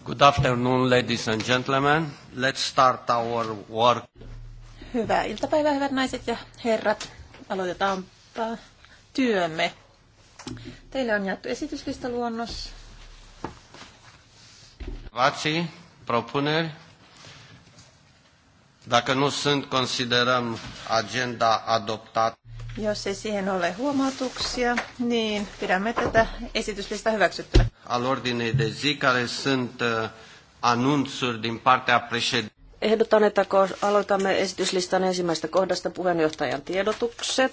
Good afternoon, ladies and gentlemen. Let's start our work. Hyvää iltapäivää, hyvät naiset ja herrat. Aloitetaan työmme. Teille on jaettu esityslistaluonnos. Vatsi, propuneri. Dacă nu sunt, considerăm agenda adoptată. Jos ei siihen ole huomautuksia, niin pidämme tätä esityslista hyväksyttynä. Al ordine de zi care sunt uh, anunțuri din partea președintelui. Ehdotan, että aloitamme esityslistan ensimmäistä kohdasta puheenjohtajan tiedotukset.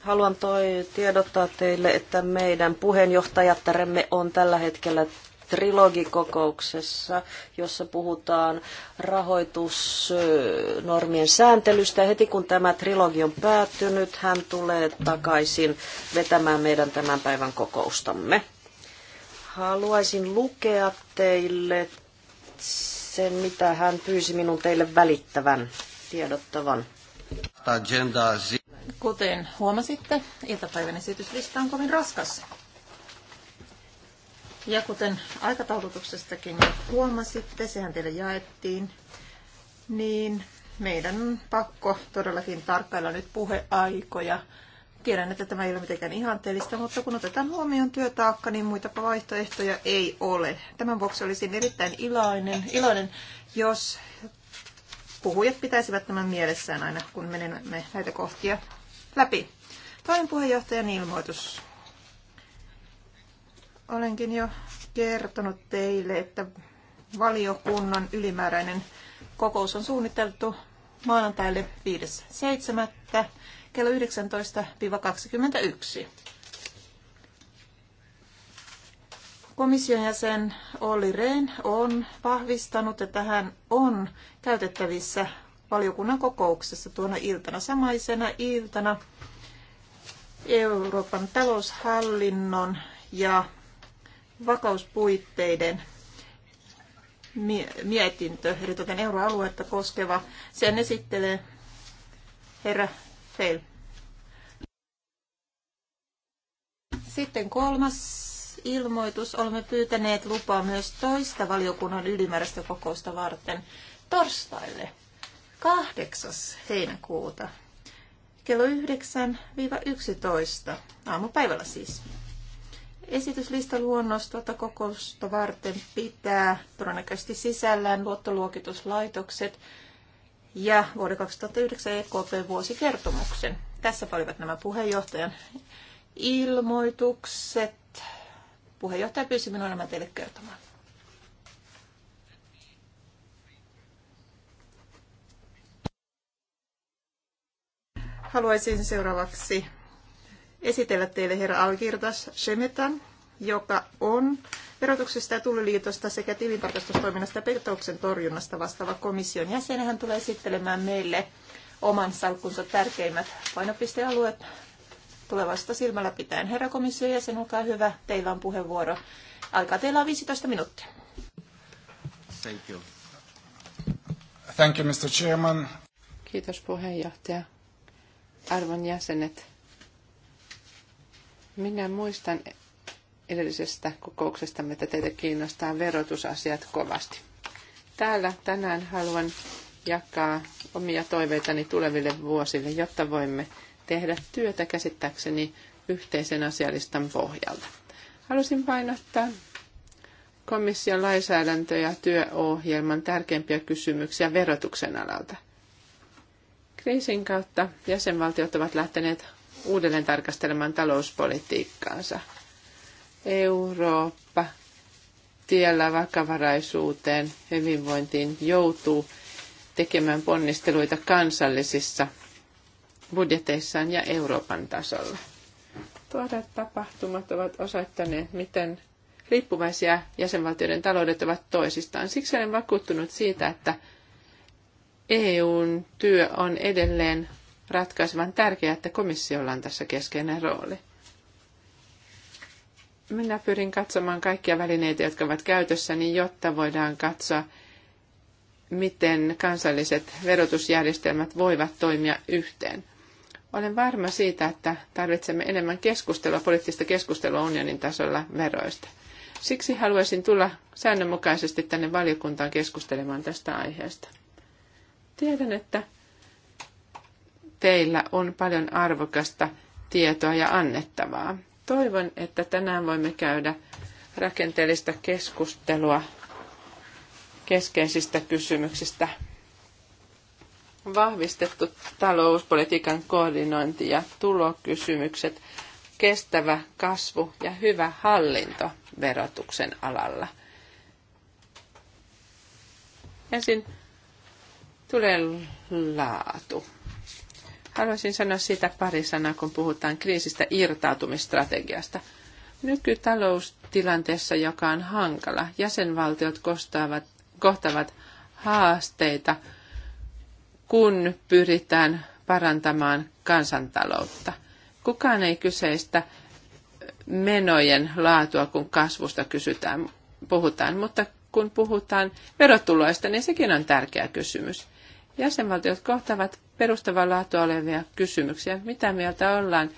Haluan toi tiedottaa teille, että meidän puheenjohtajattaremme on tällä hetkellä trilogikokouksessa, jossa puhutaan rahoitusnormien sääntelystä. Ja heti kun tämä trilogi on päättynyt, hän tulee takaisin vetämään meidän tämän päivän kokoustamme. Haluaisin lukea teille sen, mitä hän pyysi minun teille välittävän, tiedottavan. Kuten huomasitte, iltapäivän esityslista on kovin raskas. Ja kuten aikataulutuksestakin jo huomasitte, sehän teille jaettiin, niin meidän on pakko todellakin tarkkailla nyt puheaikoja. Tiedän, että tämä ei ole mitenkään ihanteellista, mutta kun otetaan huomioon työtaakka, niin muita vaihtoehtoja ei ole. Tämän vuoksi olisin erittäin iloinen, iloinen jos puhujat pitäisivät tämän mielessään aina, kun menemme näitä kohtia läpi. Toinen puheenjohtajan ilmoitus. Olenkin jo kertonut teille, että valiokunnan ylimääräinen kokous on suunniteltu maanantaille 5.7. kello 19-21. Komission jäsen Olli Rehn on vahvistanut, että hän on käytettävissä valiokunnan kokouksessa tuona iltana samaisena iltana Euroopan taloushallinnon ja vakauspuitteiden mietintö, eli täten euroaluetta koskeva. Sen esittelee herra Feil. Sitten kolmas ilmoitus. Olemme pyytäneet lupaa myös toista valiokunnan ylimääräistä kokousta varten torstaille 8. heinäkuuta kello 9-11 aamupäivällä siis. Esityslista luonnosta tuota kokousta varten pitää todennäköisesti sisällään luottoluokituslaitokset ja vuoden 2009 EKP-vuosikertomuksen. Tässä olivat nämä puheenjohtajan ilmoitukset. Puheenjohtaja pyysi minua nämä teille kertomaan. Haluaisin seuraavaksi esitellä teille herra Algirdas Shemetan, joka on verotuksesta ja tulliliitosta sekä tilintarkastustoiminnasta ja petoksen torjunnasta vastaava komission jäsen. Hän tulee esittelemään meille oman salkkunsa tärkeimmät painopistealueet tulevasta silmällä pitäen. Herra komission jäsen, olkaa hyvä. Teillä on puheenvuoro. Alkaa teillä on 15 minuuttia. Thank you. Thank you, Mr. Chairman. Kiitos puheenjohtaja. Arvon jäsenet, minä muistan edellisestä kokouksesta, että teitä kiinnostaa verotusasiat kovasti. Täällä tänään haluan jakaa omia toiveitani tuleville vuosille, jotta voimme tehdä työtä käsittääkseni yhteisen asialistan pohjalta. Halusin painottaa komission lainsäädäntö- ja työohjelman tärkeimpiä kysymyksiä verotuksen alalta. Kriisin kautta jäsenvaltiot ovat lähteneet uudelleen tarkastelemaan talouspolitiikkaansa. Eurooppa tiellä vakavaraisuuteen, hyvinvointiin joutuu tekemään ponnisteluita kansallisissa budjeteissaan ja Euroopan tasolla. Tuoreet tapahtumat ovat osoittaneet, miten riippuvaisia jäsenvaltioiden taloudet ovat toisistaan. Siksi olen vakuuttunut siitä, että EUn työ on edelleen ratkaisevan tärkeää, että komissiolla on tässä keskeinen rooli. Minä pyrin katsomaan kaikkia välineitä, jotka ovat käytössä, niin jotta voidaan katsoa, miten kansalliset verotusjärjestelmät voivat toimia yhteen. Olen varma siitä, että tarvitsemme enemmän keskustelua, poliittista keskustelua unionin tasolla veroista. Siksi haluaisin tulla säännönmukaisesti tänne valiokuntaan keskustelemaan tästä aiheesta. Tiedän, että teillä on paljon arvokasta tietoa ja annettavaa. Toivon, että tänään voimme käydä rakenteellista keskustelua keskeisistä kysymyksistä. Vahvistettu talouspolitiikan koordinointi ja tulokysymykset, kestävä kasvu ja hyvä hallinto verotuksen alalla. Ensin tulee laatu. Haluaisin sanoa siitä pari sanaa, kun puhutaan kriisistä irtautumistrategiasta. Nykytaloustilanteessa, joka on hankala, jäsenvaltiot kohtaavat, kohtavat haasteita, kun pyritään parantamaan kansantaloutta. Kukaan ei kyseistä menojen laatua, kun kasvusta kysytään, puhutaan, mutta kun puhutaan verotuloista, niin sekin on tärkeä kysymys. Jäsenvaltiot kohtavat perustavaa laatua olevia kysymyksiä. Mitä mieltä ollaan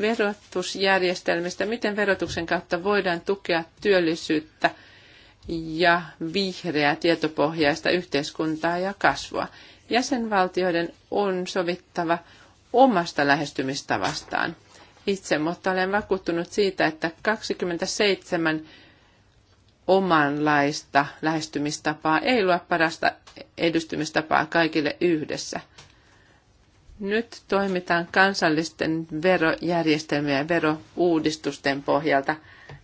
verotusjärjestelmistä? Miten verotuksen kautta voidaan tukea työllisyyttä ja vihreää tietopohjaista yhteiskuntaa ja kasvua? Jäsenvaltioiden on sovittava omasta lähestymistavastaan itse, mutta olen vakuuttunut siitä, että 27 omanlaista lähestymistapaa ei luo parasta edustymistapaa kaikille yhdessä – nyt toimitaan kansallisten verojärjestelmien ja verouudistusten pohjalta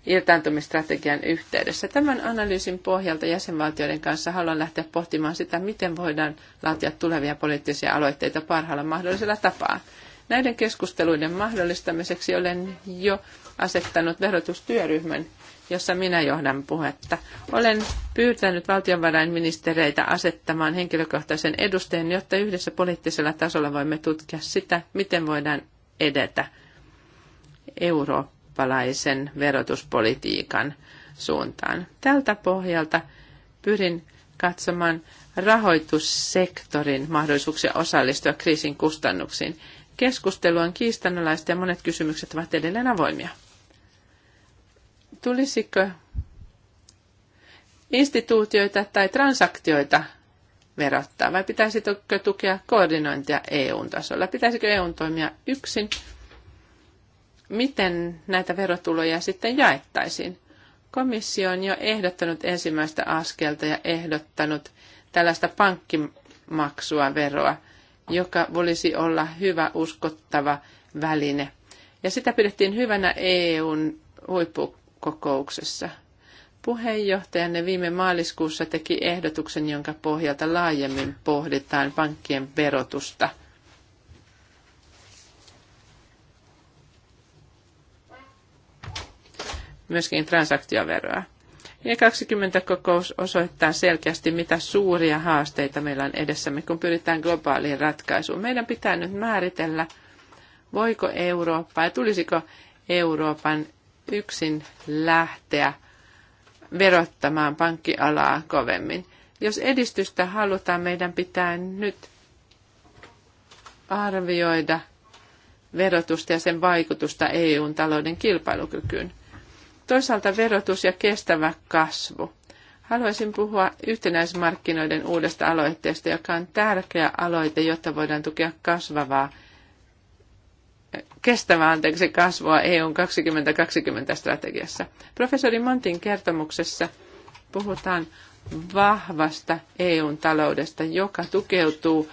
iltaantumistrategian yhteydessä. Tämän analyysin pohjalta jäsenvaltioiden kanssa haluan lähteä pohtimaan sitä, miten voidaan laatia tulevia poliittisia aloitteita parhaalla mahdollisella tapaa. Näiden keskusteluiden mahdollistamiseksi olen jo asettanut verotustyöryhmän jossa minä johdan puhetta. Olen pyytänyt valtionvarainministereitä asettamaan henkilökohtaisen edustajan, jotta yhdessä poliittisella tasolla voimme tutkia sitä, miten voidaan edetä eurooppalaisen verotuspolitiikan suuntaan. Tältä pohjalta pyrin katsomaan rahoitussektorin mahdollisuuksia osallistua kriisin kustannuksiin. Keskustelu on kiistanalaista ja monet kysymykset ovat edelleen avoimia. Tulisiko instituutioita tai transaktioita verottaa vai pitäisikö tukea koordinointia EU-tasolla? Pitäisikö EU toimia yksin? Miten näitä verotuloja sitten jaettaisiin? Komissio on jo ehdottanut ensimmäistä askelta ja ehdottanut tällaista pankkimaksua veroa, joka olisi olla hyvä uskottava väline. Ja sitä pidettiin hyvänä EUn huippu kokouksessa. Puheenjohtajanne viime maaliskuussa teki ehdotuksen, jonka pohjalta laajemmin pohditaan pankkien verotusta. Myöskin transaktioveroa. G20-kokous osoittaa selkeästi, mitä suuria haasteita meillä on edessämme, kun pyritään globaaliin ratkaisuun. Meidän pitää nyt määritellä, voiko Eurooppa ja tulisiko Euroopan yksin lähteä verottamaan pankkialaa kovemmin. Jos edistystä halutaan, meidän pitää nyt arvioida verotusta ja sen vaikutusta EUn talouden kilpailukykyyn. Toisaalta verotus ja kestävä kasvu. Haluaisin puhua yhtenäismarkkinoiden uudesta aloitteesta, joka on tärkeä aloite, jotta voidaan tukea kasvavaa kestävää anteeksi kasvua EUn 2020-strategiassa. Professori Montin kertomuksessa puhutaan vahvasta EUn taloudesta, joka tukeutuu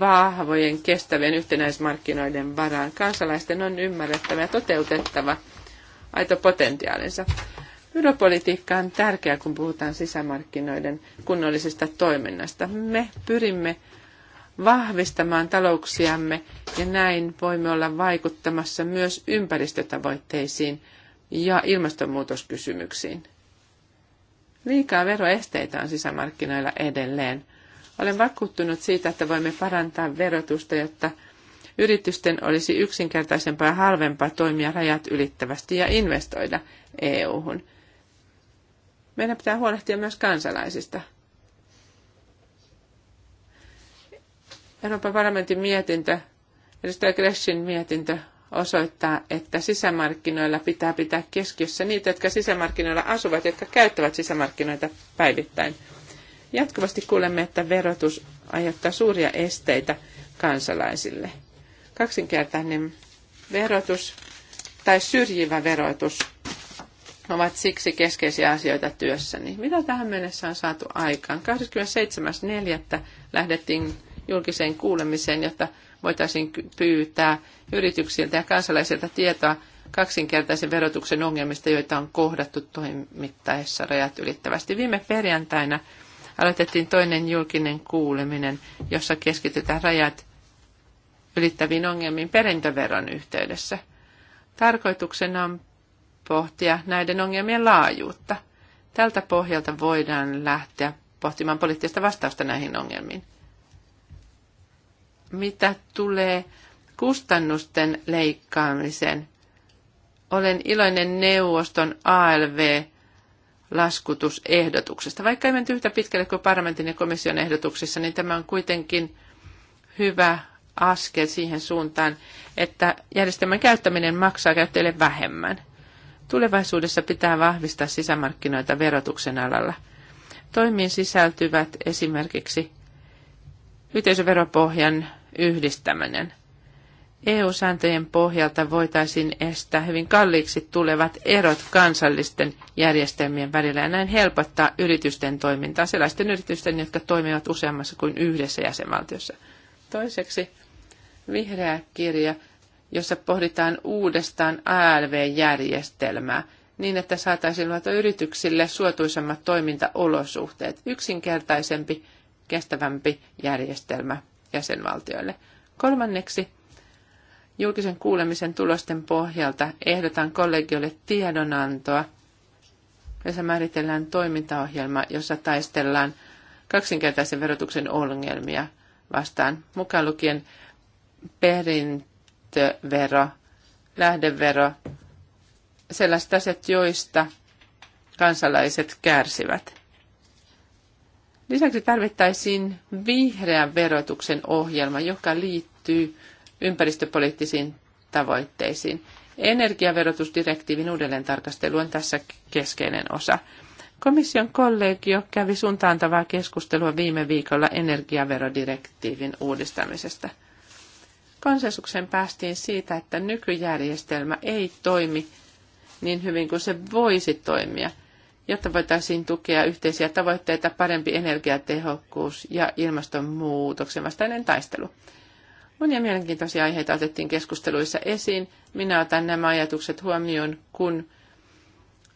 vahvojen kestävien yhtenäismarkkinoiden varaan. Kansalaisten on ymmärrettävä ja toteutettava aito potentiaalinsa. Europolitiikka on tärkeää, kun puhutaan sisämarkkinoiden kunnollisesta toiminnasta. Me pyrimme vahvistamaan talouksiamme ja näin voimme olla vaikuttamassa myös ympäristötavoitteisiin ja ilmastonmuutoskysymyksiin. Liikaa veroesteitä on sisämarkkinoilla edelleen. Olen vakuuttunut siitä, että voimme parantaa verotusta, jotta yritysten olisi yksinkertaisempaa ja halvempaa toimia rajat ylittävästi ja investoida EU-hun. Meidän pitää huolehtia myös kansalaisista – Euroopan parlamentin mietintö, edustaja Greshin mietintö osoittaa, että sisämarkkinoilla pitää pitää keskiössä niitä, jotka sisämarkkinoilla asuvat, jotka käyttävät sisämarkkinoita päivittäin. Jatkuvasti kuulemme, että verotus aiheuttaa suuria esteitä kansalaisille. Kaksinkertainen verotus tai syrjivä verotus ovat siksi keskeisiä asioita työssäni. Mitä tähän mennessä on saatu aikaan? 27.4. lähdettiin julkiseen kuulemiseen, jotta voitaisiin pyytää yrityksiltä ja kansalaisilta tietoa kaksinkertaisen verotuksen ongelmista, joita on kohdattu toimittaessa rajat ylittävästi. Viime perjantaina aloitettiin toinen julkinen kuuleminen, jossa keskitytään rajat ylittäviin ongelmiin perintöveron yhteydessä. Tarkoituksena on pohtia näiden ongelmien laajuutta. Tältä pohjalta voidaan lähteä pohtimaan poliittista vastausta näihin ongelmiin. Mitä tulee kustannusten leikkaamiseen, olen iloinen neuvoston ALV laskutusehdotuksesta. Vaikka ei menty yhtä pitkälle kuin parlamentin ja komission ehdotuksissa, niin tämä on kuitenkin hyvä askel siihen suuntaan, että järjestelmän käyttäminen maksaa käyttäjille vähemmän. Tulevaisuudessa pitää vahvistaa sisämarkkinoita verotuksen alalla. Toimiin sisältyvät esimerkiksi yhteisöveropohjan yhdistäminen. EU-sääntöjen pohjalta voitaisiin estää hyvin kalliiksi tulevat erot kansallisten järjestelmien välillä ja näin helpottaa yritysten toimintaa, sellaisten yritysten, jotka toimivat useammassa kuin yhdessä jäsenvaltiossa. Toiseksi vihreä kirja, jossa pohditaan uudestaan ALV-järjestelmää niin, että saataisiin luota yrityksille suotuisammat toimintaolosuhteet, yksinkertaisempi, kestävämpi järjestelmä jäsenvaltioille. Kolmanneksi, julkisen kuulemisen tulosten pohjalta ehdotan kollegiolle tiedonantoa, jossa määritellään toimintaohjelma, jossa taistellaan kaksinkertaisen verotuksen ongelmia vastaan, mukaan lukien perintövero, lähdevero, sellaiset asiat, joista kansalaiset kärsivät. Lisäksi tarvittaisiin vihreän verotuksen ohjelma, joka liittyy ympäristöpoliittisiin tavoitteisiin. Energiaverotusdirektiivin uudelleentarkastelu on tässä keskeinen osa. Komission kollegio kävi suuntaantavaa keskustelua viime viikolla energiaverodirektiivin uudistamisesta. Konsensuksen päästiin siitä, että nykyjärjestelmä ei toimi niin hyvin kuin se voisi toimia – jotta voitaisiin tukea yhteisiä tavoitteita, parempi energiatehokkuus ja ilmastonmuutoksen vastainen taistelu. Monia mielenkiintoisia aiheita otettiin keskusteluissa esiin. Minä otan nämä ajatukset huomioon, kun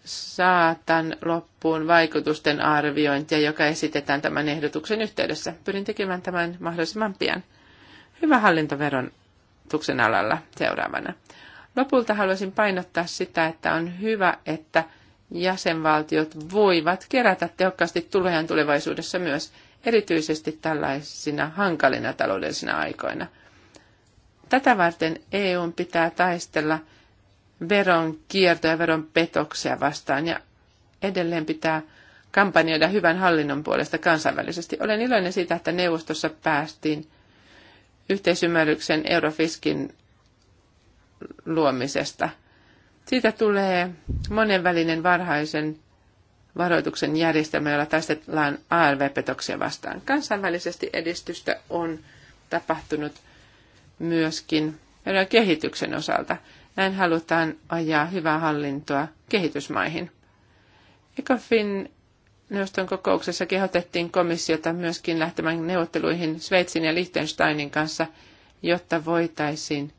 saatan loppuun vaikutusten arviointia, joka esitetään tämän ehdotuksen yhteydessä. Pyrin tekemään tämän mahdollisimman pian. Hyvä hallintoveron tuksen alalla seuraavana. Lopulta haluaisin painottaa sitä, että on hyvä, että – jäsenvaltiot voivat kerätä tehokkaasti tulojan tulevaisuudessa myös, erityisesti tällaisina hankalina taloudellisina aikoina. Tätä varten EUn pitää taistella veron kierto ja petoksia vastaan ja edelleen pitää kampanjoida hyvän hallinnon puolesta kansainvälisesti. Olen iloinen siitä, että neuvostossa päästiin yhteisymmärryksen Eurofiskin luomisesta – siitä tulee monenvälinen varhaisen varoituksen järjestelmä, jolla taistellaan ALV-petoksia vastaan. Kansainvälisesti edistystä on tapahtunut myöskin kehityksen osalta. Näin halutaan ajaa hyvää hallintoa kehitysmaihin. ECOFIN neuvoston kokouksessa kehotettiin komissiota myöskin lähtemään neuvotteluihin Sveitsin ja Liechtensteinin kanssa, jotta voitaisiin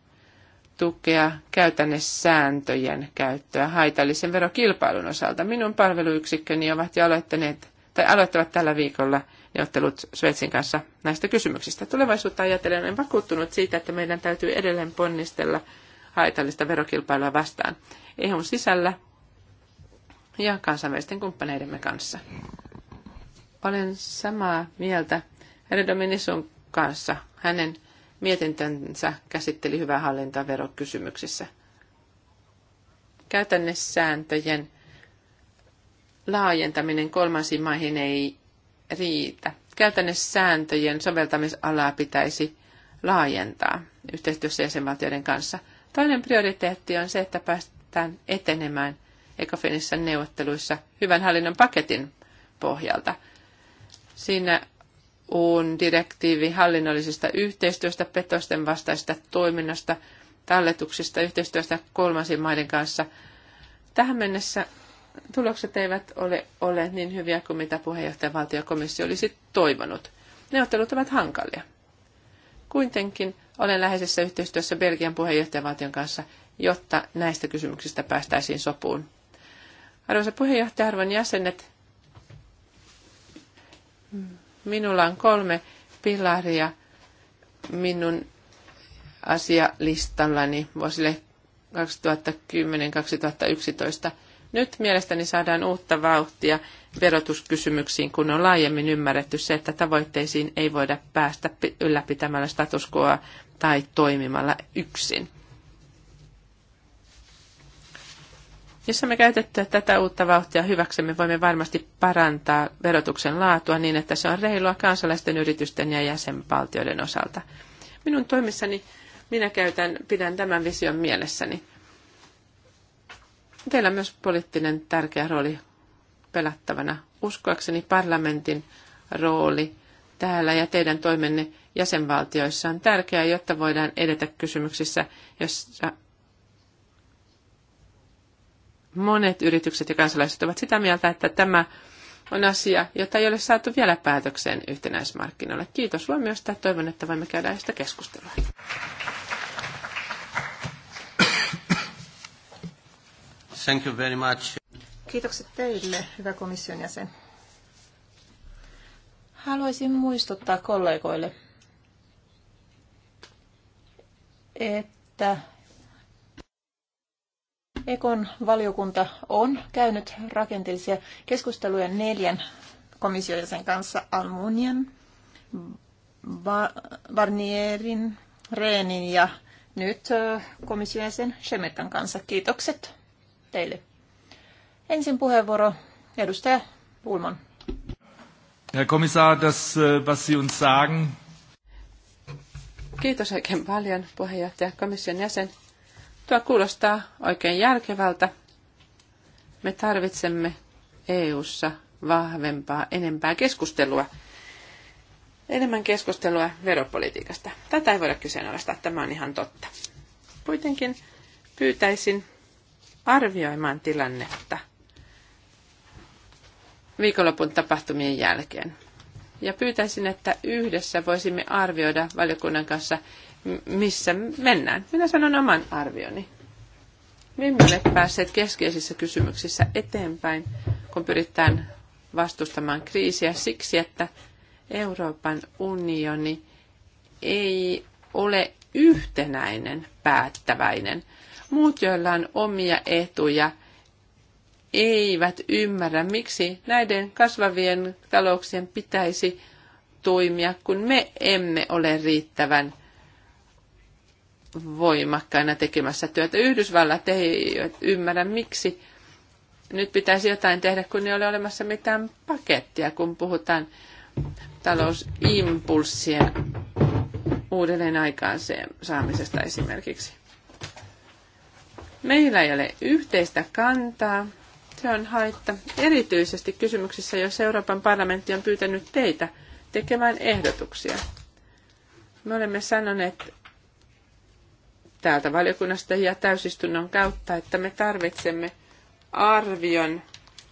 tukea käytännessääntöjen käyttöä haitallisen verokilpailun osalta. Minun palveluyksikköni ovat jo aloittaneet, tai aloittavat tällä viikolla neuvottelut Sveitsin kanssa näistä kysymyksistä. Tulevaisuutta ajatellen olen vakuuttunut siitä, että meidän täytyy edelleen ponnistella haitallista verokilpailua vastaan EUn sisällä ja kansainvälisten kumppaneidemme kanssa. Olen samaa mieltä herra Dominisun kanssa hänen mietintönsä käsitteli hyvää hallintaa verokysymyksissä. Käytännessääntöjen laajentaminen kolmansiin maihin ei riitä. Käytännessääntöjen soveltamisalaa pitäisi laajentaa yhteistyössä jäsenvaltioiden kanssa. Toinen prioriteetti on se, että päästään etenemään Ecofinissa neuvotteluissa hyvän hallinnon paketin pohjalta. Siinä EUn direktiivi hallinnollisesta yhteistyöstä, petosten vastaista toiminnasta, talletuksista, yhteistyöstä kolmansien maiden kanssa. Tähän mennessä tulokset eivät ole olleet niin hyviä kuin mitä puheenjohtajavaltiokomissio olisi toivonut. Neuvottelut ovat hankalia. Kuitenkin olen läheisessä yhteistyössä Belgian puheenjohtajavaltion kanssa, jotta näistä kysymyksistä päästäisiin sopuun. Arvoisa puheenjohtaja, arvon jäsenet, Minulla on kolme pilaria minun asialistallani vuosille 2010-2011. Nyt mielestäni saadaan uutta vauhtia verotuskysymyksiin, kun on laajemmin ymmärretty se, että tavoitteisiin ei voida päästä ylläpitämällä status quoa tai toimimalla yksin. Jos me käytetään tätä uutta vauhtia hyväksemme, voimme varmasti parantaa verotuksen laatua niin, että se on reilua kansalaisten yritysten ja jäsenvaltioiden osalta. Minun toimissani minä käytän, pidän tämän vision mielessäni. Teillä on myös poliittinen tärkeä rooli pelattavana. Uskoakseni parlamentin rooli täällä ja teidän toimenne jäsenvaltioissa on tärkeää, jotta voidaan edetä kysymyksissä, jossa Monet yritykset ja kansalaiset ovat sitä mieltä, että tämä on asia, jota ei ole saatu vielä päätökseen yhtenäismarkkinoille. Kiitos huomiosta. Toivon, että voimme käydä sitä keskustelua. Thank you very much. Kiitokset teille, hyvä komission jäsen. Haluaisin muistuttaa kollegoille, että Ekon valiokunta on käynyt rakenteellisia keskusteluja neljän komissiojäsen kanssa Almunian, Barnierin, Reenin ja nyt komissiojäsen Shemetan kanssa. Kiitokset teille. Ensin puheenvuoro edustaja Ulman. Herr Kommissar, das, was Sie uns sagen. Kiitos oikein paljon, puheenjohtaja, komission jäsen. Tuo kuulostaa oikein järkevältä. Me tarvitsemme EU:ssa vahvempaa, enempää keskustelua, enemmän keskustelua veropolitiikasta. Tätä ei voida kyseenalaistaa, tämä on ihan totta. Kuitenkin pyytäisin arvioimaan tilannetta viikonlopun tapahtumien jälkeen. Ja pyytäisin, että yhdessä voisimme arvioida valiokunnan kanssa missä mennään. Minä sanon oman arvioni. Me emme ole päässeet keskeisissä kysymyksissä eteenpäin, kun pyritään vastustamaan kriisiä siksi, että Euroopan unioni ei ole yhtenäinen, päättäväinen. Muut, joilla on omia etuja, eivät ymmärrä, miksi näiden kasvavien talouksien pitäisi toimia, kun me emme ole riittävän voimakkaina tekemässä työtä. Yhdysvallat ei ymmärrä, miksi nyt pitäisi jotain tehdä, kun ei ole olemassa mitään pakettia, kun puhutaan talousimpulssien uudelleen aikaan saamisesta esimerkiksi. Meillä ei ole yhteistä kantaa. Se on haitta. Erityisesti kysymyksissä, jos Euroopan parlamentti on pyytänyt teitä tekemään ehdotuksia. Me olemme sanoneet täältä valiokunnasta ja täysistunnon kautta, että me tarvitsemme arvion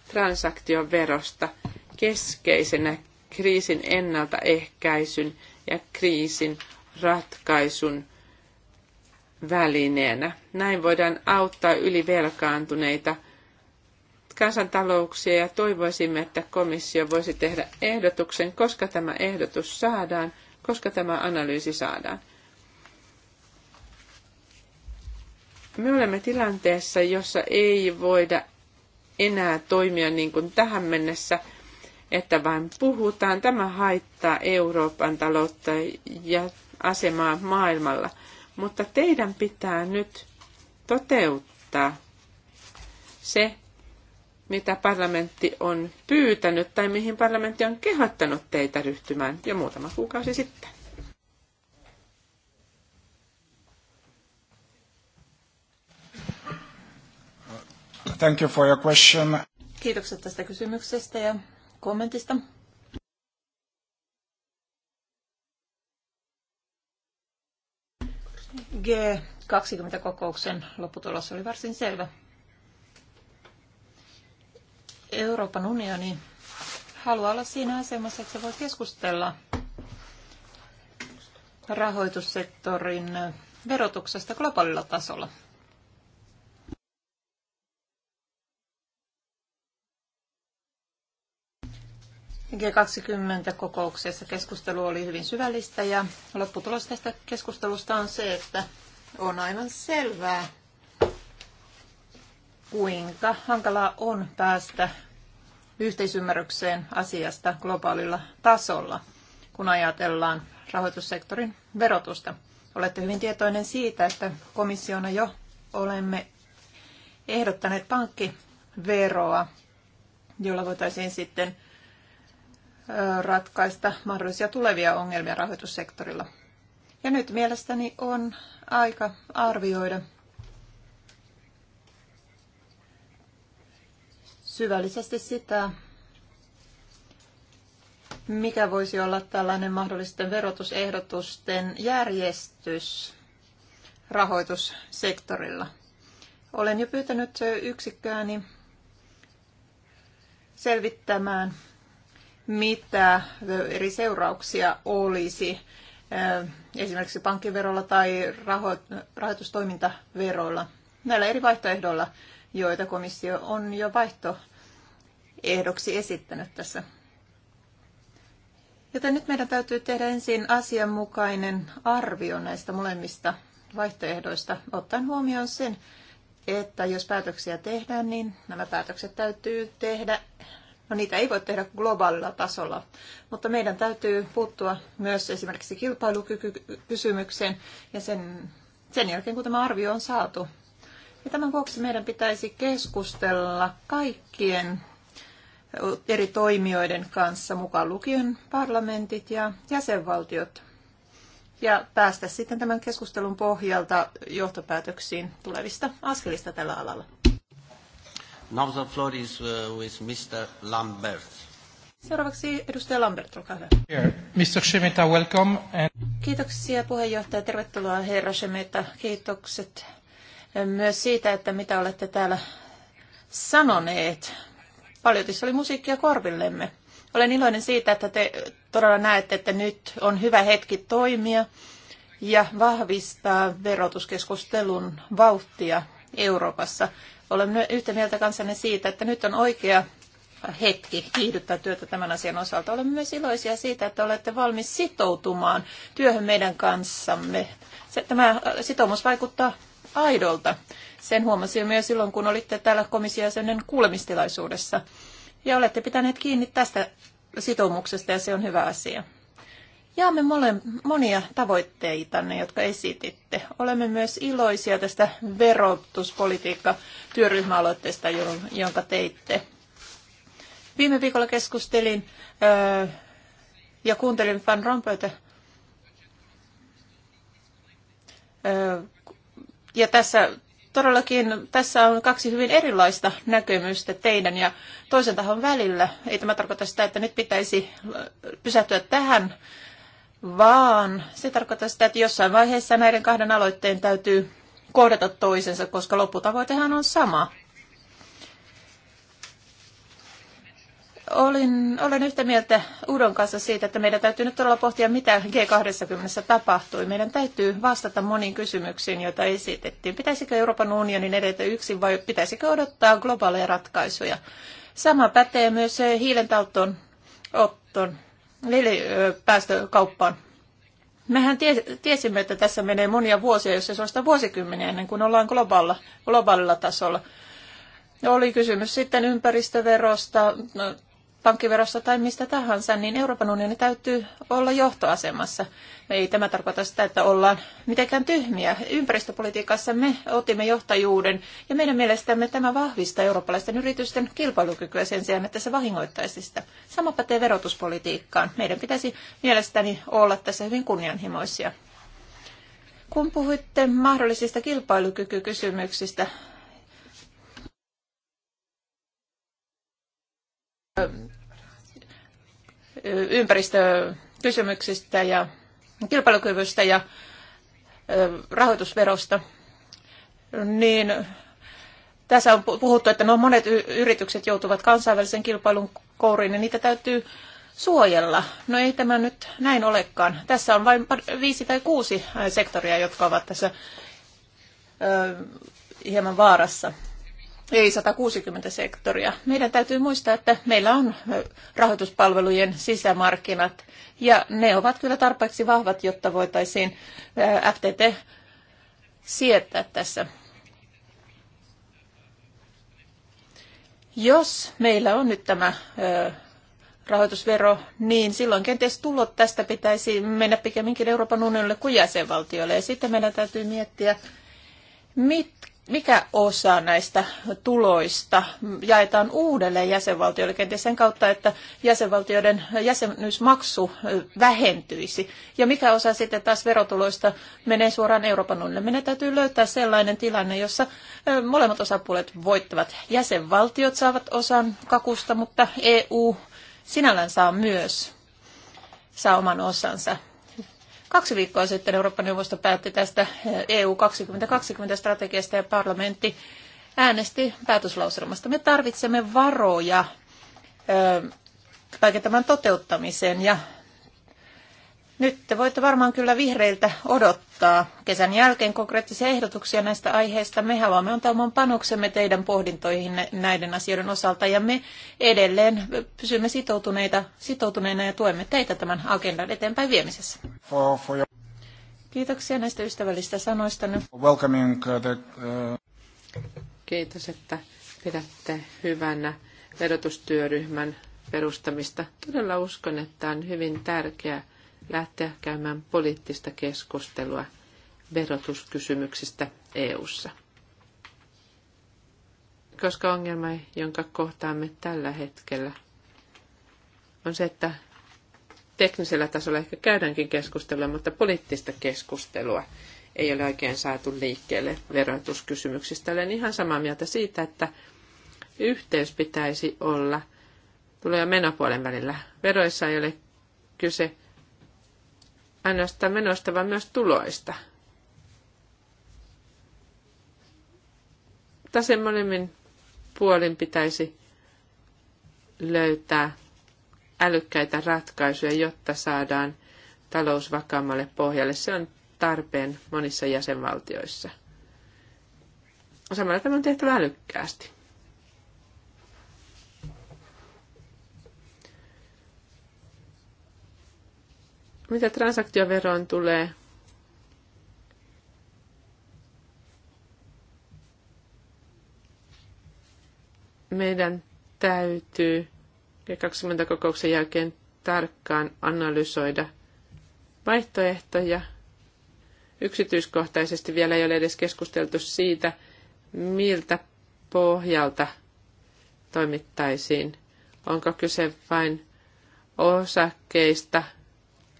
transaktioverosta keskeisenä kriisin ennaltaehkäisyn ja kriisin ratkaisun välineenä. Näin voidaan auttaa ylivelkaantuneita kansantalouksia ja toivoisimme, että komissio voisi tehdä ehdotuksen, koska tämä ehdotus saadaan, koska tämä analyysi saadaan. Me olemme tilanteessa, jossa ei voida enää toimia niin kuin tähän mennessä, että vain puhutaan. Tämä haittaa Euroopan taloutta ja asemaa maailmalla. Mutta teidän pitää nyt toteuttaa se, mitä parlamentti on pyytänyt tai mihin parlamentti on kehottanut teitä ryhtymään jo muutama kuukausi sitten. Thank you for your question. Kiitokset tästä kysymyksestä ja kommentista. G20-kokouksen lopputulos oli varsin selvä. Euroopan unioni haluaa olla siinä asemassa, että se voi keskustella rahoitussektorin verotuksesta globaalilla tasolla. G20-kokouksessa keskustelu oli hyvin syvällistä ja lopputulos tästä keskustelusta on se, että on aivan selvää, kuinka hankalaa on päästä yhteisymmärrykseen asiasta globaalilla tasolla, kun ajatellaan rahoitussektorin verotusta. Olette hyvin tietoinen siitä, että komissiona jo olemme ehdottaneet pankkiveroa, jolla voitaisiin sitten ratkaista mahdollisia tulevia ongelmia rahoitussektorilla. Ja nyt mielestäni on aika arvioida syvällisesti sitä, mikä voisi olla tällainen mahdollisten verotusehdotusten järjestys rahoitussektorilla. Olen jo pyytänyt yksikkääni selvittämään mitä eri seurauksia olisi eh, esimerkiksi pankkiverolla tai raho- rahoitustoimintaveroilla, näillä eri vaihtoehdoilla, joita komissio on jo vaihtoehdoksi esittänyt tässä. Joten nyt meidän täytyy tehdä ensin asianmukainen arvio näistä molemmista vaihtoehdoista, ottaen huomioon sen, että jos päätöksiä tehdään, niin nämä päätökset täytyy tehdä No niitä ei voi tehdä globaalilla tasolla, mutta meidän täytyy puuttua myös esimerkiksi kilpailukykykysymykseen ja sen, sen jälkeen, kun tämä arvio on saatu. Ja tämän vuoksi meidän pitäisi keskustella kaikkien eri toimijoiden kanssa, mukaan lukien parlamentit ja jäsenvaltiot, ja päästä sitten tämän keskustelun pohjalta johtopäätöksiin tulevista askelista tällä alalla. Now the floor is uh, with Mr. Lambert. Seuraavaksi edustaja Lambert, olkaa hyvä. Here. Mr. Shemeta, welcome. And... Kiitoksia puheenjohtaja, tervetuloa herra Shemeta. Kiitokset eh, myös siitä, että mitä olette täällä sanoneet. Paljon tässä oli musiikkia korvillemme. Olen iloinen siitä, että te todella näette, että nyt on hyvä hetki toimia ja vahvistaa verotuskeskustelun vauhtia Euroopassa. Olemme yhtä mieltä kanssanne siitä, että nyt on oikea hetki kiihdyttää työtä tämän asian osalta. Olemme myös iloisia siitä, että olette valmis sitoutumaan työhön meidän kanssamme. Se, tämä sitoumus vaikuttaa aidolta. Sen huomasi jo myös silloin, kun olitte täällä komissiojäsenen kuulemistilaisuudessa. Ja olette pitäneet kiinni tästä sitoumuksesta ja se on hyvä asia. Jaamme mole, monia ne jotka esititte. Olemme myös iloisia tästä verotuspolitiikka-työryhmäaloitteesta, jonka teitte. Viime viikolla keskustelin öö, ja kuuntelin Van Rompuyta. Öö, ja tässä todellakin tässä on kaksi hyvin erilaista näkemystä teidän ja toisen tahon välillä. Ei tämä tarkoita sitä, että nyt pitäisi pysähtyä tähän vaan se tarkoittaa sitä, että jossain vaiheessa näiden kahden aloitteen täytyy kohdata toisensa, koska lopputavoitehan on sama. Olin, olen yhtä mieltä Udon kanssa siitä, että meidän täytyy nyt todella pohtia, mitä G20 tapahtui. Meidän täytyy vastata moniin kysymyksiin, joita esitettiin. Pitäisikö Euroopan unionin edetä yksin vai pitäisikö odottaa globaaleja ratkaisuja? Sama pätee myös hiilentauton otton päästökauppaan. Mehän tiesimme, että tässä menee monia vuosia, jos ei suosta vuosikymmeniä ennen kuin ollaan globaalilla, globaalilla tasolla. Oli kysymys sitten ympäristöverosta, no, pankkiverossa tai mistä tahansa, niin Euroopan unioni täytyy olla johtoasemassa. Ei tämä tarkoita sitä, että ollaan mitenkään tyhmiä. Ympäristöpolitiikassa me otimme johtajuuden ja meidän mielestämme tämä vahvistaa eurooppalaisten yritysten kilpailukykyä sen sijaan, että se vahingoittaisi sitä. Sama pätee verotuspolitiikkaan. Meidän pitäisi mielestäni olla tässä hyvin kunnianhimoisia. Kun puhuitte mahdollisista kilpailukykykysymyksistä, ympäristökysymyksistä ja kilpailukyvystä ja rahoitusverosta, niin tässä on puhuttu, että no monet yritykset joutuvat kansainvälisen kilpailun kouriin ja niin niitä täytyy suojella. No ei tämä nyt näin olekaan. Tässä on vain viisi tai kuusi sektoria, jotka ovat tässä hieman vaarassa ei 160 sektoria. Meidän täytyy muistaa, että meillä on rahoituspalvelujen sisämarkkinat ja ne ovat kyllä tarpeeksi vahvat, jotta voitaisiin FTT sietää tässä. Jos meillä on nyt tämä rahoitusvero, niin silloin kenties tulot tästä pitäisi mennä pikemminkin Euroopan unionille kuin jäsenvaltioille. Ja sitten meidän täytyy miettiä, mitkä mikä osa näistä tuloista jaetaan uudelleen jäsenvaltioille, kenties sen kautta, että jäsenvaltioiden jäsenyysmaksu vähentyisi, ja mikä osa sitten taas verotuloista menee suoraan Euroopan unionille. Meidän täytyy löytää sellainen tilanne, jossa molemmat osapuolet voittavat. Jäsenvaltiot saavat osan kakusta, mutta EU sinällään saa myös saa oman osansa. Kaksi viikkoa sitten Eurooppa-neuvosto päätti tästä EU eh, e 2020-strategiasta ja parlamentti äänesti päätöslauselmasta. Me tarvitsemme varoja eh, kaiken tämän toteuttamiseen ja nyt te voitte varmaan kyllä vihreiltä odottaa kesän jälkeen konkreettisia ehdotuksia näistä aiheista. Me haluamme antaa oman panoksemme teidän pohdintoihin näiden asioiden osalta ja me edelleen pysymme sitoutuneita, sitoutuneina ja tuemme teitä tämän agendan eteenpäin viemisessä. Kiitoksia näistä ystävällistä sanoista. Uh, uh, Kiitos, että pidätte hyvänä verotustyöryhmän perustamista. Todella uskon, että on hyvin tärkeää lähteä käymään poliittista keskustelua verotuskysymyksistä EU:ssa. Koska ongelma, jonka kohtaamme tällä hetkellä, on se, että teknisellä tasolla ehkä käydäänkin keskustelua, mutta poliittista keskustelua ei ole oikein saatu liikkeelle verotuskysymyksistä. Olen ihan samaa mieltä siitä, että yhteys pitäisi olla tulo- ja menopuolen välillä. Veroissa ei ole kyse ainoastaan menoista, vaan myös tuloista. Tase molemmin puolin pitäisi löytää älykkäitä ratkaisuja, jotta saadaan talous vakaammalle pohjalle. Se on tarpeen monissa jäsenvaltioissa. Samalla tämä on tehtävä älykkäästi. Mitä transaktioveroon tulee, meidän täytyy 20 kokouksen jälkeen tarkkaan analysoida vaihtoehtoja. Yksityiskohtaisesti vielä ei ole edes keskusteltu siitä, miltä pohjalta toimittaisiin. Onko kyse vain osakkeista –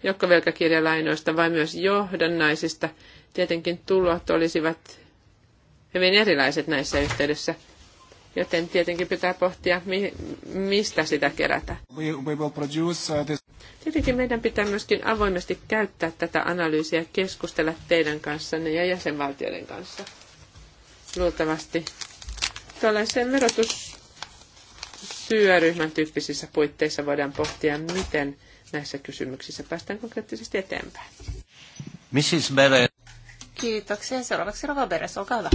joukkovelkakirjalainoista, vai myös johdannaisista. Tietenkin tulot olisivat hyvin erilaiset näissä yhteydessä, joten tietenkin pitää pohtia, mistä sitä kerätä. Uh, tietenkin meidän pitää myöskin avoimesti käyttää tätä analyysiä, keskustella teidän kanssanne ja jäsenvaltioiden kanssa. Luultavasti tuollaisen verotustyöryhmän tyyppisissä puitteissa voidaan pohtia, miten näissä kysymyksissä päästään konkreettisesti eteenpäin. Mrs. Beres. Kiitoksia. Seuraavaksi Rova Beres, olkaa hyvä.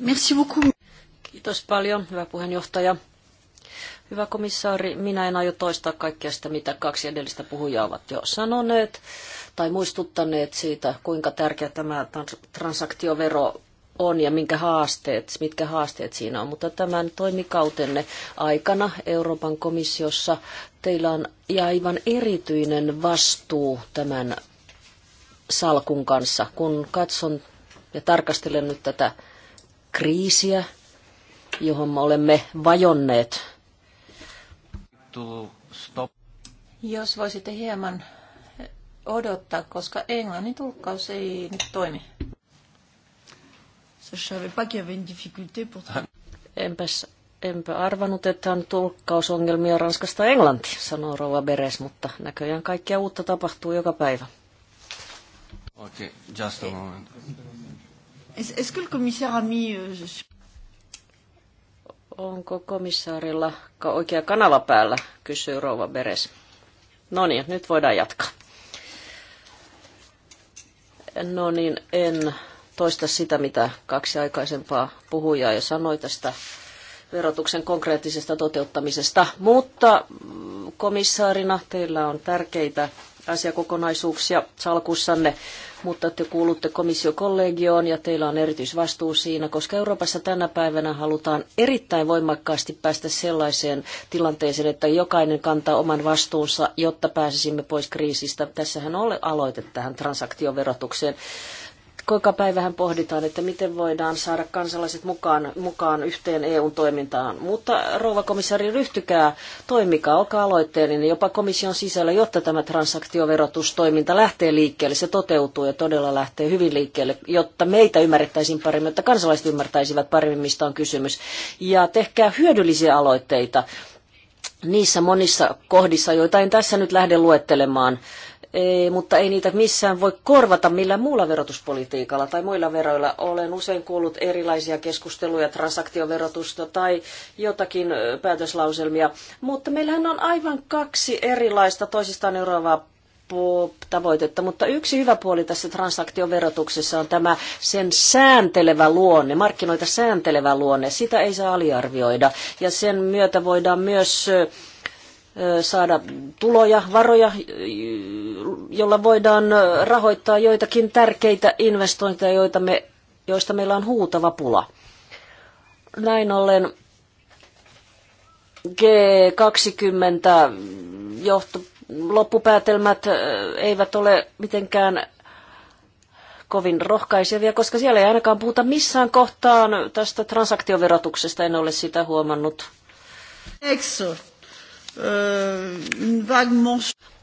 Merci beaucoup. Kiitos paljon, hyvä puheenjohtaja. Hyvä komissaari, minä en aio toistaa kaikkea sitä, mitä kaksi edellistä puhujaa ovat jo sanoneet tai muistuttaneet siitä, kuinka tärkeä tämä transaktiovero on ja minkä haasteet, mitkä haasteet siinä on. Mutta tämän toimikautenne aikana Euroopan komissiossa teillä on aivan erityinen vastuu tämän salkun kanssa. Kun katson ja tarkastelen nyt tätä kriisiä, johon me olemme vajonneet. Jos voisitte hieman odottaa, koska englannin tulkkaus ei nyt toimi. Je savais pas qu'il y avait une difficulté pour... Enpäs, enpä arvanut, että on tulkkausongelmia Ranskasta Englanti, sanoo Rova Beres, mutta näköjään kaikkea uutta tapahtuu joka päivä. Okei, okay, just a moment. Est-ce que le commissaire a mis... Äh, Onko komissaarilla oikea kanava päällä, kysyy Rova Beres. No niin, nyt voidaan jatkaa. No niin, en toista sitä, mitä kaksi aikaisempaa puhujaa jo sanoi tästä verotuksen konkreettisesta toteuttamisesta, mutta mm, komissaarina teillä on tärkeitä asiakokonaisuuksia salkussanne, mutta te kuulutte komissiokollegioon ja teillä on erityisvastuu siinä, koska Euroopassa tänä päivänä halutaan erittäin voimakkaasti päästä sellaiseen tilanteeseen, että jokainen kantaa oman vastuunsa, jotta pääsisimme pois kriisistä. Tässähän on aloite tähän transaktioverotukseen. Kuinka päivähän pohditaan, että miten voidaan saada kansalaiset mukaan, mukaan yhteen EU-toimintaan. Mutta rouva komissari, ryhtykää, toimikaa, olkaa aloitteellinen jopa komission sisällä, jotta tämä transaktioverotustoiminta lähtee liikkeelle, se toteutuu ja todella lähtee hyvin liikkeelle, jotta meitä ymmärrettäisiin paremmin, jotta kansalaiset ymmärtäisivät paremmin, mistä on kysymys. Ja tehkää hyödyllisiä aloitteita niissä monissa kohdissa, joita en tässä nyt lähde luettelemaan mutta ei niitä missään voi korvata millään muulla verotuspolitiikalla tai muilla veroilla. Olen usein kuullut erilaisia keskusteluja transaktioverotusta tai jotakin päätöslauselmia, mutta meillähän on aivan kaksi erilaista toisistaan eroavaa tavoitetta, mutta yksi hyvä puoli tässä transaktioverotuksessa on tämä sen sääntelevä luonne, markkinoita sääntelevä luonne, sitä ei saa aliarvioida ja sen myötä voidaan myös saada tuloja, varoja, jolla voidaan rahoittaa joitakin tärkeitä investointeja, joita me, joista meillä on huutava pula. Näin ollen G20 johto, loppupäätelmät eivät ole mitenkään kovin rohkaisevia, koska siellä ei ainakaan puhuta missään kohtaan tästä transaktioverotuksesta, en ole sitä huomannut. Excellent.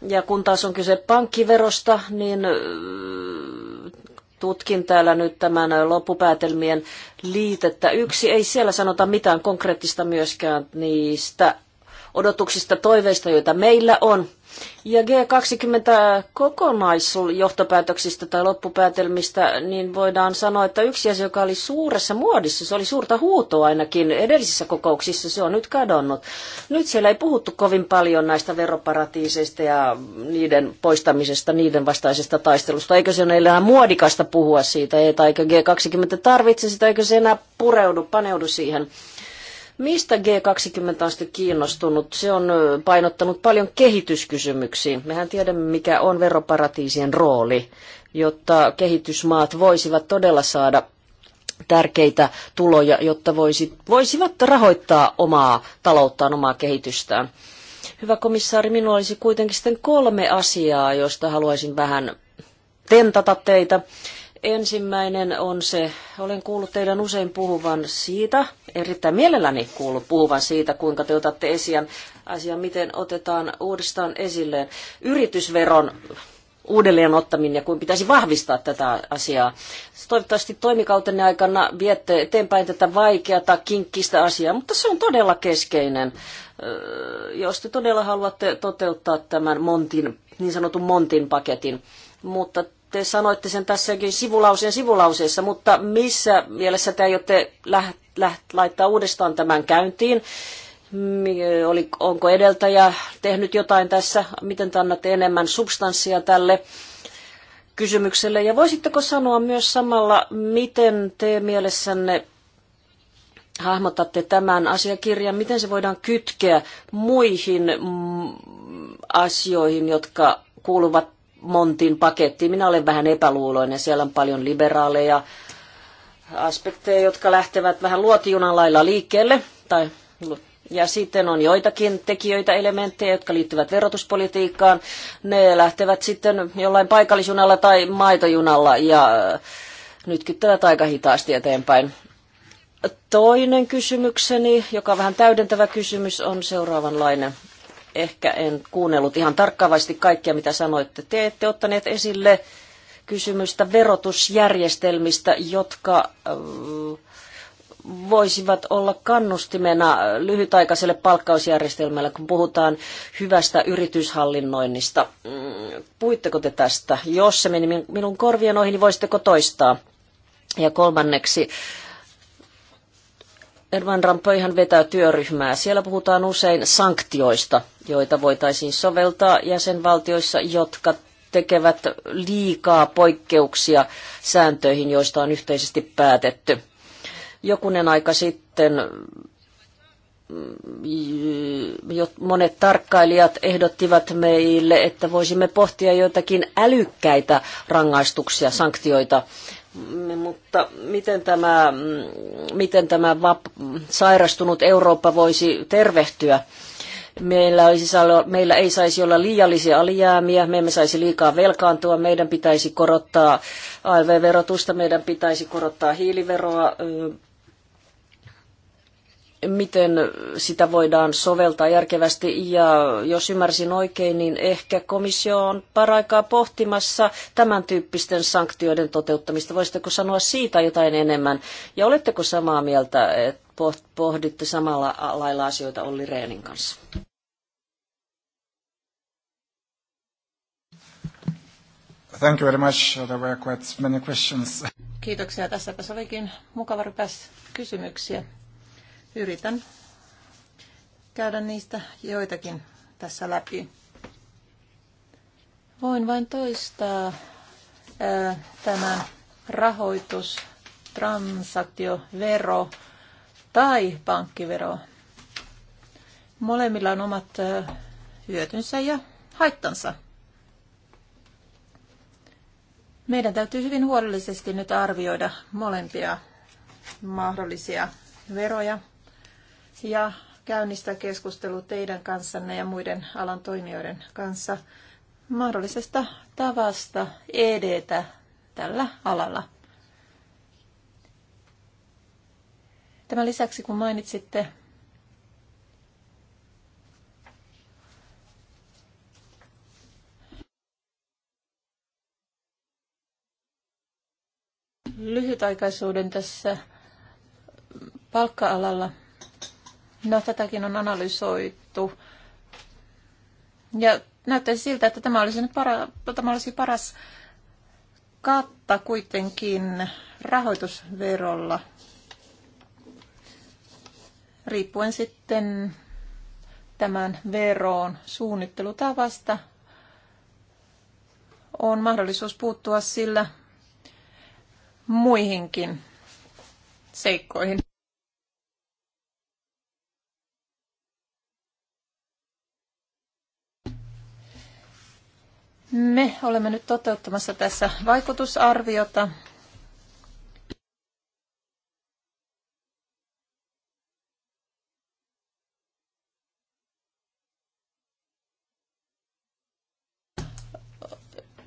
Ja kun taas on kyse pankkiverosta, niin tutkin täällä nyt tämän loppupäätelmien liitettä yksi. Ei siellä sanota mitään konkreettista myöskään niistä odotuksista, toiveista, joita meillä on. Ja G20 kokonaisjohtopäätöksistä tai loppupäätelmistä, niin voidaan sanoa, että yksi asia, joka oli suuressa muodissa, se oli suurta huutoa ainakin edellisissä kokouksissa, se on nyt kadonnut. Nyt siellä ei puhuttu kovin paljon näistä veroparatiiseista ja niiden poistamisesta, niiden vastaisesta taistelusta. Eikö se ole enää muodikasta puhua siitä, tai eikö G20 tarvitse sitä, eikö se enää pureudu, paneudu siihen? Mistä G20 on sitten kiinnostunut? Se on painottanut paljon kehityskysymyksiin. Mehän tiedämme, mikä on veroparatiisien rooli, jotta kehitysmaat voisivat todella saada tärkeitä tuloja, jotta voisivat rahoittaa omaa talouttaan, omaa kehitystään. Hyvä komissaari, minulla olisi kuitenkin sitten kolme asiaa, joista haluaisin vähän tentata teitä. Ensimmäinen on se, olen kuullut teidän usein puhuvan siitä, erittäin mielelläni kuullut puhuvan siitä, kuinka te otatte esian, asian, miten otetaan uudestaan esille yritysveron uudelleen ottaminen ja kuin pitäisi vahvistaa tätä asiaa. Toivottavasti toimikautenne aikana viette eteenpäin tätä vaikeata, kinkkistä asiaa, mutta se on todella keskeinen. Öö, jos te todella haluatte toteuttaa tämän Montin, niin sanotun Montin paketin, mutta te sanoitte sen tässäkin sivulauseen sivulauseessa, mutta missä mielessä te aiotte läht, läht, laittaa uudestaan tämän käyntiin? Oli, onko edeltäjä tehnyt jotain tässä? Miten te annatte enemmän substanssia tälle kysymykselle? Ja voisitteko sanoa myös samalla, miten te mielessänne hahmotatte tämän asiakirjan, miten se voidaan kytkeä muihin asioihin, jotka kuuluvat Montin paketti. Minä olen vähän epäluuloinen. Siellä on paljon liberaaleja aspekteja, jotka lähtevät vähän luotijunan lailla liikkeelle. Tai, ja sitten on joitakin tekijöitä, elementtejä, jotka liittyvät verotuspolitiikkaan. Ne lähtevät sitten jollain paikallisjunalla tai maitojunalla ja äh, nyt kyttävät aika hitaasti eteenpäin. Toinen kysymykseni, joka on vähän täydentävä kysymys, on seuraavanlainen ehkä en kuunnellut ihan tarkkaavasti kaikkia, mitä sanoitte. Te ette ottaneet esille kysymystä verotusjärjestelmistä, jotka äh, voisivat olla kannustimena lyhytaikaiselle palkkausjärjestelmälle, kun puhutaan hyvästä yrityshallinnoinnista. Mm, Puitteko te tästä? Jos se meni minun korvien ohi, niin voisitteko toistaa? Ja kolmanneksi, Ervan Rampöihän vetää työryhmää. Siellä puhutaan usein sanktioista, joita voitaisiin soveltaa jäsenvaltioissa, jotka tekevät liikaa poikkeuksia sääntöihin, joista on yhteisesti päätetty. Jokunen aika sitten mm, monet tarkkailijat ehdottivat meille, että voisimme pohtia joitakin älykkäitä rangaistuksia, sanktioita, mutta miten tämä, miten tämä vap, sairastunut Eurooppa voisi tervehtyä? Meillä, olisi, meillä ei saisi olla liiallisia alijäämiä, me emme saisi liikaa velkaantua, meidän pitäisi korottaa ALV-verotusta, meidän pitäisi korottaa hiiliveroa, miten sitä voidaan soveltaa järkevästi. Ja jos ymmärsin oikein, niin ehkä komissio on paraikaa pohtimassa tämän tyyppisten sanktioiden toteuttamista. Voisitteko sanoa siitä jotain enemmän? Ja oletteko samaa mieltä, että pohditte samalla lailla asioita Olli Reenin kanssa? Thank you very much. There were quite many questions. Kiitoksia. Tässäpä olikin mukava rypäs kysymyksiä. Yritän käydä niistä joitakin tässä läpi. Voin vain toistaa ää, tämän rahoitus, vero tai pankkivero. Molemmilla on omat ää, hyötynsä ja haittansa. Meidän täytyy hyvin huolellisesti nyt arvioida molempia mahdollisia veroja ja käynnistää keskustelu teidän kanssanne ja muiden alan toimijoiden kanssa mahdollisesta tavasta edetä tällä alalla. Tämän lisäksi, kun mainitsitte lyhytaikaisuuden tässä palkka-alalla, No tätäkin on analysoitu. Ja näyttäisi siltä, että tämä olisi, nyt para, tämä olisi paras katta kuitenkin rahoitusverolla, riippuen sitten tämän veroon suunnittelutavasta. On mahdollisuus puuttua sillä muihinkin seikkoihin. olemme nyt toteuttamassa tässä vaikutusarviota.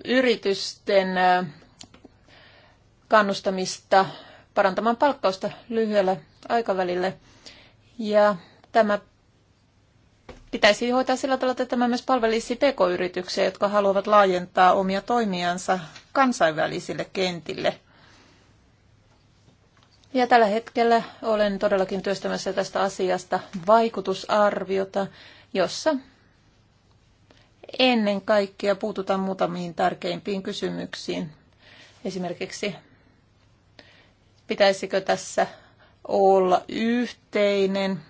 Yritysten kannustamista parantamaan palkkausta lyhyellä aikavälillä. Ja tämä pitäisi hoitaa sillä tavalla, että tämä myös palvelisi pk-yrityksiä, jotka haluavat laajentaa omia toimijansa kansainvälisille kentille. Ja tällä hetkellä olen todellakin työstämässä tästä asiasta vaikutusarviota, jossa ennen kaikkea puututaan muutamiin tärkeimpiin kysymyksiin. Esimerkiksi pitäisikö tässä olla yhteinen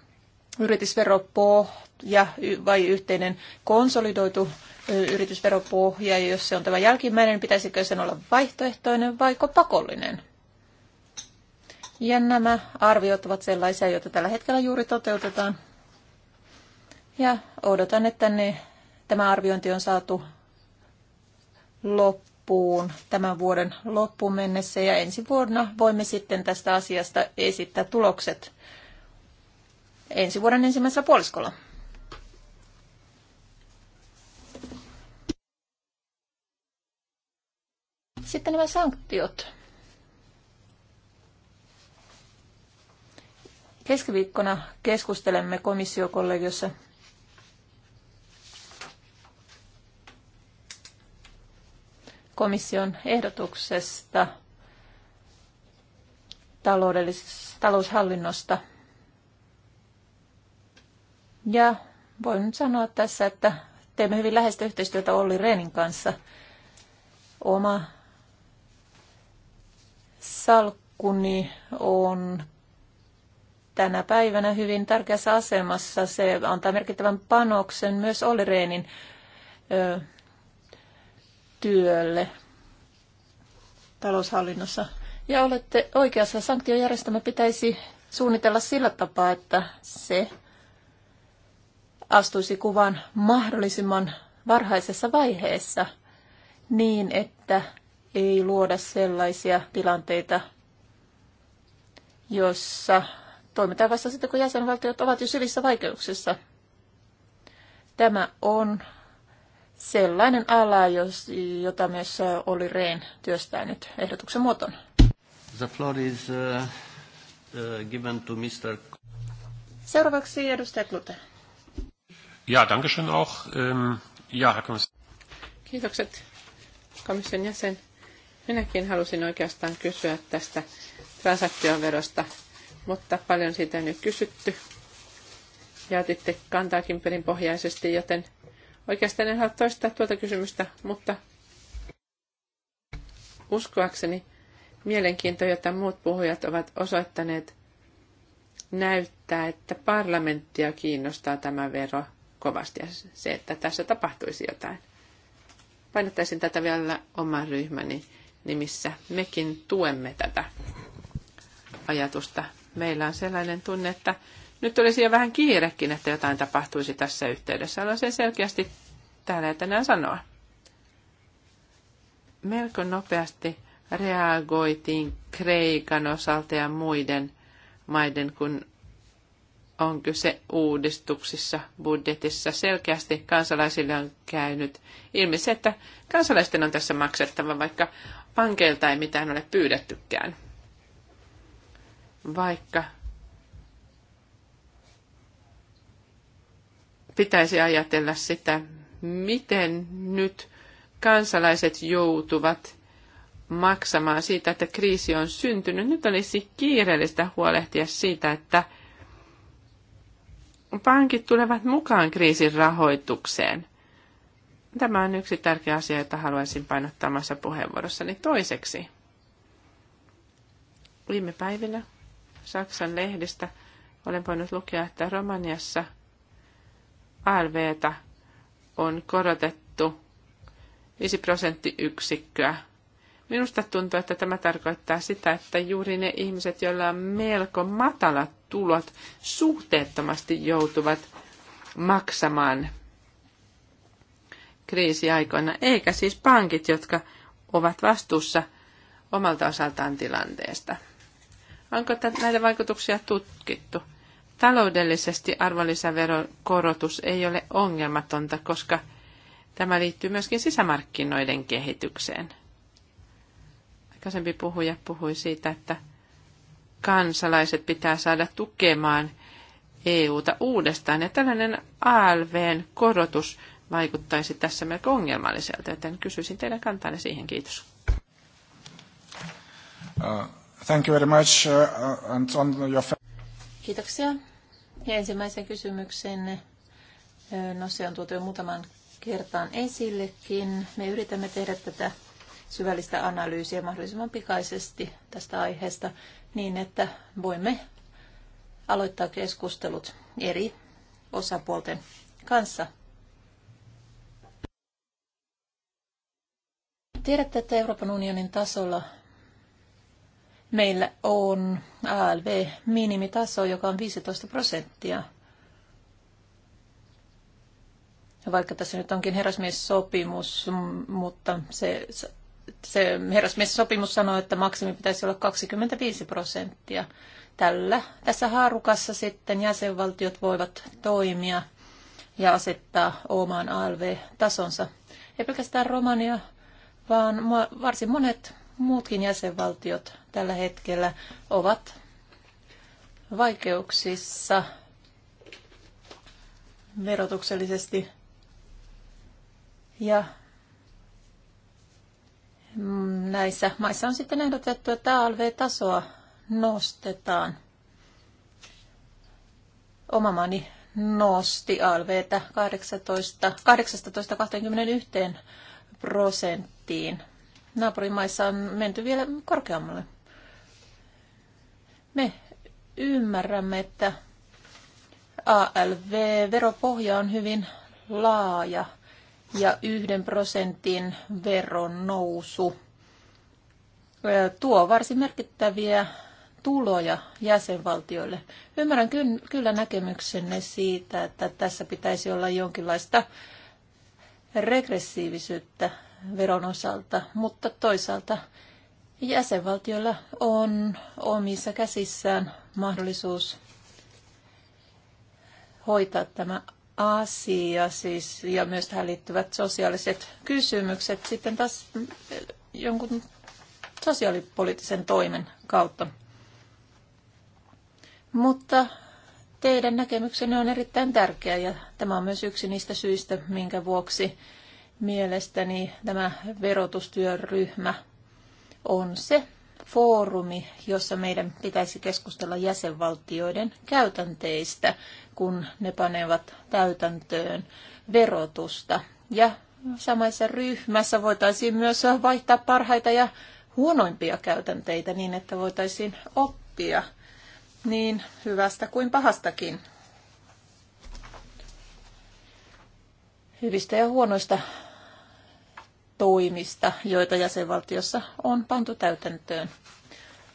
yritysveropohja, ja vai yhteinen konsolidoitu yritysveropohja, ja jos se on tämä jälkimmäinen, pitäisikö sen olla vaihtoehtoinen vai pakollinen? Ja nämä arviot ovat sellaisia, joita tällä hetkellä juuri toteutetaan. Ja odotan, että ne, tämä arviointi on saatu loppuun tämän vuoden loppuun mennessä ja ensi vuonna voimme sitten tästä asiasta esittää tulokset ensi vuoden ensimmäisellä puoliskolla. Sitten nämä sanktiot. Keskiviikkona keskustelemme komissiokollegiossa komission ehdotuksesta taloushallinnosta. Ja voin nyt sanoa tässä, että teemme hyvin läheistä yhteistyötä Olli Reenin kanssa. Oma salkkuni on tänä päivänä hyvin tärkeässä asemassa. Se antaa merkittävän panoksen myös Olli Reenin ö, työlle taloushallinnossa. Ja olette oikeassa, sanktiojärjestelmä pitäisi suunnitella sillä tapaa, että se astuisi kuvan mahdollisimman varhaisessa vaiheessa niin, että ei luoda sellaisia tilanteita, jossa toimitaan vasta sitten, kun jäsenvaltiot ovat jo syvissä vaikeuksissa. Tämä on sellainen ala, jota myös oli Rehn työstää nyt ehdotuksen muoton. The floor is, uh, uh, given to Mr. Seuraavaksi edustaja Klute. Ja, danke schön auch. Ähm, ja, Herr Kommissar. Kiitokset komission jäsen. Minäkin halusin oikeastaan kysyä tästä transaktioverosta, mutta paljon siitä on jo kysytty. Ja otitte kantaakin perinpohjaisesti, joten oikeastaan en halua toistaa tuota kysymystä, mutta uskoakseni mielenkiinto, jota muut puhujat ovat osoittaneet, näyttää, että parlamenttia kiinnostaa tämä vero kovasti ja se, että tässä tapahtuisi jotain. Painottaisin tätä vielä oman ryhmäni nimissä mekin tuemme tätä ajatusta. Meillä on sellainen tunne, että nyt olisi jo vähän kiirekin, että jotain tapahtuisi tässä yhteydessä. Haluan sen selkeästi täällä tänään sanoa. Melko nopeasti reagoitiin Kreikan osalta ja muiden maiden, kun on kyse uudistuksissa budjetissa. Selkeästi kansalaisille on käynyt ilmi se, että kansalaisten on tässä maksettava, vaikka pankeilta ei mitään ole pyydettykään. Vaikka pitäisi ajatella sitä, miten nyt kansalaiset joutuvat maksamaan siitä, että kriisi on syntynyt. Nyt olisi kiireellistä huolehtia siitä, että pankit tulevat mukaan kriisin rahoitukseen – Tämä on yksi tärkeä asia, jota haluaisin painottaa omassa puheenvuorossani. Toiseksi, viime päivinä Saksan lehdistä olen voinut lukea, että Romaniassa ALVtä on korotettu 5 prosenttiyksikköä. Minusta tuntuu, että tämä tarkoittaa sitä, että juuri ne ihmiset, joilla on melko matalat tulot, suhteettomasti joutuvat maksamaan kriisiaikoina, eikä siis pankit, jotka ovat vastuussa omalta osaltaan tilanteesta. Onko näitä vaikutuksia tutkittu? Taloudellisesti arvonlisäveron korotus ei ole ongelmatonta, koska tämä liittyy myöskin sisämarkkinoiden kehitykseen. Aikaisempi puhuja puhui siitä, että kansalaiset pitää saada tukemaan EUta uudestaan, ja tällainen ALVn korotus vaikuttaisi tässä melko ongelmalliselta, joten kysyisin teidän kantanne siihen. Kiitos. Uh, thank you very much. Uh, uh and on your... Kiitoksia. Ja ensimmäisen kysymyksen, uh, no se on tuotu jo muutaman kertaan esillekin. Me yritämme tehdä tätä syvällistä analyysiä mahdollisimman pikaisesti tästä aiheesta niin, että voimme aloittaa keskustelut eri osapuolten kanssa Tiedätte, että Euroopan unionin tasolla meillä on ALV-minimitaso, joka on 15 prosenttia. Vaikka tässä nyt onkin herrasmies-sopimus, mutta se, se herrasmies-sopimus sanoo, että maksimi pitäisi olla 25 prosenttia. Tällä, tässä haarukassa sitten jäsenvaltiot voivat toimia ja asettaa omaan ALV-tasonsa. Ei pelkästään Romania, vaan varsin monet muutkin jäsenvaltiot tällä hetkellä ovat vaikeuksissa verotuksellisesti ja näissä maissa on sitten ehdotettu, että ALV-tasoa nostetaan. Oma maani nosti ALVtä 18, 18-21 prosenttia tehtiin. Naapurimaissa on menty vielä korkeammalle. Me ymmärrämme, että ALV-veropohja on hyvin laaja ja yhden prosentin veron nousu tuo varsin merkittäviä tuloja jäsenvaltioille. Ymmärrän kyllä näkemyksenne siitä, että tässä pitäisi olla jonkinlaista regressiivisyyttä veron osalta, mutta toisaalta jäsenvaltiolla on omissa käsissään mahdollisuus hoitaa tämä asia siis, ja myös tähän liittyvät sosiaaliset kysymykset sitten taas eh, jonkun sosiaalipoliittisen toimen kautta. Mutta teidän näkemyksenne on erittäin tärkeä ja tämä on myös yksi niistä syistä, minkä vuoksi Mielestäni tämä verotustyöryhmä on se foorumi, jossa meidän pitäisi keskustella jäsenvaltioiden käytänteistä, kun ne panevat täytäntöön verotusta. Ja samassa ryhmässä voitaisiin myös vaihtaa parhaita ja huonoimpia käytänteitä niin, että voitaisiin oppia niin hyvästä kuin pahastakin hyvistä ja huonoista toimista, joita jäsenvaltiossa on pantu täytäntöön.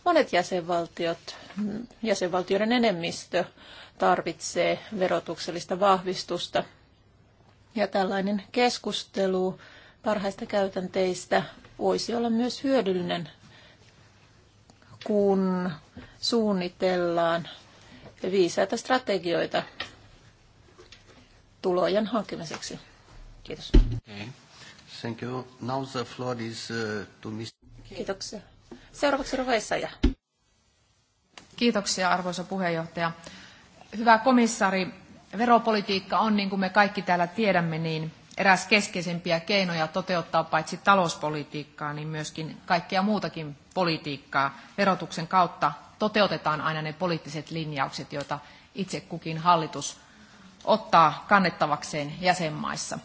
Monet jäsenvaltiot, jäsenvaltioiden enemmistö tarvitsee verotuksellista vahvistusta. Ja tällainen keskustelu parhaista käytänteistä voisi olla myös hyödyllinen, kun suunnitellaan viisaita strategioita tulojen hankkimiseksi. Kiitos. Okay. Thank you. Now the floor is uh, to Mr. Kiitoksia. Seuraavaksi Rova Kiitoksia arvoisa puheenjohtaja. Hyvä komissaari, veropolitiikka on niin kuin me kaikki täällä tiedämme, niin eräs keskeisempiä keinoja toteuttaa paitsi talouspolitiikkaa, niin myöskin kaikkea muutakin politiikkaa. Verotuksen kautta toteutetaan aina ne poliittiset linjaukset, joita itse kukin hallitus ottaa kannettavakseen jäsenmaissa.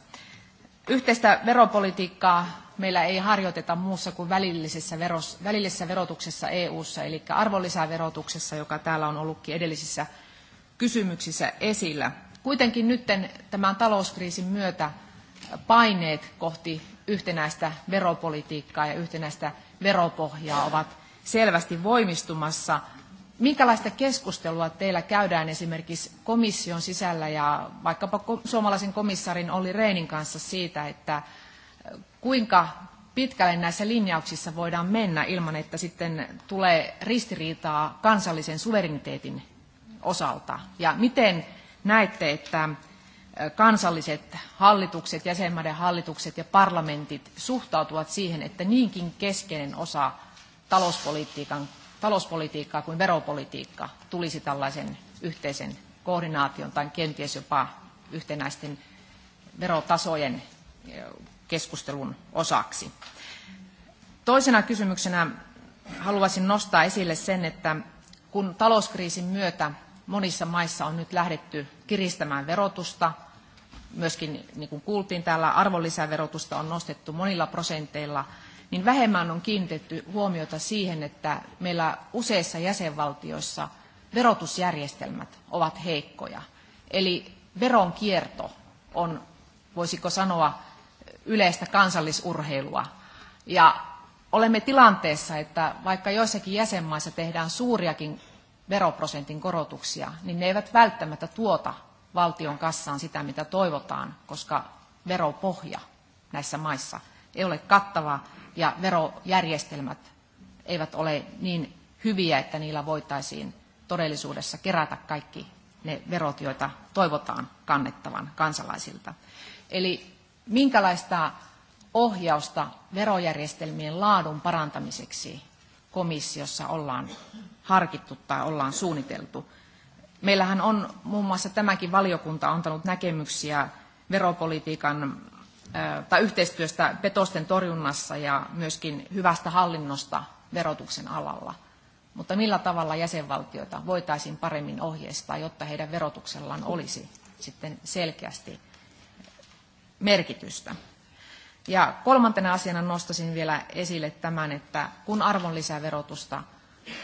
Yhteistä veropolitiikkaa meillä ei harjoiteta muussa kuin välillisessä, veros, välillisessä verotuksessa EU-ssa, eli arvonlisäverotuksessa, joka täällä on ollutkin edellisissä kysymyksissä esillä. Kuitenkin nyt tämän talouskriisin myötä paineet kohti yhtenäistä veropolitiikkaa ja yhtenäistä veropohjaa ovat selvästi voimistumassa – Minkälaista keskustelua teillä käydään esimerkiksi komission sisällä ja vaikkapa suomalaisen komissarin Olli Rehnin kanssa siitä, että kuinka pitkälle näissä linjauksissa voidaan mennä ilman, että sitten tulee ristiriitaa kansallisen suvereniteetin osalta? Ja miten näette, että kansalliset hallitukset, jäsenmaiden hallitukset ja parlamentit suhtautuvat siihen, että niinkin keskeinen osa talouspolitiikan talouspolitiikkaa kuin veropolitiikkaa tulisi tällaisen yhteisen koordinaation tai kenties jopa yhtenäisten verotasojen keskustelun osaksi. Toisena kysymyksenä haluaisin nostaa esille sen, että kun talouskriisin myötä monissa maissa on nyt lähdetty kiristämään verotusta, myöskin niin kuin kuultiin täällä arvonlisäverotusta on nostettu monilla prosenteilla – niin vähemmän on kiinnitetty huomiota siihen, että meillä useissa jäsenvaltioissa verotusjärjestelmät ovat heikkoja. Eli veronkierto on, voisiko sanoa, yleistä kansallisurheilua. Ja olemme tilanteessa, että vaikka joissakin jäsenmaissa tehdään suuriakin veroprosentin korotuksia, niin ne eivät välttämättä tuota valtion kassaan sitä, mitä toivotaan, koska veropohja näissä maissa ei ole kattava ja verojärjestelmät eivät ole niin hyviä, että niillä voitaisiin todellisuudessa kerätä kaikki ne verot, joita toivotaan kannettavan kansalaisilta. Eli minkälaista ohjausta verojärjestelmien laadun parantamiseksi komissiossa ollaan harkittu tai ollaan suunniteltu. Meillähän on muun muassa tämäkin valiokunta antanut näkemyksiä veropolitiikan tai yhteistyöstä petosten torjunnassa ja myöskin hyvästä hallinnosta verotuksen alalla. Mutta millä tavalla jäsenvaltioita voitaisiin paremmin ohjeistaa, jotta heidän verotuksellaan olisi sitten selkeästi merkitystä. Ja kolmantena asiana nostasin vielä esille tämän, että kun arvonlisäverotusta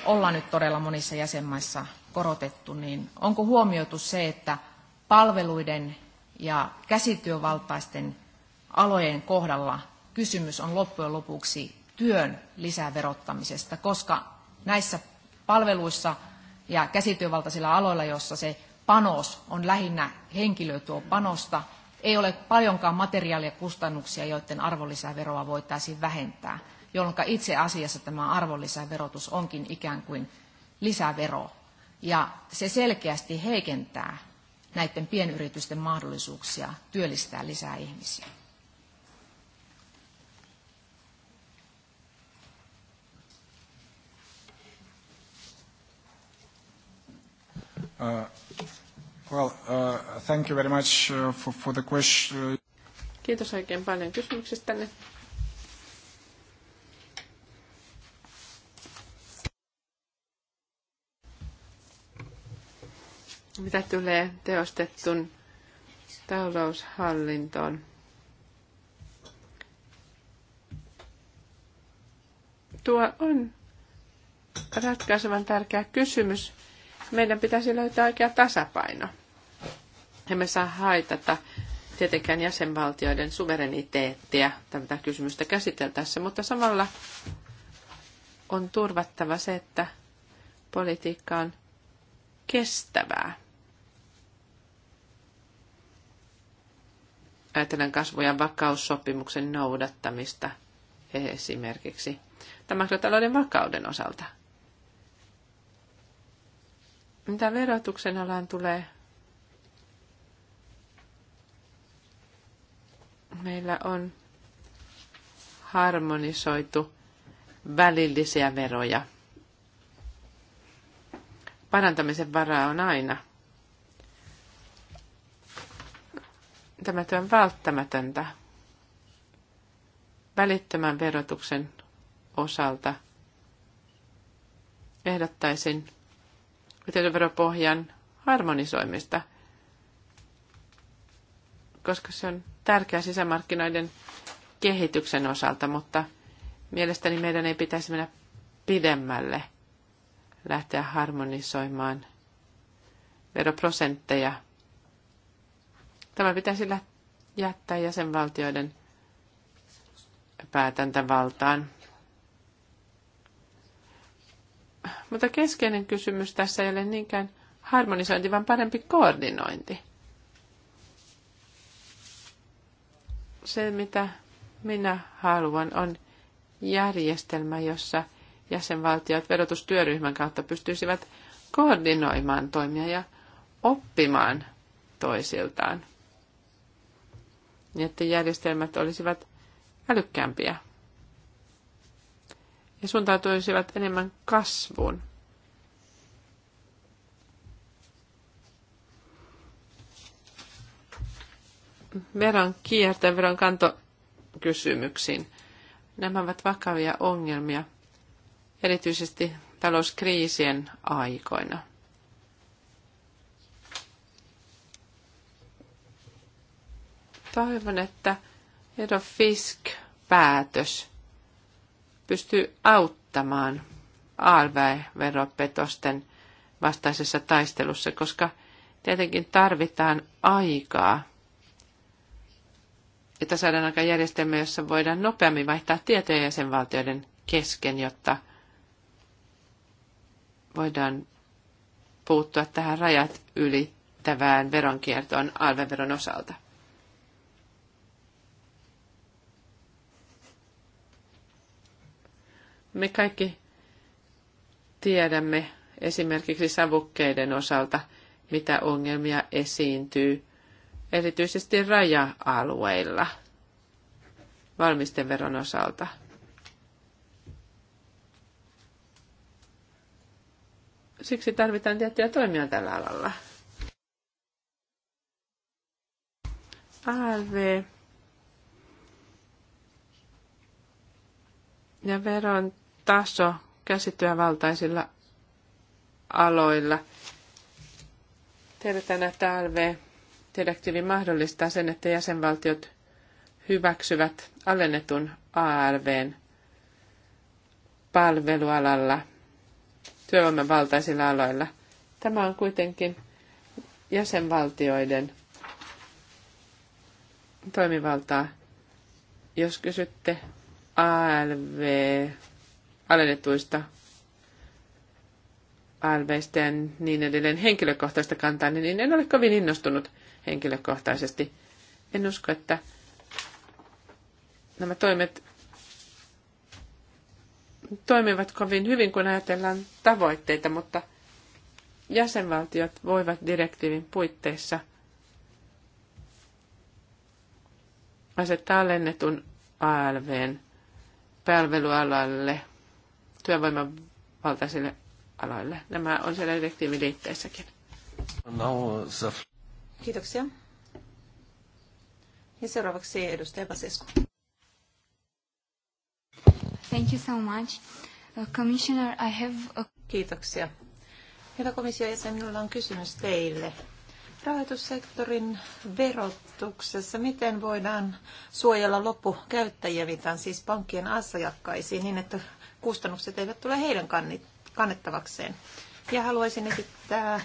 ollaan nyt todella monissa jäsenmaissa korotettu, niin onko huomioitu se, että palveluiden ja käsityövaltaisten alojen kohdalla kysymys on loppujen lopuksi työn lisäverottamisesta, koska näissä palveluissa ja käsityövaltaisilla aloilla, jossa se panos on lähinnä panosta, ei ole paljonkaan materiaalia kustannuksia, joiden arvonlisäveroa voitaisiin vähentää, jolloin itse asiassa tämä arvonlisäverotus onkin ikään kuin lisävero. Ja se selkeästi heikentää näiden pienyritysten mahdollisuuksia työllistää lisää ihmisiä. Kiitos oikein paljon kysymyksestänne. Mitä tulee teostettun taloushallintoon? Tuo on ratkaisevan tärkeä kysymys meidän pitäisi löytää oikea tasapaino. Emme saa haitata tietenkään jäsenvaltioiden suvereniteettia tätä kysymystä käsiteltäessä, mutta samalla on turvattava se, että politiikka on kestävää. Ajatellaan kasvu- ja vakaussopimuksen noudattamista esimerkiksi tämän talouden vakauden osalta – mitä verotuksen alaan tulee, meillä on harmonisoitu välillisiä veroja. Parantamisen varaa on aina. Tämä työ on välttämätöntä. Välittömän verotuksen osalta ehdottaisin yhteisöveropohjan harmonisoimista, koska se on tärkeä sisämarkkinoiden kehityksen osalta, mutta mielestäni meidän ei pitäisi mennä pidemmälle lähteä harmonisoimaan veroprosentteja. Tämä pitäisi jättää jäsenvaltioiden päätäntävaltaan. Mutta keskeinen kysymys tässä ei ole niinkään harmonisointi, vaan parempi koordinointi. Se, mitä minä haluan, on järjestelmä, jossa jäsenvaltiot verotustyöryhmän kautta pystyisivät koordinoimaan toimia ja oppimaan toisiltaan. Niin, että järjestelmät olisivat älykkäämpiä ja suuntautuisivat enemmän kasvuun. Veron kierto veron kantokysymyksiin. Nämä ovat vakavia ongelmia, erityisesti talouskriisien aikoina. Toivon, että Edo Fisk päätös pystyy auttamaan ALV-veropetosten vastaisessa taistelussa, koska tietenkin tarvitaan aikaa, että saadaan aika järjestelmä, jossa voidaan nopeammin vaihtaa tietoja jäsenvaltioiden kesken, jotta voidaan puuttua tähän rajat ylittävään veronkiertoon alveveron osalta. Me kaikki tiedämme esimerkiksi savukkeiden osalta, mitä ongelmia esiintyy, erityisesti raja-alueilla valmisteveron osalta. Siksi tarvitaan tiettyjä toimia tällä alalla. ALV ja veron taso käsityövaltaisilla aloilla. Tiedetään, että ALV-direktiivi mahdollistaa sen, että jäsenvaltiot hyväksyvät alennetun ARVn palvelualalla, työvoimavaltaisilla aloilla. Tämä on kuitenkin jäsenvaltioiden toimivaltaa. Jos kysytte ALV alennetuista alveista ja niin edelleen henkilökohtaista kantaa, niin en ole kovin innostunut henkilökohtaisesti. En usko, että nämä toimet toimivat kovin hyvin, kun ajatellaan tavoitteita, mutta jäsenvaltiot voivat direktiivin puitteissa asettaa alennetun ALVn palvelualalle työvoimavaltaisille aloille. Nämä on siellä direktiiviliitteissäkin. Uh, Kiitoksia. Ja seuraavaksi edustaja Vasesku. Thank you so much. Uh, Commissioner, I have a... Kiitoksia. Hyvä komission jäsen, minulla on kysymys teille. Rahoitussektorin verotuksessa, miten voidaan suojella loppukäyttäjiä, siis pankkien asiakkaisiin, niin että kustannukset eivät tule heidän kannettavakseen. Ja haluaisin esittää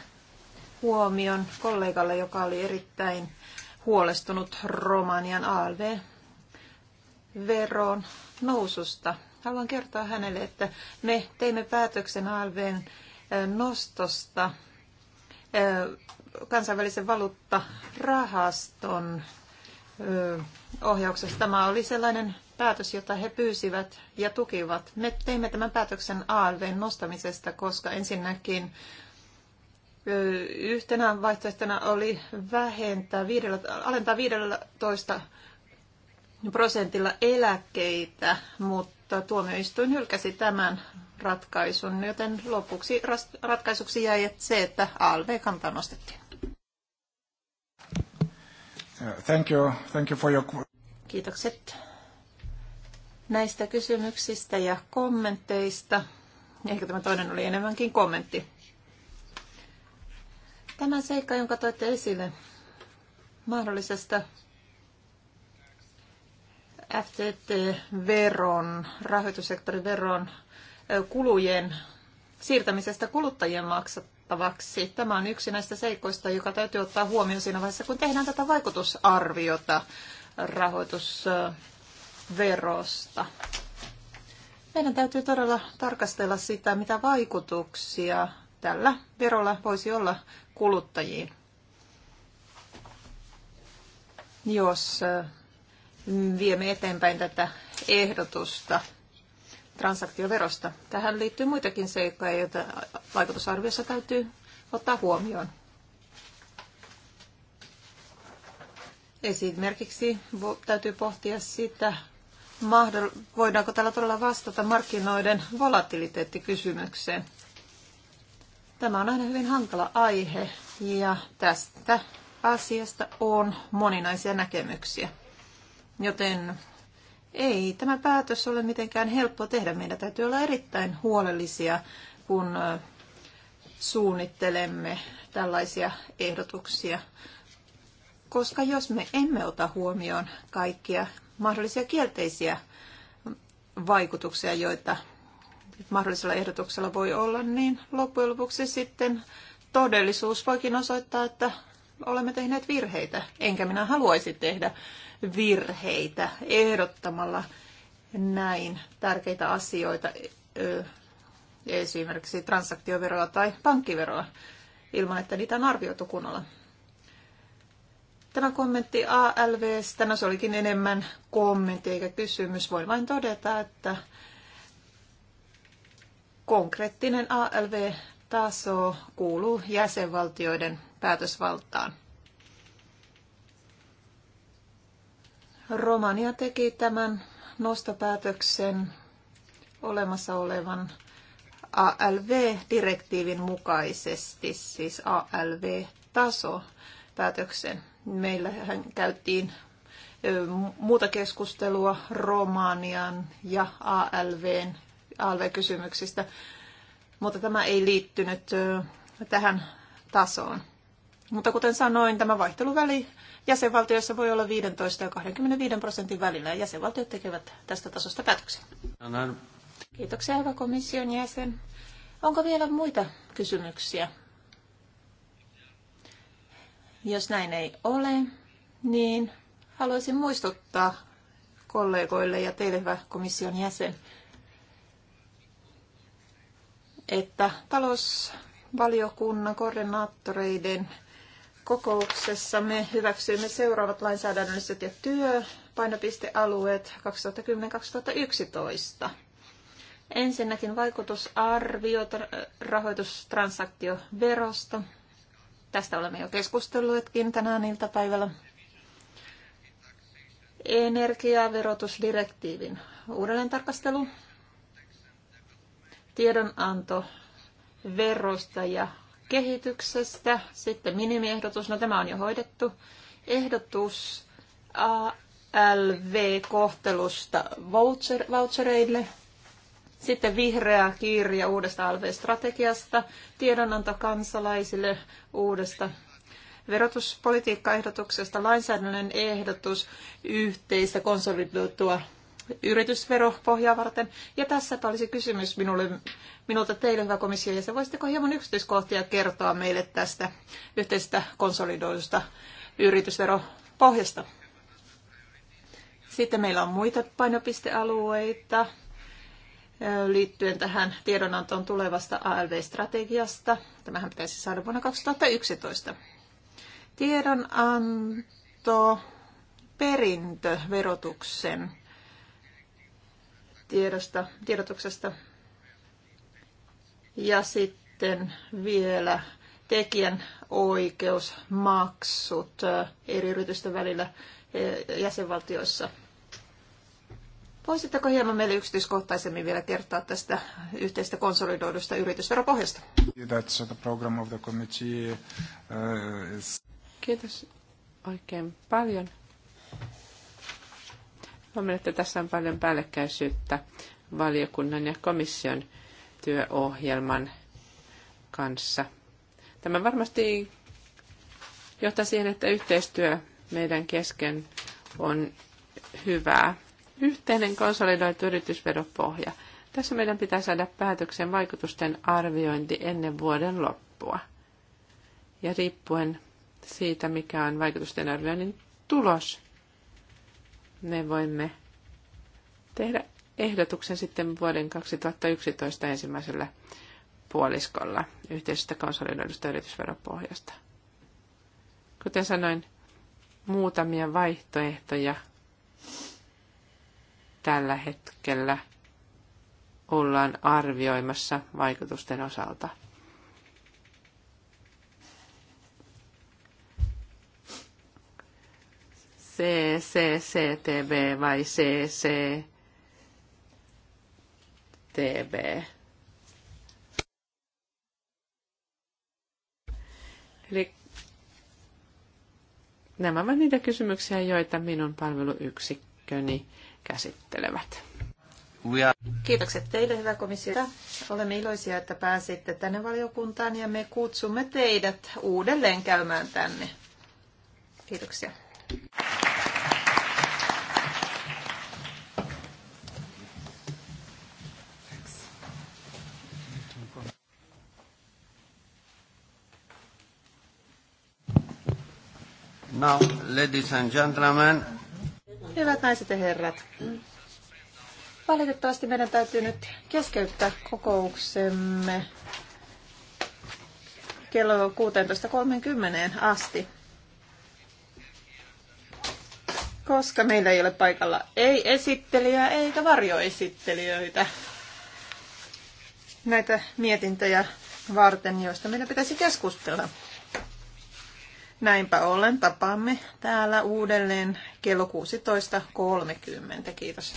huomion kollegalle, joka oli erittäin huolestunut Romanian ALV-veron noususta. Haluan kertoa hänelle, että me teimme päätöksen ALVn nostosta kansainvälisen valuuttarahaston ohjauksessa. Tämä oli sellainen päätös, jota he pyysivät ja tukivat. Me teimme tämän päätöksen ALVn nostamisesta, koska ensinnäkin yhtenä vaihtoehtona oli vähentää viidellä, alentaa 15 prosentilla eläkkeitä, mutta tuomioistuin hylkäsi tämän ratkaisun, joten lopuksi ratkaisuksi jäi se, että ALV-kantaa nostettiin. Thank you. Thank you for your... Kiitokset näistä kysymyksistä ja kommenteista. Ehkä tämä toinen oli enemmänkin kommentti. Tämä seikka, jonka toitte esille mahdollisesta FTT-veron, rahoitussektorin veron kulujen siirtämisestä kuluttajien maksattavaksi. Tämä on yksi näistä seikoista, joka täytyy ottaa huomioon siinä vaiheessa, kun tehdään tätä vaikutusarviota rahoitus verosta. Meidän täytyy todella tarkastella sitä, mitä vaikutuksia tällä verolla voisi olla kuluttajiin. Jos viemme eteenpäin tätä ehdotusta transaktioverosta. Tähän liittyy muitakin seikkoja, joita vaikutusarviossa täytyy ottaa huomioon. Esimerkiksi täytyy pohtia sitä, mahdoll- voidaanko tällä todella vastata markkinoiden volatiliteettikysymykseen. Tämä on aina hyvin hankala aihe ja tästä asiasta on moninaisia näkemyksiä. Joten ei tämä päätös ole mitenkään helppo tehdä. Meidän täytyy olla erittäin huolellisia, kun suunnittelemme tällaisia ehdotuksia. Koska jos me emme ota huomioon kaikkia mahdollisia kielteisiä vaikutuksia, joita mahdollisella ehdotuksella voi olla, niin loppujen lopuksi sitten todellisuus voikin osoittaa, että olemme tehneet virheitä. Enkä minä haluaisi tehdä virheitä ehdottamalla näin tärkeitä asioita, e, esimerkiksi transaktioveroa tai pankkiveroa, ilman että niitä on arvioitu kunnolla. Tämä kommentti ALVstä, no se olikin enemmän kommentti eikä kysymys. Voin vain todeta, että konkreettinen ALV-taso kuuluu jäsenvaltioiden päätösvaltaan. Romania teki tämän nostopäätöksen olemassa olevan ALV-direktiivin mukaisesti, siis ALV-taso päätöksen. Meillä hän käytiin muuta keskustelua Romanian ja ALVn, ALV-kysymyksistä, mutta tämä ei liittynyt tähän tasoon. Mutta kuten sanoin, tämä vaihteluväli jäsenvaltioissa voi olla 15 ja 25 prosentin välillä, ja jäsenvaltiot tekevät tästä tasosta päätöksen. Kiitoksia, hyvä komission jäsen. Onko vielä muita kysymyksiä jos näin ei ole, niin haluaisin muistuttaa kollegoille ja teille, hyvä komission jäsen, että talousvaliokunnan koordinaattoreiden kokouksessa me hyväksyimme seuraavat lainsäädännölliset ja työpainopistealueet 2010-2011. Ensinnäkin vaikutusarviot rahoitustransaktioverosta, Tästä olemme jo keskustelleetkin tänään iltapäivällä. Energiaverotusdirektiivin uudelleen tarkastelu, tiedonanto verosta ja kehityksestä, sitten minimiehdotus, no tämä on jo hoidettu, ehdotus ALV-kohtelusta voucher, vouchereille – sitten vihreä kirja uudesta LV-strategiasta, tiedonanto kansalaisille uudesta verotuspolitiikkaehdotuksesta, lainsäädännön ehdotus yhteistä konsolidoitua yritysveropohjaa varten. Ja tässä olisi kysymys minulle, minulta teille, hyvä komissio, ja se voisitteko hieman yksityiskohtia kertoa meille tästä yhteisestä konsolidoidusta yritysveropohjasta? Sitten meillä on muita painopistealueita, liittyen tähän tiedonantoon tulevasta ALV-strategiasta. Tämähän pitäisi saada vuonna 2011. Tiedonanto perintöverotuksen tiedosta, tiedotuksesta ja sitten vielä tekijän oikeusmaksut eri yritysten välillä jäsenvaltioissa – Voisitteko hieman meille yksityiskohtaisemmin vielä kertoa tästä yhteistä konsolidoidusta yritysveropohjasta? Uh, Kiitos oikein paljon. Huomioon, että tässä on paljon päällekkäisyyttä valiokunnan ja komission työohjelman kanssa. Tämä varmasti johtaa siihen, että yhteistyö meidän kesken on hyvää. Yhteinen konsolidoitu yritysveropohja. Tässä meidän pitää saada päätöksen vaikutusten arviointi ennen vuoden loppua. Ja riippuen siitä, mikä on vaikutusten arvioinnin tulos, me voimme tehdä ehdotuksen sitten vuoden 2011 ensimmäisellä puoliskolla yhteisestä konsolidoidusta yritysveropohjasta. Kuten sanoin, muutamia vaihtoehtoja – tällä hetkellä ollaan arvioimassa vaikutusten osalta. B vai CCTB. Eli nämä ovat niitä kysymyksiä, joita minun palveluyksikköni käsittelevät. Kiitokset teille, hyvä komissio. Olemme iloisia, että pääsitte tänne valiokuntaan ja me kutsumme teidät uudelleen käymään tänne. Kiitoksia. Now, ladies and gentlemen, Hyvät naiset ja herrat, valitettavasti meidän täytyy nyt keskeyttää kokouksemme kello 16.30 asti. Koska meillä ei ole paikalla ei esittelijää eikä varjoesittelijöitä näitä mietintöjä varten, joista meidän pitäisi keskustella. Näinpä ollen tapaamme täällä uudelleen kello 16.30. Kiitos.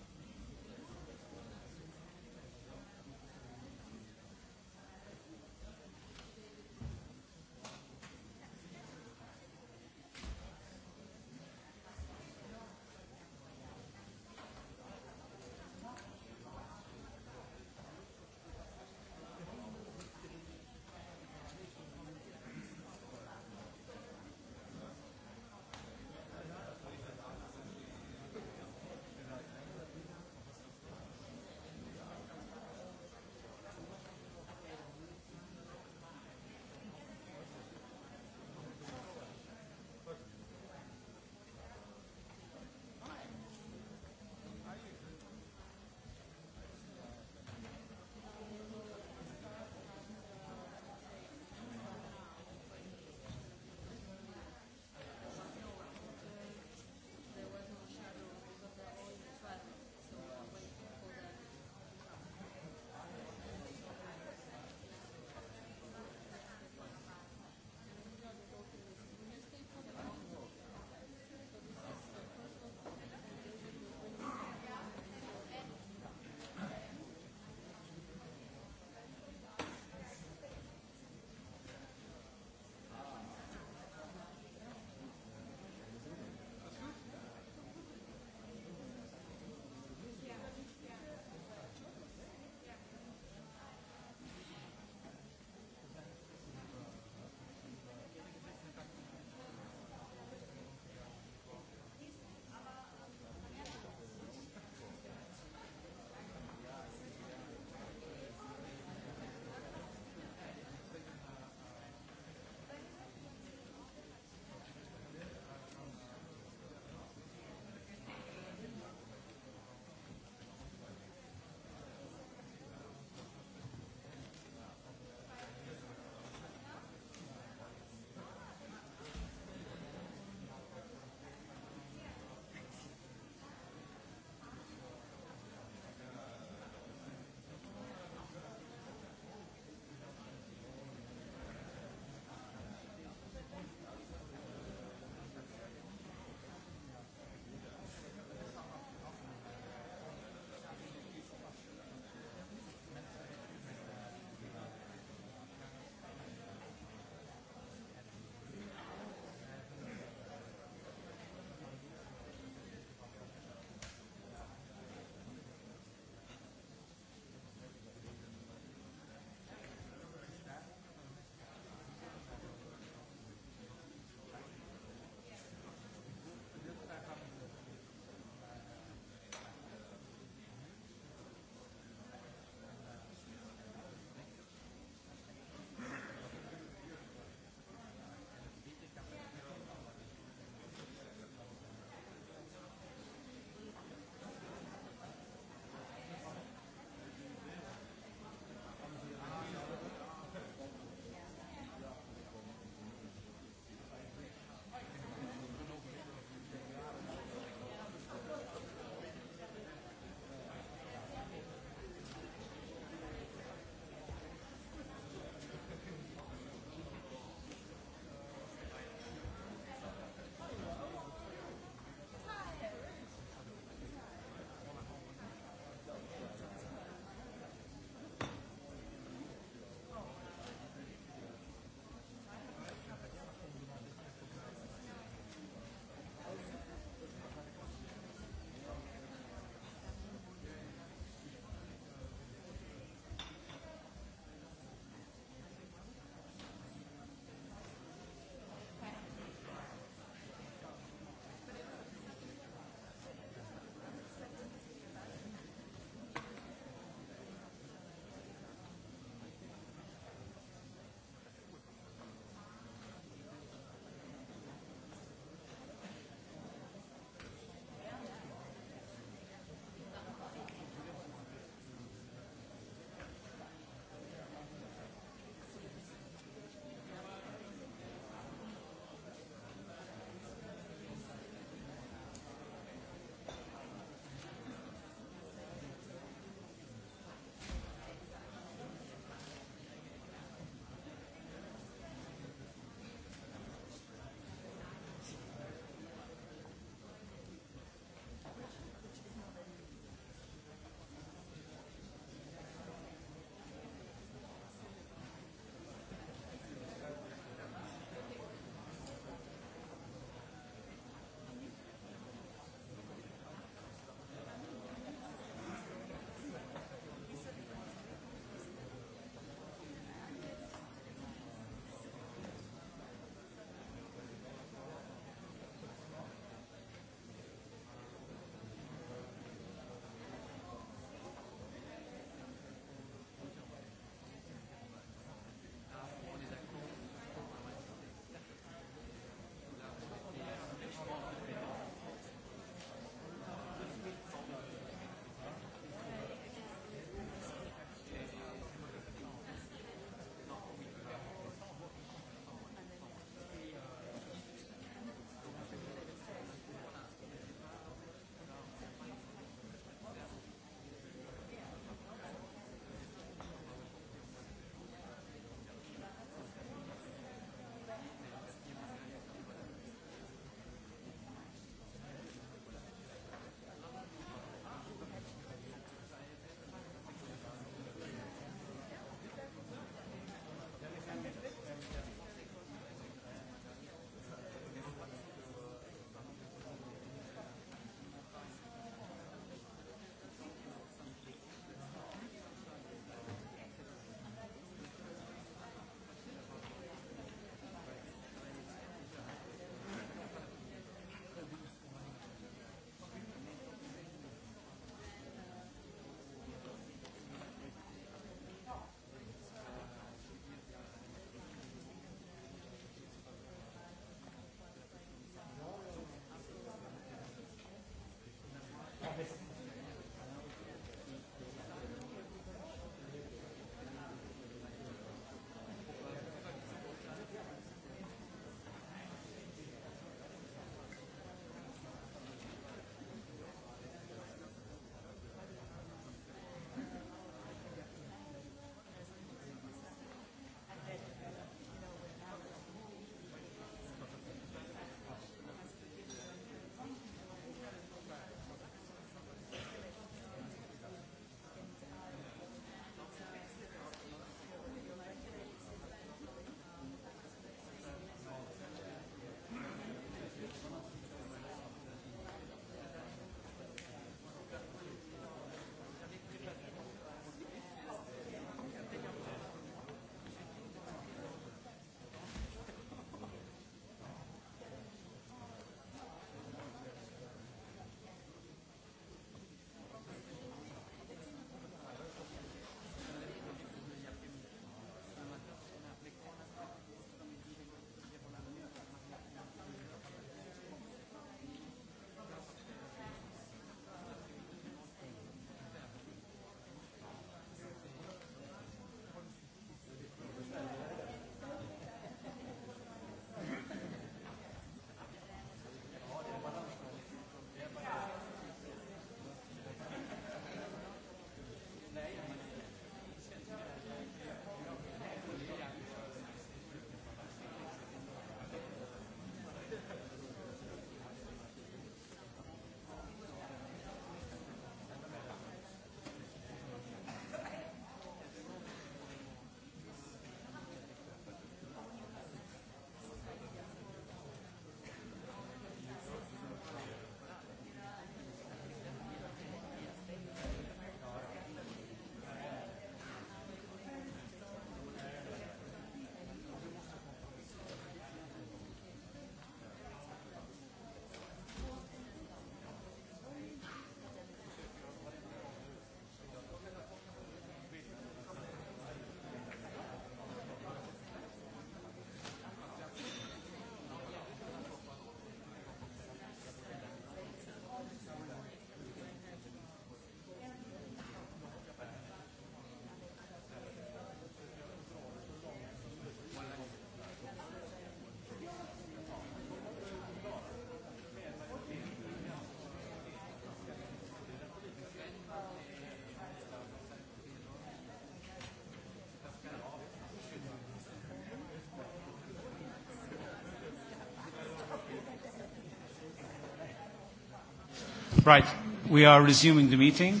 Right. We are resuming the meeting.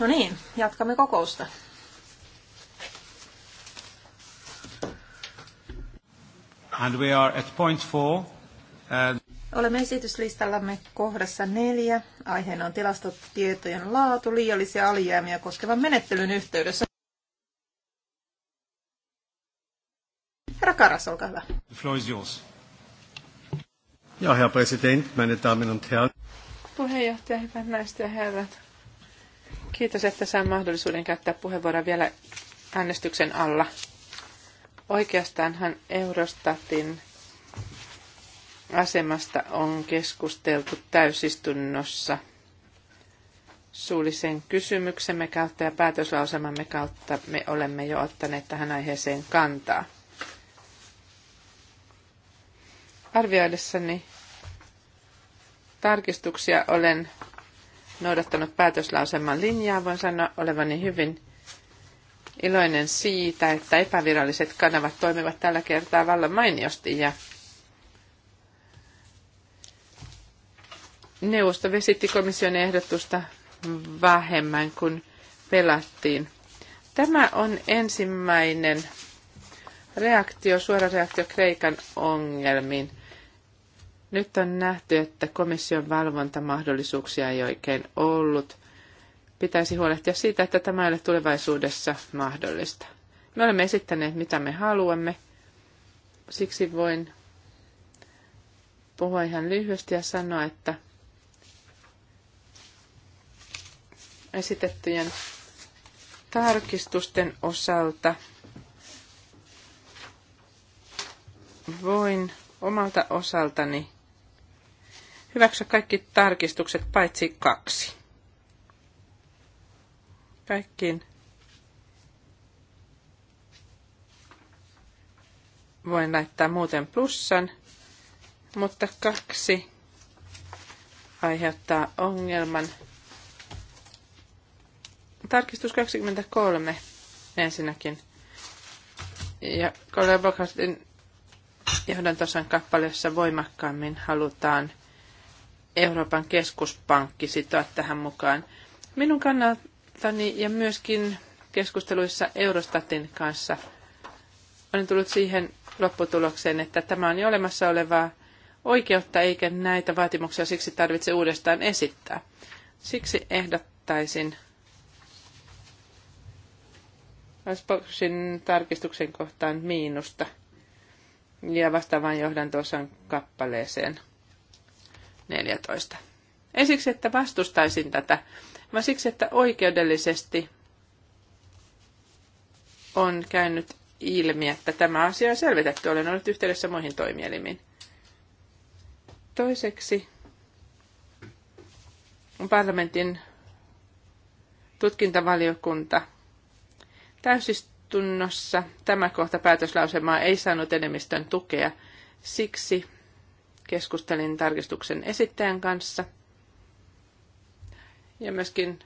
No niin, jatkamme kokousta. And we are at point four. And... Olemme esityslistallamme kohdassa neljä. Aiheena on tilastotietojen laatu liiallisia alijäämiä koskevan menettelyn yhteydessä. Herra Karas, olkaa hyvä. The floor is yours. Ja, herr Präsident, meine Damen und Herren. Puheenjohtaja, hyvät naiset ja herrat. Kiitos, että saan mahdollisuuden käyttää puheenvuoroa vielä äänestyksen alla. Oikeastaanhan Eurostatin asemasta on keskusteltu täysistunnossa suullisen kysymyksemme kautta ja päätöslausemamme kautta me olemme jo ottaneet tähän aiheeseen kantaa. Arvioidessani tarkistuksia. Olen noudattanut päätöslauselman linjaa. Voin sanoa olevani hyvin iloinen siitä, että epäviralliset kanavat toimivat tällä kertaa vallan mainiosti ja neuvosto vesitti komission ehdotusta vähemmän kuin pelattiin. Tämä on ensimmäinen reaktio, suora reaktio Kreikan ongelmiin. Nyt on nähty, että komission valvontamahdollisuuksia ei oikein ollut. Pitäisi huolehtia siitä, että tämä ei ole tulevaisuudessa mahdollista. Me olemme esittäneet, mitä me haluamme. Siksi voin puhua ihan lyhyesti ja sanoa, että esitettyjen tarkistusten osalta voin omalta osaltani Hyväksy kaikki tarkistukset paitsi kaksi. Kaikkiin voin laittaa muuten plussan, mutta kaksi aiheuttaa ongelman. Tarkistus 23 ensinnäkin. Ja Kollegan johdantosan kappaleessa voimakkaammin halutaan Euroopan keskuspankki sitoa tähän mukaan. Minun kannaltani ja myöskin keskusteluissa Eurostatin kanssa olen tullut siihen lopputulokseen, että tämä on jo olemassa olevaa oikeutta eikä näitä vaatimuksia siksi tarvitse uudestaan esittää. Siksi ehdottaisin Asboksin tarkistuksen kohtaan miinusta ja vastaavan johdantosan kappaleeseen – 14. Ei siksi, että vastustaisin tätä, vaan siksi, että oikeudellisesti on käynyt ilmi, että tämä asia on selvitetty. Olen ollut yhteydessä muihin toimielimiin. Toiseksi parlamentin tutkintavaliokunta täysistunnossa tämä kohta päätöslausemaa ei saanut enemmistön tukea. Siksi keskustelin tarkistuksen esittäjän kanssa ja myöskin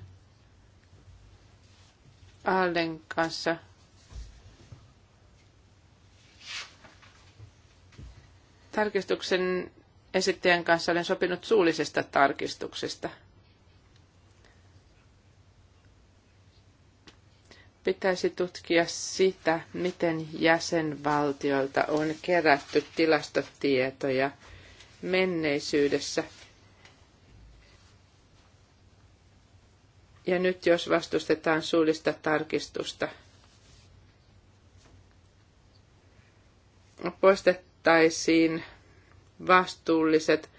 Alden kanssa. Tarkistuksen esittäjän kanssa olen sopinut suullisesta tarkistuksesta. Pitäisi tutkia sitä, miten jäsenvaltioilta on kerätty tilastotietoja – menneisyydessä. Ja nyt jos vastustetaan suullista tarkistusta, poistettaisiin vastuulliset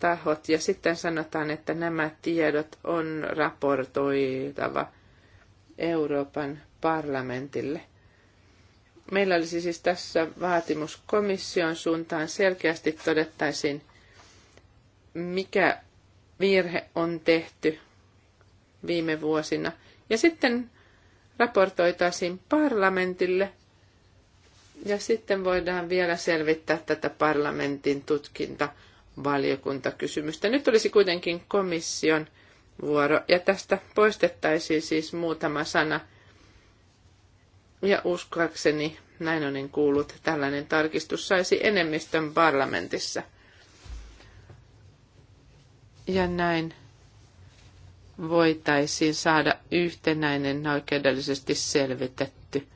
tahot ja sitten sanotaan, että nämä tiedot on raportoitava Euroopan parlamentille – Meillä olisi siis tässä vaatimus komission suuntaan selkeästi todettaisiin, mikä virhe on tehty viime vuosina. Ja sitten raportoitaisiin parlamentille ja sitten voidaan vielä selvittää tätä parlamentin tutkinta valiokuntakysymystä. Nyt olisi kuitenkin komission vuoro ja tästä poistettaisiin siis muutama sana – ja uskoakseni, näin olen kuullut, tällainen tarkistus saisi enemmistön parlamentissa. Ja näin voitaisiin saada yhtenäinen oikeudellisesti selvitetty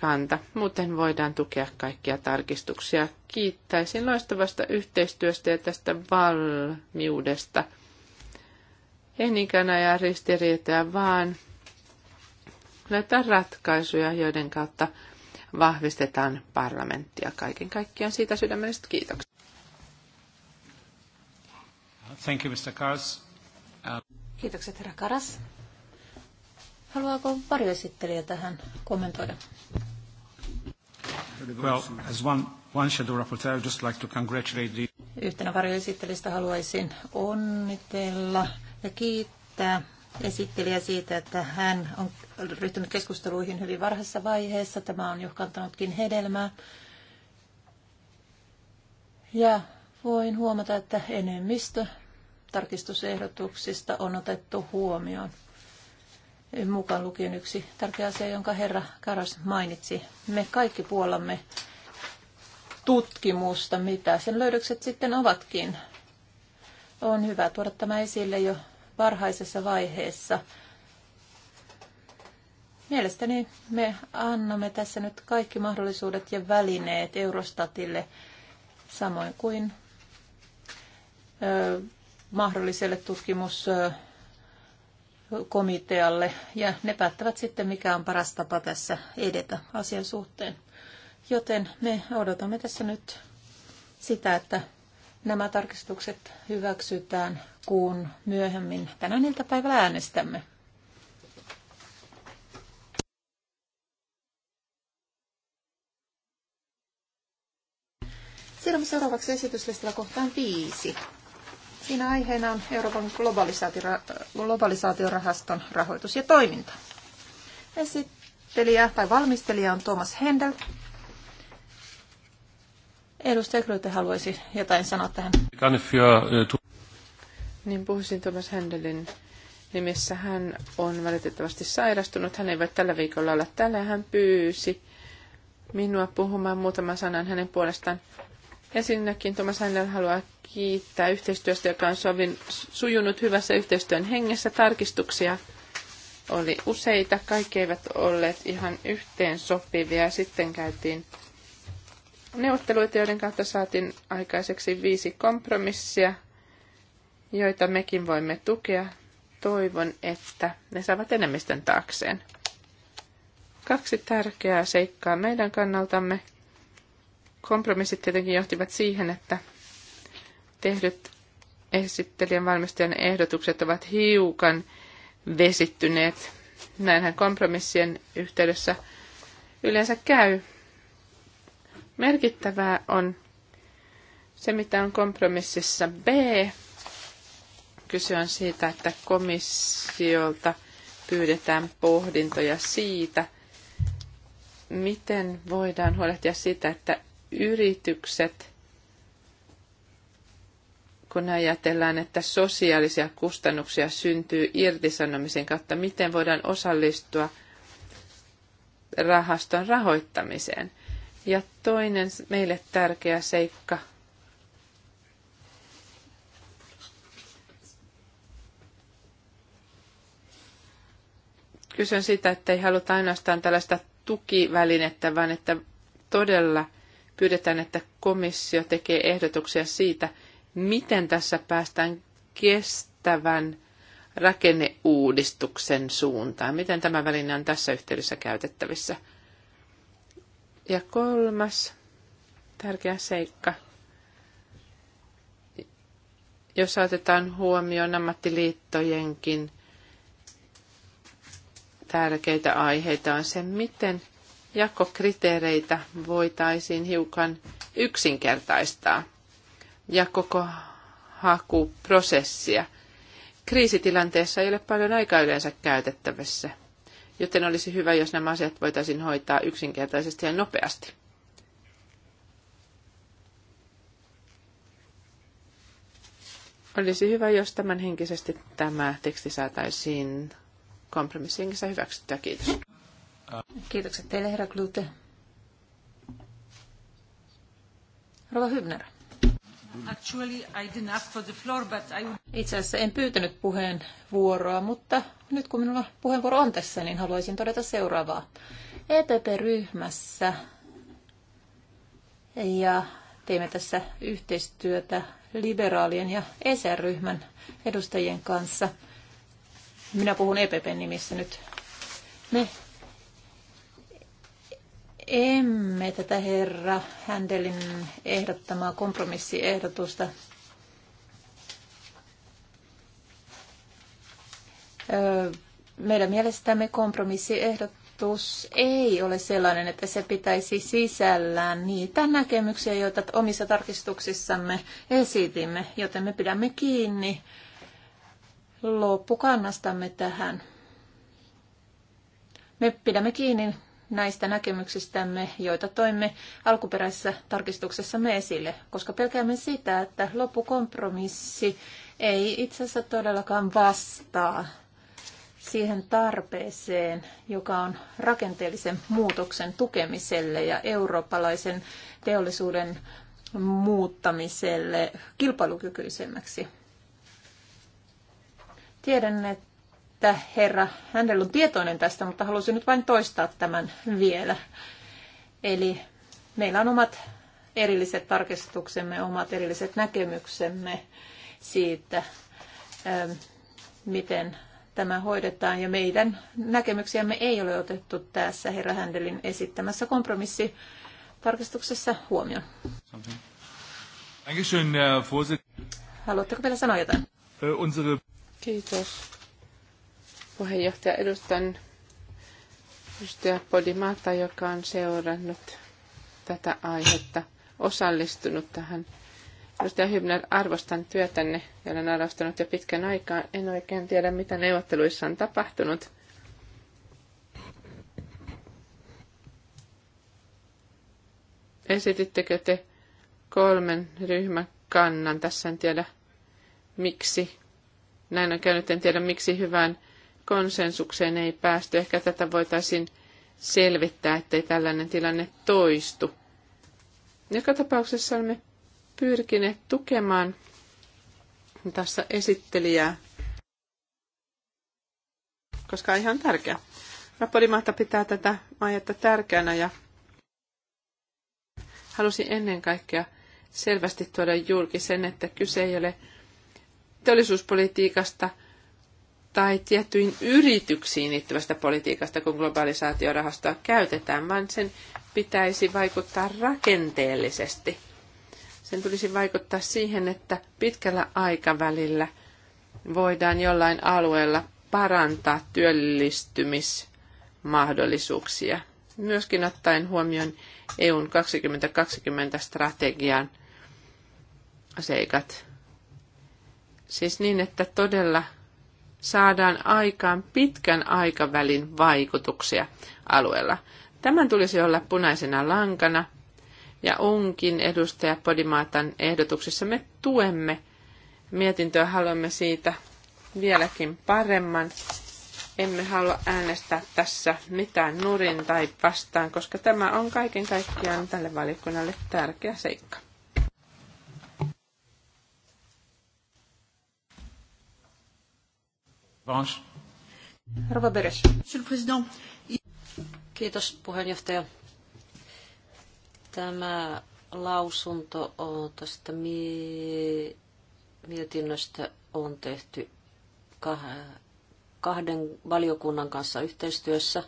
kanta. Muuten voidaan tukea kaikkia tarkistuksia. Kiittäisin loistavasta yhteistyöstä ja tästä valmiudesta. Ei niinkään ajaa ristiriitää, vaan löytää ratkaisuja, joiden kautta vahvistetaan parlamenttia. Kaiken kaikkiaan siitä sydämellisesti kiitoksia. Thank you, Mr. Karas. Kiitokset, herra Karas. Haluaako varjoesittelijä tähän kommentoida? Well, as one, one shadow rapporteur, I would just like to congratulate the... Yhtenä varjoesittelistä haluaisin onnitella ja kiittää esittelijä siitä, että hän on ryhtynyt keskusteluihin hyvin varhaisessa vaiheessa. Tämä on jo kantanutkin hedelmää. Ja voin huomata, että enemmistö tarkistusehdotuksista on otettu huomioon. Mukaan lukien yksi tärkeä asia, jonka herra Karas mainitsi. Me kaikki puolamme tutkimusta, mitä sen löydökset sitten ovatkin. On hyvä tuoda tämä esille jo varhaisessa vaiheessa Mielestäni me annamme tässä nyt kaikki mahdollisuudet ja välineet Eurostatille, samoin kuin ö, mahdolliselle tutkimuskomitealle, ja ne päättävät sitten, mikä on paras tapa tässä edetä asian suhteen. Joten me odotamme tässä nyt sitä, että nämä tarkistukset hyväksytään, kun myöhemmin tänään iltapäivällä äänestämme. Siirrymme seuraavaksi esityslistalla kohtaan viisi. Siinä aiheena on Euroopan globalisaatiorahaston rahoitus ja toiminta. Esittelijä tai valmistelija on Thomas Hendel. Edustaja Gröte haluaisi jotain sanoa tähän. Äh, niin puhuisin Thomas Händelin nimessä Hän on valitettavasti sairastunut. Hän ei voi tällä viikolla olla täällä. Hän pyysi minua puhumaan muutaman sanan hänen puolestaan. Ensinnäkin Thomas Hännel haluaa kiittää yhteistyöstä, joka on sovin, sujunut hyvässä yhteistyön hengessä. Tarkistuksia oli useita, kaikki eivät olleet ihan yhteen sopivia. Sitten käytiin neuvotteluita, joiden kautta saatiin aikaiseksi viisi kompromissia, joita mekin voimme tukea. Toivon, että ne saavat enemmistön taakseen. Kaksi tärkeää seikkaa meidän kannaltamme – Kompromissit tietenkin johtivat siihen, että tehdyt esittelijän valmistajan ehdotukset ovat hiukan vesittyneet. Näinhän kompromissien yhteydessä yleensä käy. Merkittävää on se, mitä on kompromississa B. Kyse on siitä, että komissiolta pyydetään pohdintoja siitä, miten voidaan huolehtia siitä, että yritykset, kun ajatellaan, että sosiaalisia kustannuksia syntyy irtisanomisen kautta, miten voidaan osallistua rahaston rahoittamiseen. Ja toinen meille tärkeä seikka kysyn sitä, että ei haluta ainoastaan tällaista tukivälinettä, vaan että todella pyydetään, että komissio tekee ehdotuksia siitä, miten tässä päästään kestävän rakenneuudistuksen suuntaan. Miten tämä väline on tässä yhteydessä käytettävissä? Ja kolmas tärkeä seikka. Jos otetaan huomioon ammattiliittojenkin tärkeitä aiheita, on se, miten – jakokriteereitä voitaisiin hiukan yksinkertaistaa ja koko hakuprosessia. Kriisitilanteessa ei ole paljon aikaa yleensä käytettävissä, joten olisi hyvä, jos nämä asiat voitaisiin hoitaa yksinkertaisesti ja nopeasti. Olisi hyvä, jos tämänhenkisesti tämä teksti saataisiin kompromissiinkin hyväksyttyä. Kiitos. Kiitokset teille, herra Klute. Rova Hybner. Itse asiassa en pyytänyt puheenvuoroa, mutta nyt kun minulla puheenvuoro on tässä, niin haluaisin todeta seuraavaa. etp ryhmässä ja teemme tässä yhteistyötä liberaalien ja ESR-ryhmän edustajien kanssa. Minä puhun epp nimissä nyt. Me emme tätä herra Händelin ehdottamaa kompromissiehdotusta meidän mielestämme kompromissiehdotus ei ole sellainen, että se pitäisi sisällään niitä näkemyksiä, joita omissa tarkistuksissamme esitimme, joten me pidämme kiinni loppukannastamme tähän. Me pidämme kiinni näistä näkemyksistämme, joita toimme alkuperäisessä tarkistuksessamme esille, koska pelkäämme sitä, että loppukompromissi ei itse asiassa todellakaan vastaa siihen tarpeeseen, joka on rakenteellisen muutoksen tukemiselle ja eurooppalaisen teollisuuden muuttamiselle kilpailukykyisemmäksi. Tiedän, että että herra hänellä on tietoinen tästä, mutta halusin nyt vain toistaa tämän vielä. Eli meillä on omat erilliset tarkistuksemme, omat erilliset näkemyksemme siitä, ähm, miten tämä hoidetaan. Ja meidän näkemyksiämme ei ole otettu tässä herra Händelin esittämässä kompromissitarkistuksessa huomioon. Äh, Haluatteko vielä sanoa jotain? Äh, Kiitos puheenjohtaja edustan edustaja Podimata, joka on seurannut tätä aihetta, osallistunut tähän. Edustaja Hybner, arvostan työtänne ja olen arvostanut jo pitkän aikaa. En oikein tiedä, mitä neuvotteluissa on tapahtunut. Esitittekö te kolmen ryhmän kannan? Tässä en tiedä, miksi näin on käynyt. En tiedä, miksi hyvään konsensukseen ei päästy. Ehkä tätä voitaisiin selvittää, ettei tällainen tilanne toistu. Joka tapauksessa olemme pyrkineet tukemaan tässä esittelijää, koska on ihan tärkeä. Napolimahta pitää tätä aihetta tärkeänä ja halusin ennen kaikkea selvästi tuoda julki sen, että kyse ei ole teollisuuspolitiikasta – tai tiettyihin yrityksiin liittyvästä politiikasta, kun globalisaatiorahastoa käytetään, vaan sen pitäisi vaikuttaa rakenteellisesti. Sen tulisi vaikuttaa siihen, että pitkällä aikavälillä voidaan jollain alueella parantaa työllistymismahdollisuuksia. Myöskin ottaen huomioon EUn 2020-strategian seikat. Siis niin, että todella – saadaan aikaan pitkän aikavälin vaikutuksia alueella. Tämän tulisi olla punaisena lankana, ja onkin edustaja Podimaatan ehdotuksessa. Me tuemme mietintöä, haluamme siitä vieläkin paremman. Emme halua äänestää tässä mitään nurin tai vastaan, koska tämä on kaiken kaikkiaan tälle valiokunnalle tärkeä seikka. Vans. Rova Beres. Kiitos puheenjohtaja. Tämä lausunto tästä mietinnöstä on tehty kahden valiokunnan kanssa yhteistyössä.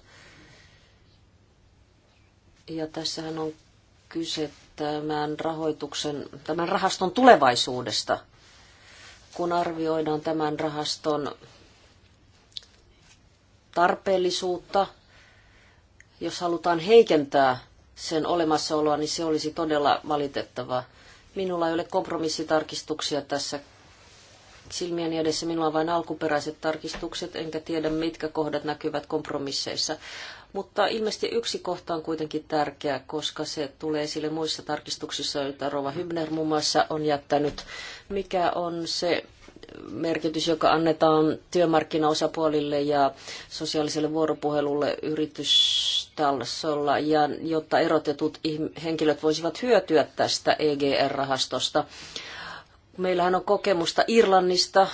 Ja tässähän on kyse tämän rahoituksen, tämän rahaston tulevaisuudesta. Kun arvioidaan tämän rahaston tarpeellisuutta. Jos halutaan heikentää sen olemassaoloa, niin se olisi todella valitettavaa. Minulla ei ole kompromissitarkistuksia tässä silmieni edessä. Minulla on vain alkuperäiset tarkistukset, enkä tiedä mitkä kohdat näkyvät kompromisseissa. Mutta ilmeisesti yksi kohta on kuitenkin tärkeä, koska se tulee esille muissa tarkistuksissa, joita Rova Hybner muun muassa on jättänyt. Mikä on se merkitys, joka annetaan työmarkkinaosapuolille ja sosiaaliselle vuoropuhelulle yritystalsolla, ja jotta erotetut henkilöt voisivat hyötyä tästä EGR-rahastosta. Meillähän on kokemusta Irlannista,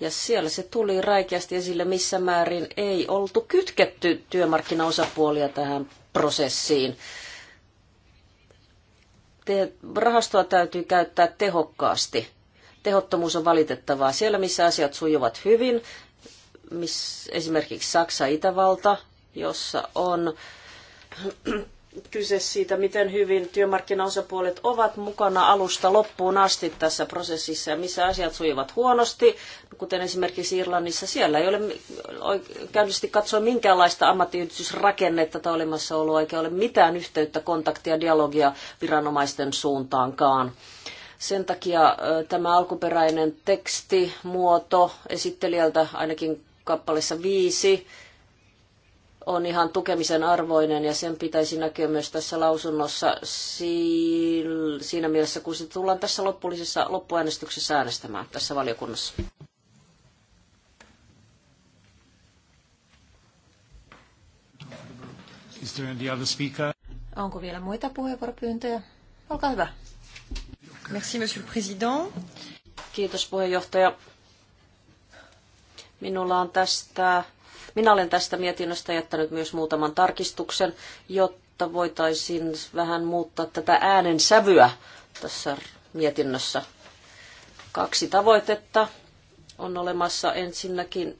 ja siellä se tuli räikeästi esille, missä määrin ei oltu kytketty työmarkkinaosapuolia tähän prosessiin. Te, rahastoa täytyy käyttää tehokkaasti tehottomuus on valitettavaa. Siellä, missä asiat sujuvat hyvin, miss, esimerkiksi Saksa, Itävalta, jossa on kyse siitä, miten hyvin työmarkkinaosapuolet ovat mukana alusta loppuun asti tässä prosessissa ja missä asiat sujuvat huonosti, kuten esimerkiksi Irlannissa. Siellä ei ole käynnisesti katsoa minkäänlaista ammattiyhdistysrakennetta tai olemassaoloa, eikä ole mitään yhteyttä, kontaktia, dialogia viranomaisten suuntaankaan. Sen takia tämä alkuperäinen tekstimuoto esittelijältä ainakin kappaleessa viisi on ihan tukemisen arvoinen ja sen pitäisi näkyä myös tässä lausunnossa siinä mielessä, kun se tullaan tässä loppullisessa loppuäänestyksessä äänestämään tässä valiokunnassa. Onko vielä muita puheenvuoropyyntöjä? Olkaa hyvä. Merci, monsieur le président. Kiitos puheenjohtaja. Minulla on tästä, minä olen tästä mietinnöstä jättänyt myös muutaman tarkistuksen, jotta voitaisiin vähän muuttaa tätä äänen sävyä tässä mietinnössä. Kaksi tavoitetta on olemassa. Ensinnäkin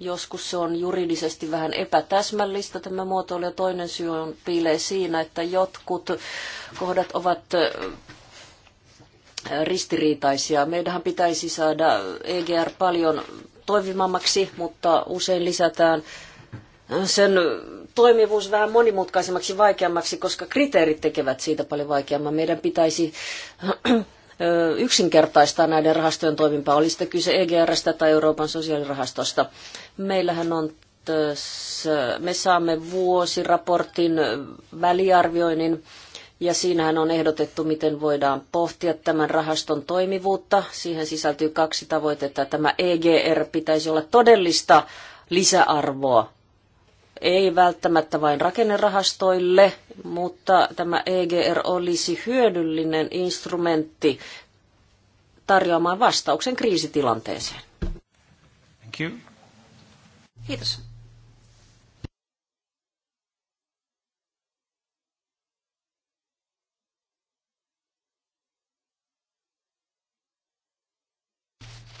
Joskus se on juridisesti vähän epätäsmällistä tämä muotoilu ja toinen syy on piilee siinä, että jotkut kohdat ovat ristiriitaisia. Meidän pitäisi saada EGR paljon toimivammaksi, mutta usein lisätään sen toimivuus vähän monimutkaisemmaksi, vaikeammaksi, koska kriteerit tekevät siitä paljon vaikeamman. Meidän pitäisi yksinkertaistaa näiden rahastojen toimintaa, oli sitten kyse EGRstä tai Euroopan sosiaalirahastosta. Meillähän on tässä, me saamme vuosiraportin väliarvioinnin ja siinähän on ehdotettu, miten voidaan pohtia tämän rahaston toimivuutta. Siihen sisältyy kaksi tavoitetta. Tämä EGR pitäisi olla todellista lisäarvoa ei välttämättä vain rakennerahastoille, mutta tämä EGR olisi hyödyllinen instrumentti tarjoamaan vastauksen kriisitilanteeseen. Thank you. Kiitos.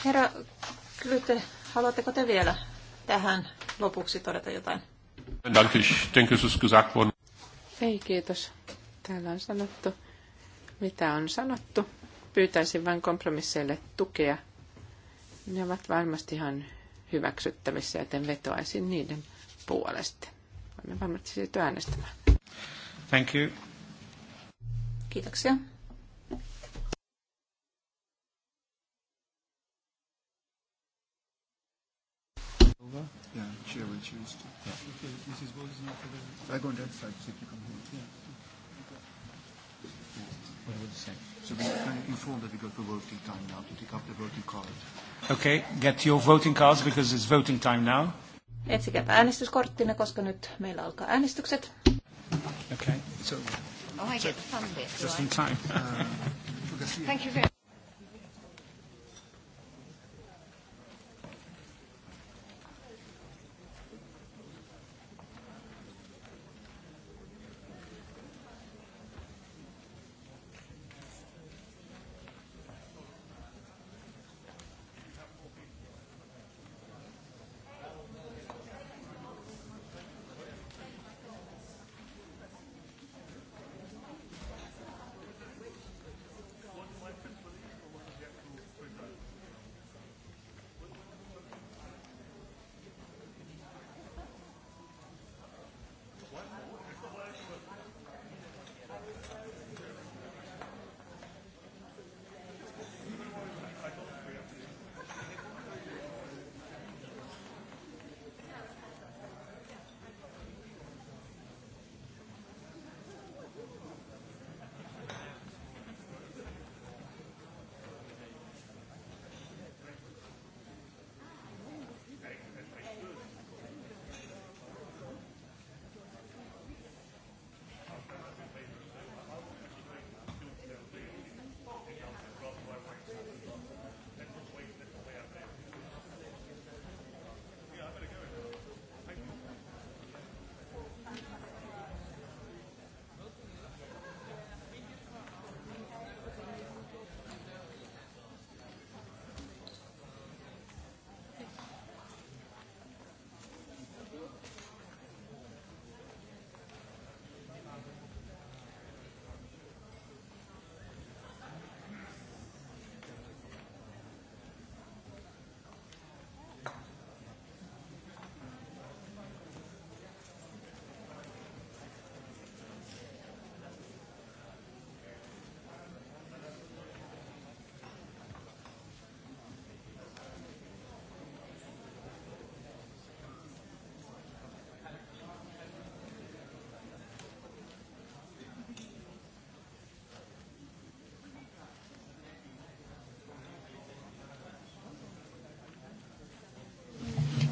Herra Klyte, haluatteko te vielä tähän lopuksi todeta jotain? Ei, kiitos. Täällä on sanottu, mitä on sanottu. Pyytäisin vain kompromisseille tukea. Ne ovat varmasti ihan hyväksyttävissä, joten vetoaisin niiden puolesta. Voimme varmasti siirtyä äänestämään. Thank you. Kiitoksia. Over. Yeah, chair will choose to. Yeah. Okay, Mrs. Bose is not for the... I go on that side, so if you come here. Yeah. What would you say? So we can inform that we go to voting time now to take up the voting card. Okay, get your voting cards because it's voting time now. Etsikääpä äänestyskorttina, koska nyt meillä alkaa äänestykset. Okay, so... Oh, I get funded. Just in time. Uh, Thank you very much.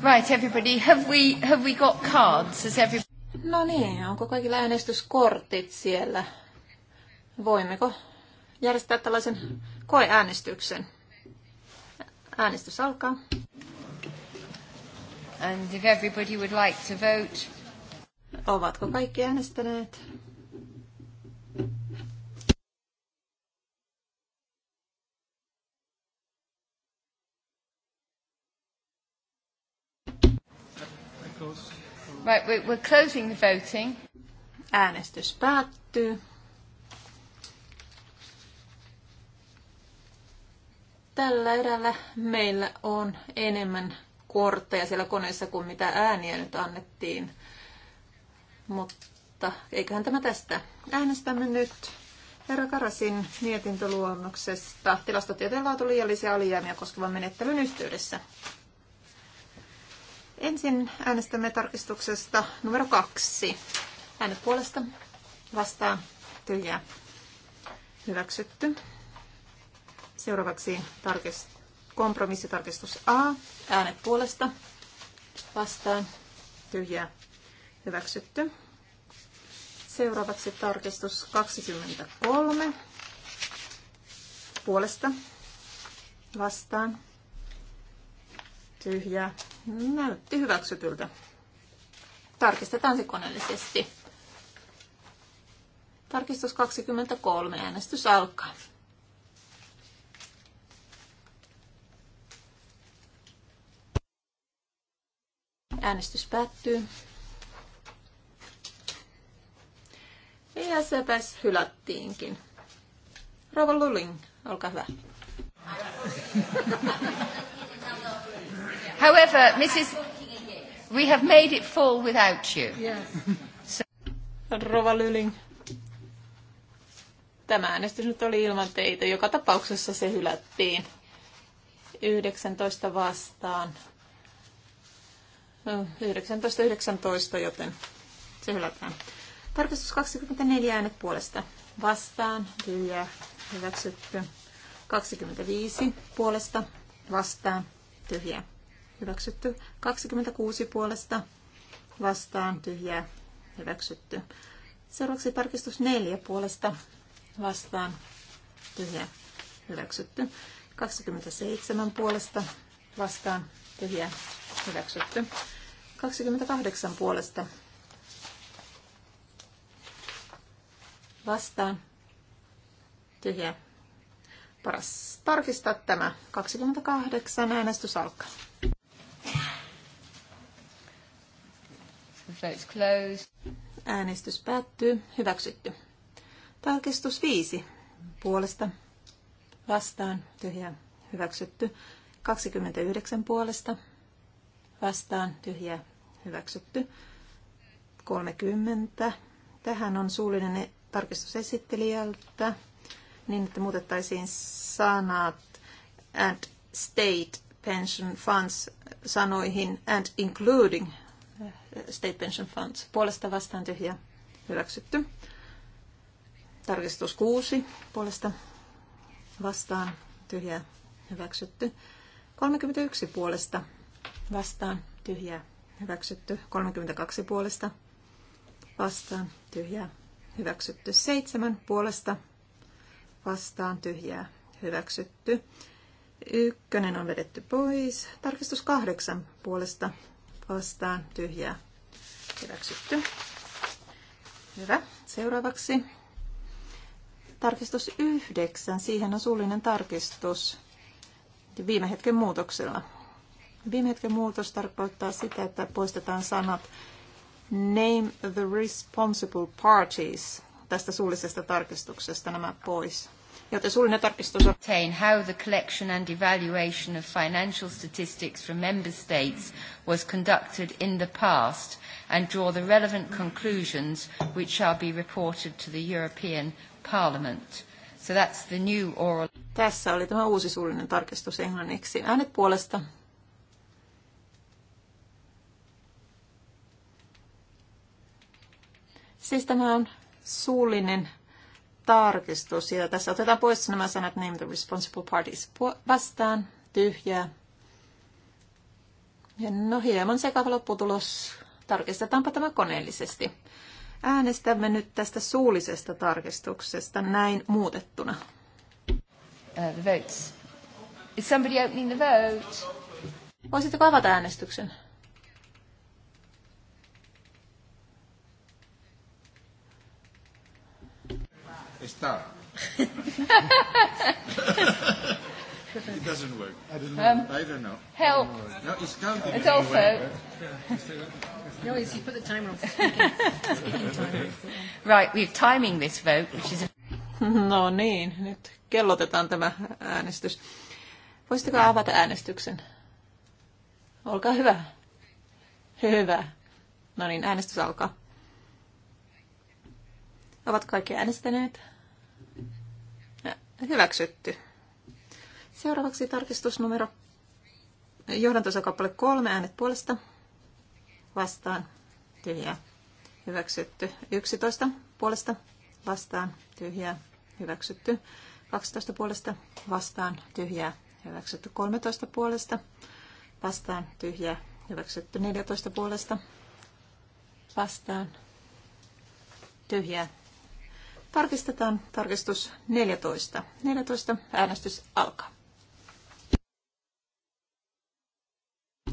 Right, everybody, have we, have we got cards? Has every... No niin, onko kaikilla äänestyskortit siellä? Voimmeko järjestää tällaisen koeäänestyksen? Äänestys alkaa. And if everybody would like to vote. Ovatko kaikki äänestäneet? we're closing the voting. Äänestys päättyy. Tällä erällä meillä on enemmän kortteja siellä koneessa kuin mitä ääniä nyt annettiin. Mutta eiköhän tämä tästä. Äänestämme nyt Herra Karasin mietintöluonnoksesta tilastotieteen laatu liiallisia alijäämiä koskevan menettelyn yhteydessä. Ensin äänestämme tarkistuksesta numero kaksi. Äänet puolesta vastaa tyhjää. Hyväksytty. Seuraavaksi tarkist, kompromissitarkistus A. Äänet puolesta vastaan tyhjää. Hyväksytty. Seuraavaksi tarkistus 23. Puolesta vastaan tyhjää Näytti hyväksytyltä. Tarkistetaan se koneellisesti. Tarkistus 23. Äänestys alkaa. Äänestys päättyy. Ja e sepäs hylättiinkin. Rova Luling, olkaa hyvä. However, Mrs. We have made it full without you. Yes. So... Rova Lyling. Tämä äänestys nyt oli ilman teitä. Joka tapauksessa se hylättiin. 19 vastaan. 19, 19, joten se hylätään. Tarkastus 24 äänet puolesta. Vastaan, tyhjää, hyväksytty. 25 puolesta, vastaan, tyhjää, hyväksytty. 26 puolesta vastaan tyhjää, hyväksytty. Seuraavaksi tarkistus 4 puolesta vastaan tyhjää, hyväksytty. 27 puolesta vastaan tyhjää, hyväksytty. 28 puolesta vastaan tyhjää. Paras tarkistaa tämä. 28 äänestys alkaa. Votes closed. Äänestys päättyy. Hyväksytty. Tarkistus 5. Puolesta. Vastaan. Tyhjää. Hyväksytty. 29 puolesta. Vastaan. Tyhjää. Hyväksytty. 30. Tähän on suullinen tarkistus esittelijältä, niin että muutettaisiin sanat and state pension funds sanoihin and including State Pension Funds. Puolesta vastaan tyhjä hyväksytty. Tarkistus 6. Puolesta vastaan tyhjä hyväksytty. 31 puolesta vastaan tyhjä hyväksytty. 32 puolesta vastaan tyhjä hyväksytty. 7 puolesta vastaan tyhjää hyväksytty. Ykkönen on vedetty pois. Tarkistus kahdeksan puolesta vastaan tyhjää hyväksytty. Hyvä. Seuraavaksi tarkistus yhdeksän. Siihen on suullinen tarkistus viime hetken muutoksella. Viime hetken muutos tarkoittaa sitä, että poistetaan sanat name the responsible parties tästä suullisesta tarkistuksesta nämä pois joten suullinen tarkistus on how the collection and evaluation of financial statistics from member states was conducted in the past and draw the relevant conclusions which shall be reported to the European Parliament. So that's the new oral. Tässä oli tämä uusi suullinen tarkistus englanniksi. Äänet puolesta. Siis tämä on suullinen tarkistus. Ja tässä otetaan pois nämä sanat name the responsible parties vastaan. Tyhjää. Ja no hieman sekava lopputulos. Tarkistetaanpa tämä koneellisesti. Äänestämme nyt tästä suullisesta tarkistuksesta näin muutettuna. Uh, the votes. Is somebody opening the vote? Voisitteko avata äänestyksen? star. it doesn't work. I don't um, know. Um, I don't know. Help. No, it's counting. It's also. no, it's you put the timer on. right, we're timing this vote, which is. No niin, nyt kellotetaan tämä äänestys. Voisitteko avata äänestyksen? Olkaa hyvä. Hyvä. No niin, äänestys alkaa. Ovat kaikki äänestäneet? Hyväksytty. Seuraavaksi tarkistusnumero. Johdantosakappale kolme äänet puolesta. Vastaan. Tyhjää. Hyväksytty. 11 puolesta. Vastaan. Tyhjää. Hyväksytty. 12 puolesta. Vastaan. Tyhjää. Hyväksytty. 13 puolesta. Vastaan. Tyhjää. Hyväksytty. 14 puolesta. Vastaan. Tyhjää Tarkistetaan tarkistus 14. 14 äänestys alkaa.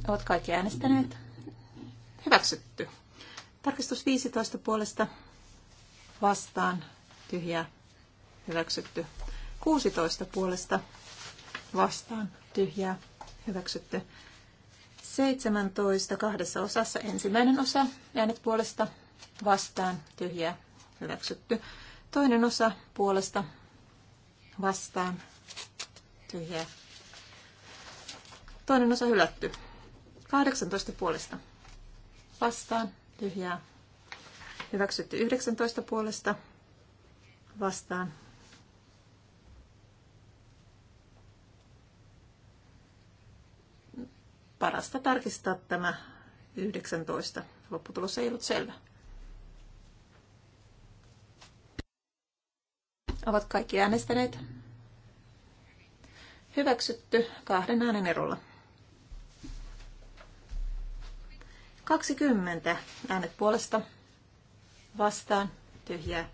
Ovat kaikki äänestäneet. Hyväksytty. Tarkistus 15 puolesta vastaan tyhjä. hyväksytty. 16 puolesta vastaan tyhjä. hyväksytty. 17 kahdessa osassa ensimmäinen osa äänet puolesta vastaan tyhjä. hyväksytty. Toinen osa puolesta vastaan tyhjää. Toinen osa hylätty. 18 puolesta vastaan tyhjää. Hyväksytty 19 puolesta vastaan parasta tarkistaa tämä 19. Lopputulos ei ollut selvä. Ovat kaikki äänestäneet. Hyväksytty kahden äänen erolla. 20 äänet puolesta vastaan tyhjää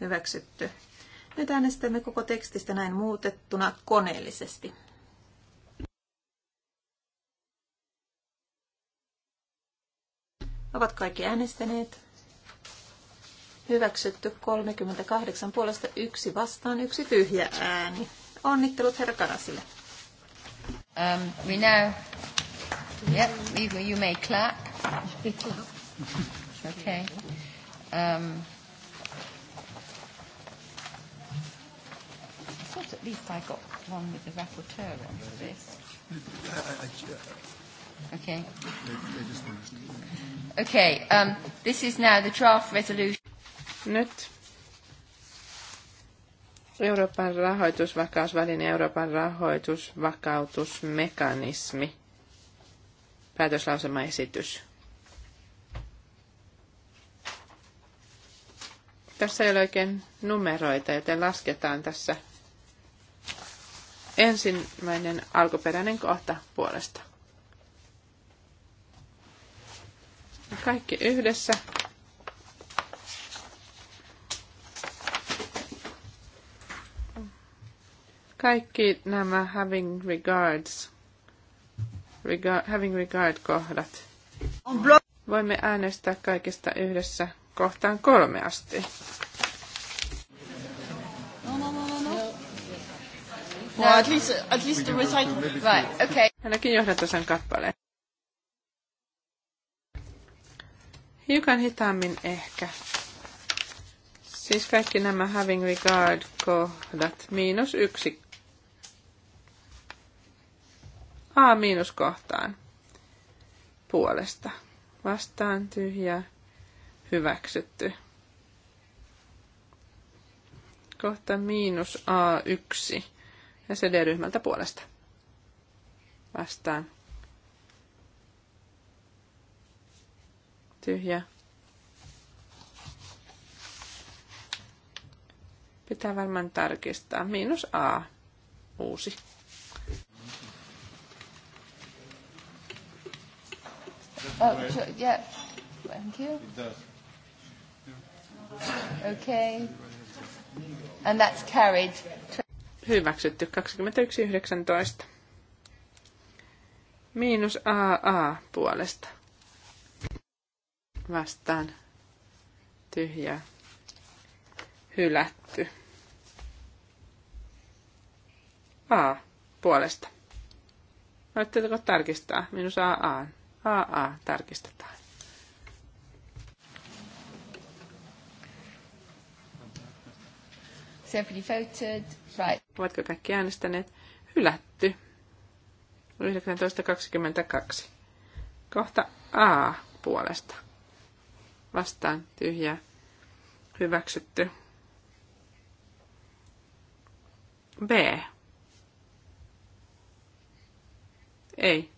hyväksytty. Nyt äänestämme koko tekstistä näin muutettuna koneellisesti. Ovat kaikki äänestäneet. Hyväksytty 38 puolesta yksi vastaan yksi tyhjä ääni. Onnittelut herra Karasille. Um, we now... Yep, you, you may clap. Okay. Um, I thought at least I got one with the rapporteur on this. Okay. Okay, um, this is now the draft resolution. Nyt Euroopan rahoitusvakausväline, Euroopan rahoitusvakautusmekanismi, päätöslausemaesitys. Tässä ei ole oikein numeroita, joten lasketaan tässä ensimmäinen alkuperäinen kohta puolesta. Kaikki yhdessä Kaikki nämä having regards, regard, having regard kohdat. Voimme äänestää kaikista yhdessä kohtaan kolme asti. No, at least, at least the recital. Right, okay. Ainakin johdatosan kappale. Hiukan hitaammin ehkä. Siis kaikki nämä having regard kohdat, miinus yksi A-kohtaan puolesta. Vastaan tyhjä hyväksytty. Kohta miinus A1 ja CD-ryhmältä puolesta. Vastaan. Tyhjä. Pitää varmaan tarkistaa. Miinus A. Uusi. Oh, sure, yeah. Thank you. Okay. And that's carried. Hyväksytty 21.19. Miinus AA puolesta. Vastaan. tyhjä Hylätty. A puolesta. Voitteko tarkistaa? minus AA. AA tarkistetaan. Simply voted. Right. Ovatko kaikki äänestäneet? Hylätty. 19.22. Kohta A puolesta. Vastaan tyhjä. Hyväksytty. B. Ei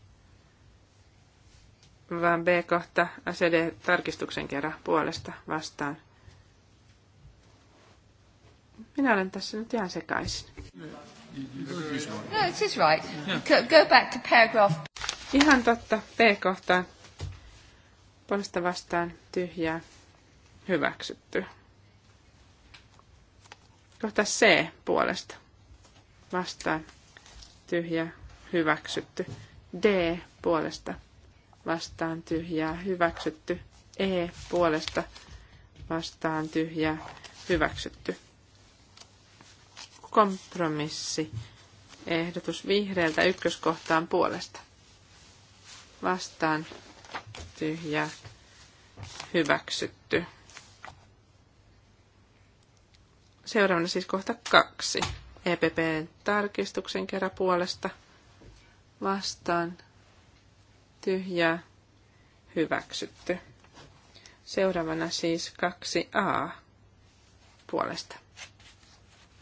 vaan B-kohta ACD-tarkistuksen kerran puolesta vastaan. Minä olen tässä nyt ihan sekaisin. No, it is right. Go, back to paragraph. Ihan totta, B-kohtaan. Puolesta vastaan tyhjää hyväksytty. Kohta C puolesta vastaan tyhjä hyväksytty. D puolesta vastaan tyhjää hyväksytty. E puolesta vastaan tyhjää hyväksytty. Kompromissi. Ehdotus vihreältä ykköskohtaan puolesta. Vastaan tyhjää hyväksytty. Seuraavana siis kohta kaksi. EPPn tarkistuksen kerran puolesta vastaan tyhjä hyväksytty. Seuraavana siis 2a puolesta.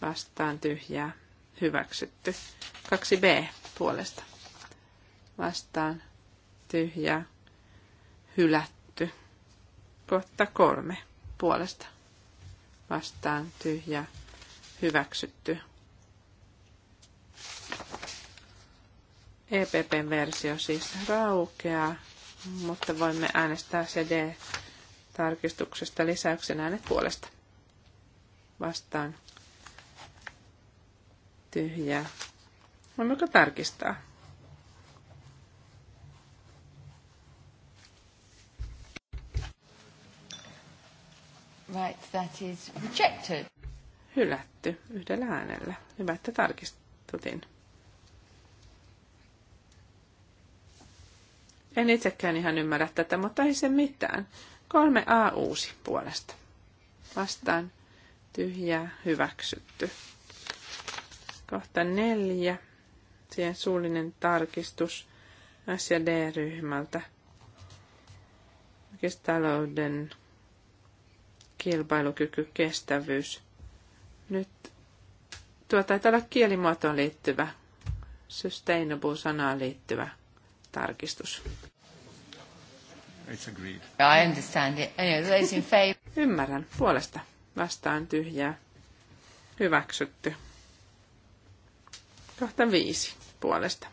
Vastaan tyhjää hyväksytty. 2b puolesta. Vastaan tyhjää hylätty. Kohta 3 puolesta. Vastaan tyhjää hyväksytty. EPPn versio siis raukeaa, mutta voimme äänestää CD-tarkistuksesta lisäyksen äänet puolesta. Vastaan tyhjää. Voimmeko tarkistaa? Right, that is rejected. Hylätty yhdellä äänellä. Hyvä, että tarkistutin. En itsekään ihan ymmärrä tätä, mutta ei se mitään. 3a uusi puolesta. Vastaan tyhjää hyväksytty. Kohta neljä. Siihen suullinen tarkistus S- ja D-ryhmältä. Talouden kilpailukyky, kestävyys. Nyt tuo taitaa olla kielimuotoon liittyvä, sustainable-sanaan liittyvä tarkistus. It's agreed. I understand it. Those in favor. Ymmärrän. Puolesta. Vastaan tyhjää. Hyväksytty. Kohta viisi. Puolesta.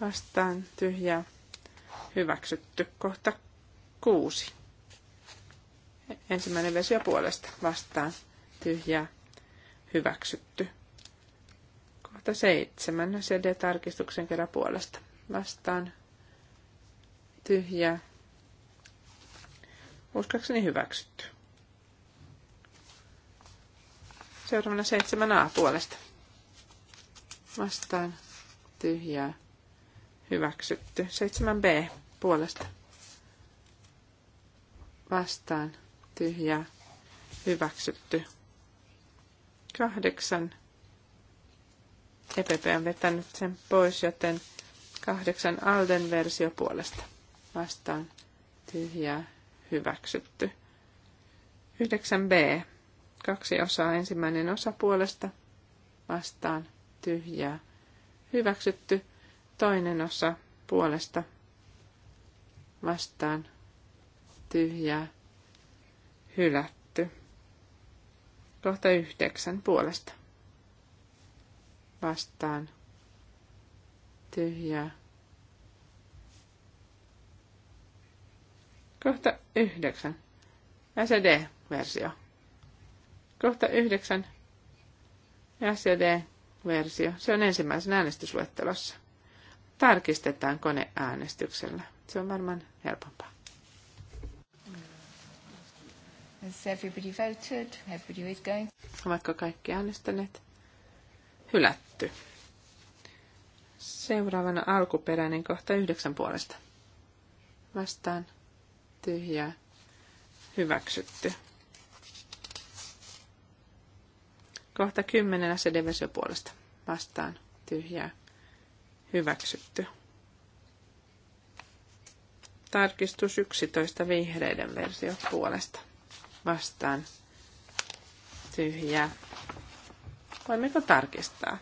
Vastaan tyhjää. Hyväksytty. Kohta kuusi. Ensimmäinen versio puolesta. Vastaan tyhjää. Hyväksytty. Kohta seitsemän. CD-tarkistuksen kerran puolesta vastaan tyhjää. Uskakseni hyväksytty. Seuraavana 7a puolesta. Vastaan tyhjää. Hyväksytty. 7b puolesta. Vastaan tyhjää. Hyväksytty. 8. EPP on vetänyt sen pois, joten Kahdeksan Alden versio puolesta. Vastaan tyhjää hyväksytty. 9b. Kaksi osaa. Ensimmäinen osa puolesta. Vastaan tyhjää hyväksytty. Toinen osa puolesta. Vastaan tyhjää hylätty. Kohta yhdeksän puolesta. Vastaan Tyhjää. Kohta yhdeksän. sd versio Kohta yhdeksän. sd versio Se on ensimmäisen äänestysluettelossa. Tarkistetaan koneäänestyksellä. Se on varmaan helpompaa. Has everybody voted? Everybody is going. Ovatko kaikki äänestäneet? Hylätty. Seuraavana alkuperäinen kohta yhdeksän puolesta. Vastaan tyhjää hyväksytty. Kohta kymmenen SDVSö puolesta. Vastaan tyhjää hyväksytty. Tarkistus 11 vihreiden versio puolesta. Vastaan tyhjää. Voimmeko tarkistaa?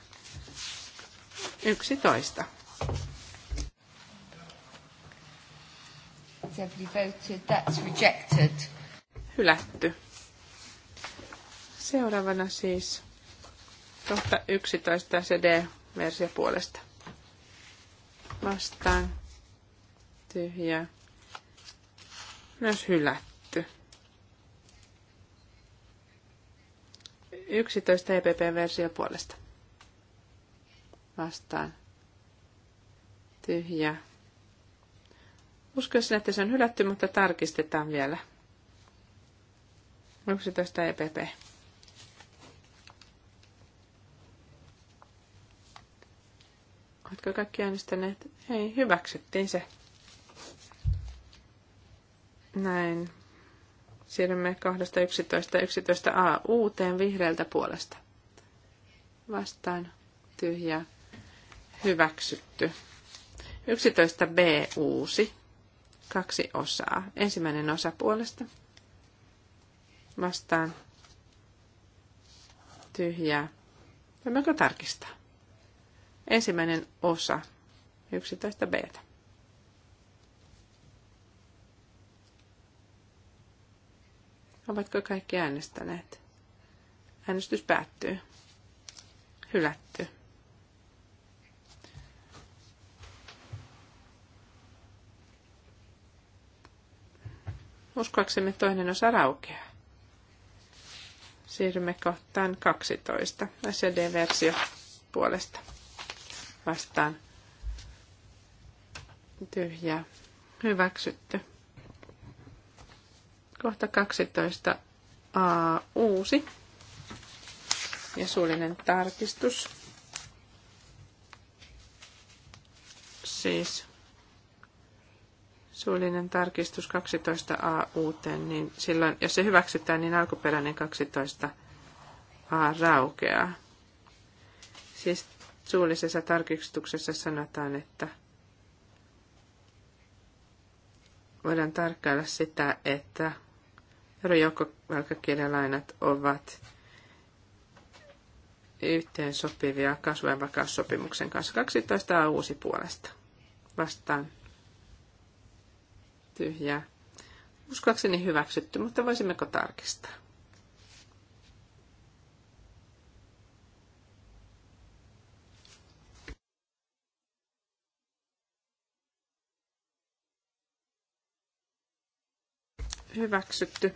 11. Hylätty. Seuraavana siis kohta 11 CD-versio puolesta. Vastaan. Tyhjä. Myös hylätty. 11 EPP-versio puolesta vastaan tyhjä Uskoisin, että se on hylätty, mutta tarkistetaan vielä. 11 EPP. Oletko kaikki äänestäneet? Hei, hyväksyttiin se. Näin. Siirrymme 2.11.11a uuteen vihreältä puolesta. Vastaan tyhjää hyväksytty. 11b uusi, kaksi osaa. Ensimmäinen osa puolesta vastaan tyhjää. Voimmeko tarkistaa? Ensimmäinen osa 11b. Ovatko kaikki äänestäneet? Äänestys päättyy. Hylätty. Uskoaksemme toinen osa raukeaa. Siirrymme kohtaan 12. sd versio puolesta vastaan. Tyhjää. Hyväksytty. Kohta 12. A, uusi ja suullinen tarkistus. Siis suullinen tarkistus 12a uuteen, niin silloin, jos se hyväksytään, niin alkuperäinen 12a raukeaa. Siis suullisessa tarkistuksessa sanotaan, että voidaan tarkkailla sitä, että joukkovelkakirjalainat ovat yhteensopivia ja vakaussopimuksen kanssa. 12 a uusi puolesta. Vastaan tyhjää. Uskoakseni hyväksytty, mutta voisimmeko tarkistaa? Hyväksytty.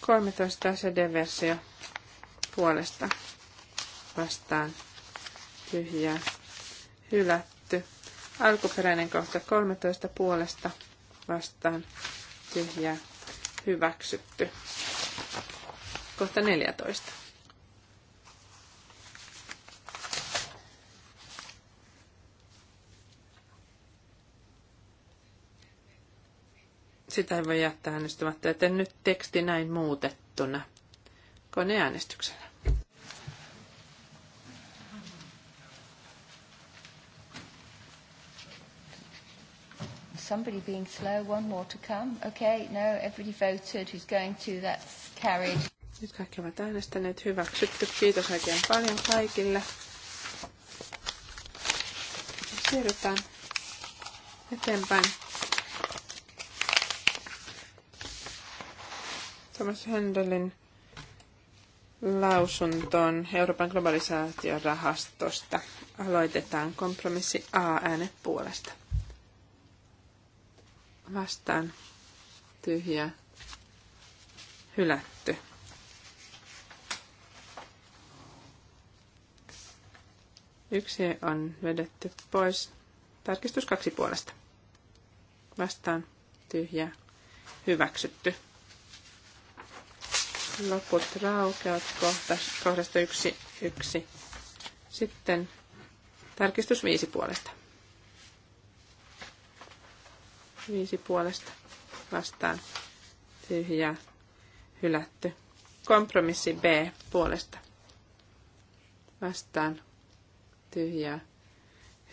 13 CD-versio puolesta vastaan tyhjää hylätty. Alkuperäinen kohta 13 puolesta vastaan tyhjää hyväksytty. Kohta 14. Sitä ei voi jättää äänestämättä, joten nyt teksti näin muutettuna koneäänestyksellä. somebody being slow, one more to come. Okay, no, everybody voted who's going to, that's carried. Nyt kaikki ovat äänestäneet hyväksytty. Kiitos oikein paljon kaikille. Siirrytään eteenpäin. Thomas Händelin lausuntoon Euroopan globalisaatiorahastosta. Aloitetaan kompromissi A-ääne puolesta vastaan tyhjä hylätty. Yksi on vedetty pois. Tarkistus kaksi puolesta. Vastaan tyhjä hyväksytty. Loput raukeat kohta, kohdasta yksi, yksi. Sitten tarkistus viisi puolesta Viisi puolesta vastaan tyhjää hylätty. Kompromissi B puolesta vastaan tyhjää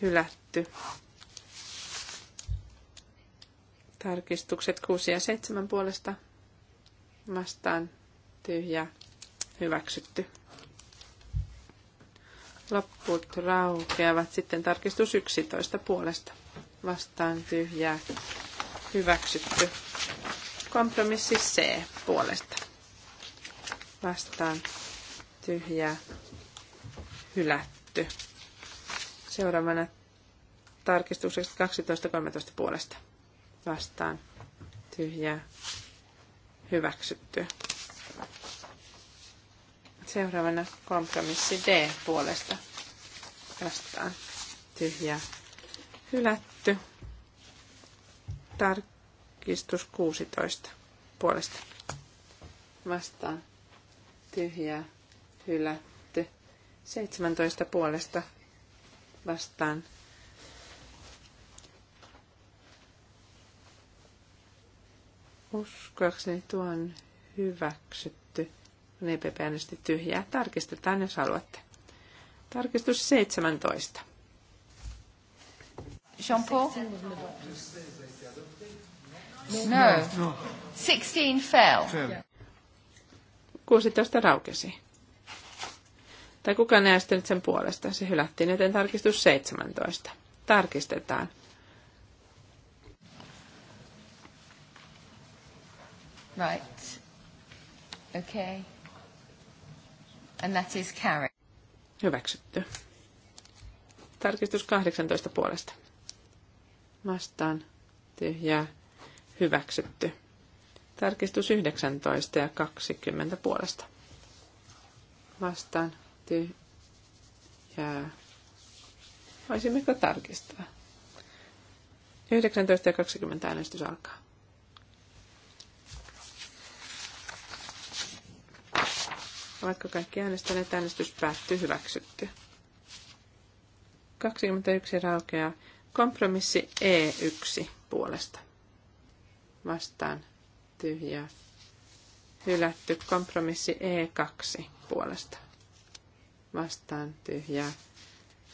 hylätty. Tarkistukset 6 ja 7 puolesta vastaan tyhjää hyväksytty. Lopput raukeavat sitten tarkistus 11 puolesta vastaan tyhjää hyväksytty. Kompromissi C puolesta vastaan tyhjää hylätty. Seuraavana tarkistukseksi 12.13 puolesta vastaan tyhjää hyväksytty. Seuraavana kompromissi D puolesta vastaan tyhjää hylätty Hylätty. Tarkistus 16 puolesta. Vastaan. Tyhjää. Hylätty. 17 puolesta. Vastaan. Uskoakseni tuo on hyväksytty. On EPP äänesti tyhjää. Tarkistetaan, jos haluatte. Tarkistus 17. Jean-Paul? No. no. 16 fell. fell. 16 raukesi. Tai kukaan ei äästänyt sen puolesta. Se hylättiin, joten tarkistus 17. Tarkistetaan. Right. Okay. And that is carried. Hyväksytty. Tarkistus 18 puolesta vastaan tyhjää hyväksytty. Tarkistus 19 ja 20 puolesta. Vastaan tyhjää. Voisimmeko tarkistaa? 19 ja 20 äänestys alkaa. Ovatko kaikki äänestäneet? Äänestys päättyy hyväksytty. 21 raukeaa. Kompromissi E1 puolesta. Vastaan tyhjää. Hylätty kompromissi E2 puolesta. Vastaan tyhjää.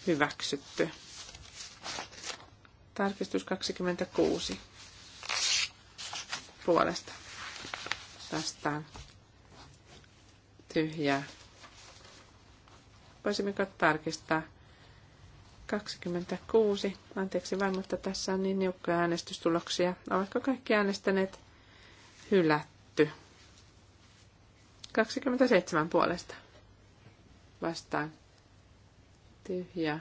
Hyväksytty. Tarkistus 26 puolesta. Vastaan tyhjää. Voisimmeko tarkistaa 26. Anteeksi vain, mutta tässä on niin niukkoja äänestystuloksia. Ovatko kaikki äänestäneet hylätty? 27 puolesta. Vastaan. Tyhjä.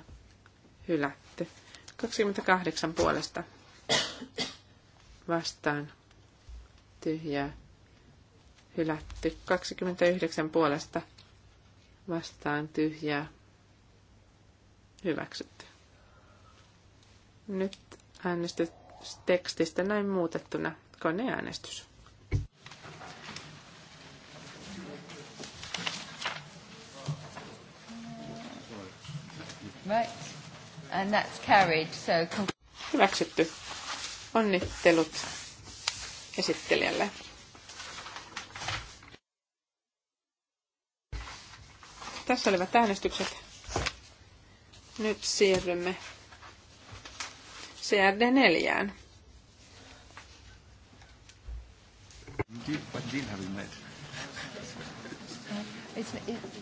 Hylätty. 28 puolesta. Vastaan. Tyhjä. Hylätty. 29 puolesta. Vastaan. Tyhjä. Hyväksytty. Nyt äänestys tekstistä näin muutettuna koneäänestys. Right. And that's carried, so... Hyväksytty. Onnittelut esittelijälle. Tässä olivat äänestykset. Nyt siirrymme CRD4. What deal have we made? It's, it,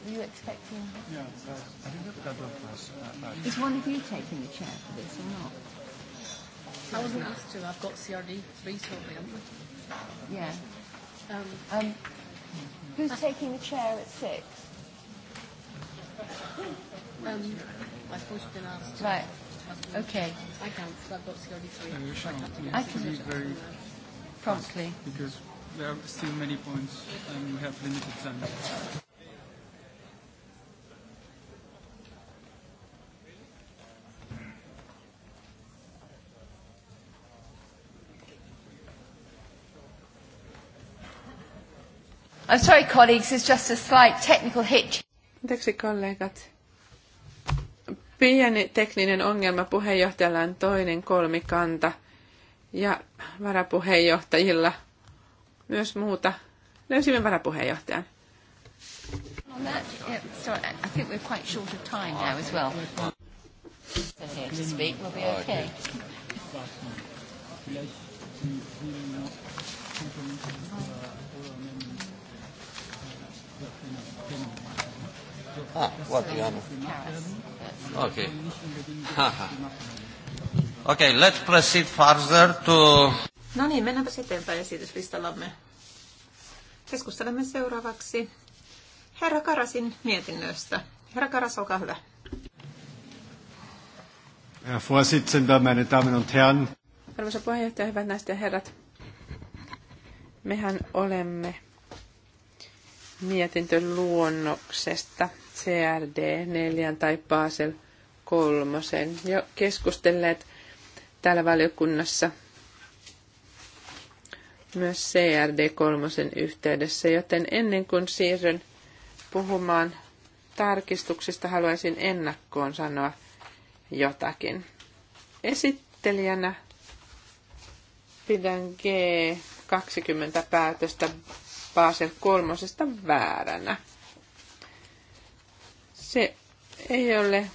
you expecting? Yeah, uh, I think that that was. Uh, uh, Is one of you taking the chair for this or not? I wasn't asked to. I've got CRD three totally, haven't I? Yeah. Um, um, who's taking the chair at six? Um, I've just been asked. To. Right. Okay. I can, because I've got CRD3. Uh, sure. I can be very promptly. Because there are still many points and we have limited time. I'm sorry colleagues, it's just a slight technical hitch. Anteeksi kollegat, Pieni tekninen ongelma puheenjohtajalla on toinen kolmikanta ja varapuheenjohtajilla myös muuta. Löysimme varapuheenjohtajan. Ah, what do you have? Okay. okay, let's proceed further to... No niin, mennäänpä eteenpäin esityslistallamme. Keskustelemme seuraavaksi Herra Karasin mietinnöstä. Herra Karas, olkaa hyvä. Herr Vorsitzender, meine Damen und Herren. Arvoisa puheenjohtaja, hyvät naiset ja herrat. Mehän olemme mietintöluonnoksesta, CRD 4 tai Basel 3 jo keskustelleet täällä valiokunnassa myös CRD 3 yhteydessä, joten ennen kuin siirryn puhumaan tarkistuksista, haluaisin ennakkoon sanoa jotakin. Esittelijänä pidän G20-päätöstä Basel kolmosesta vääränä. Se ei ole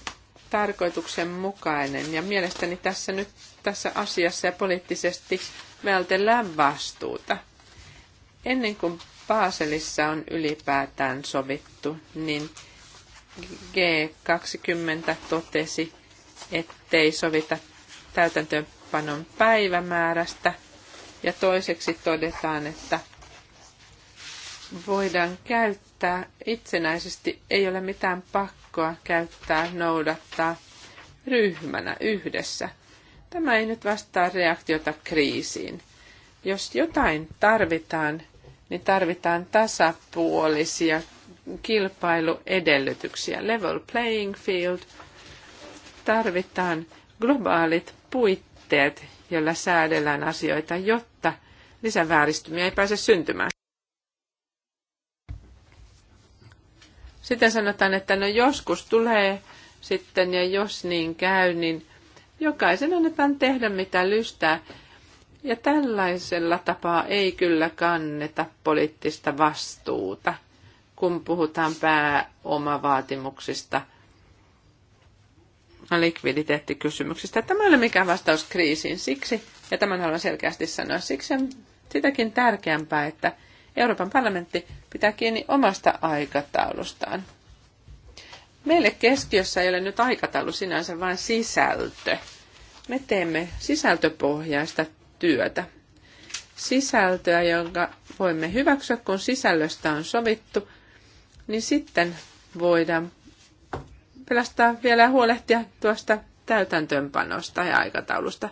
tarkoituksenmukainen ja mielestäni tässä nyt tässä asiassa ja poliittisesti vältellään vastuuta. Ennen kuin Baselissa on ylipäätään sovittu, niin G20 totesi, ettei sovita täytäntöönpanon päivämäärästä. Ja toiseksi todetaan, että voidaan käyttää itsenäisesti. Ei ole mitään pakkoa käyttää, noudattaa ryhmänä yhdessä. Tämä ei nyt vastaa reaktiota kriisiin. Jos jotain tarvitaan, niin tarvitaan tasapuolisia kilpailuedellytyksiä. Level playing field. Tarvitaan globaalit puitteet, joilla säädellään asioita, jotta lisävääristymiä ei pääse syntymään. Sitten sanotaan, että no joskus tulee sitten ja jos niin käy, niin jokaisen annetaan tehdä mitä lystää. Ja tällaisella tapaa ei kyllä kanneta poliittista vastuuta, kun puhutaan pääomavaatimuksista likviditeettikysymyksistä. Tämä ei ole mikään vastaus kriisiin siksi, ja tämän haluan selkeästi sanoa, siksi on sitäkin tärkeämpää, että – Euroopan parlamentti pitää kiinni omasta aikataulustaan. Meille keskiössä ei ole nyt aikataulu sinänsä, vaan sisältö. Me teemme sisältöpohjaista työtä. Sisältöä, jonka voimme hyväksyä, kun sisällöstä on sovittu, niin sitten voidaan pelastaa vielä ja huolehtia tuosta täytäntöönpanosta ja aikataulusta.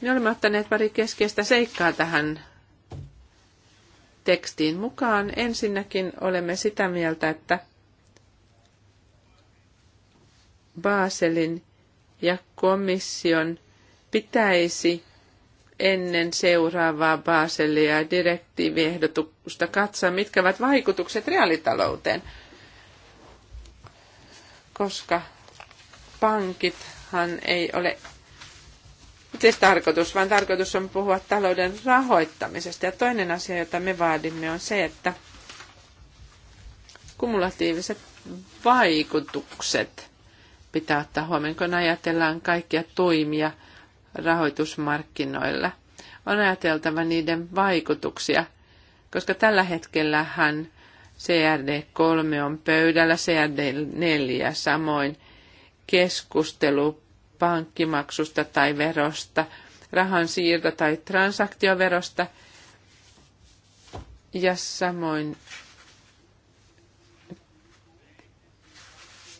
Me olemme ottaneet pari keskeistä seikkaa tähän tekstiin mukaan. Ensinnäkin olemme sitä mieltä, että Baselin ja komission pitäisi ennen seuraavaa Baselia ja direktiiviehdotusta katsoa, mitkä ovat vaikutukset reaalitalouteen. Koska pankithan ei ole siis tarkoitus, vaan tarkoitus on puhua talouden rahoittamisesta. Ja toinen asia, jota me vaadimme, on se, että kumulatiiviset vaikutukset pitää ottaa huomioon, kun ajatellaan kaikkia toimia rahoitusmarkkinoilla. On ajateltava niiden vaikutuksia, koska tällä hetkellähän CRD3 on pöydällä, CRD4 samoin keskustelu pankkimaksusta tai verosta, rahansiirto- tai transaktioverosta ja samoin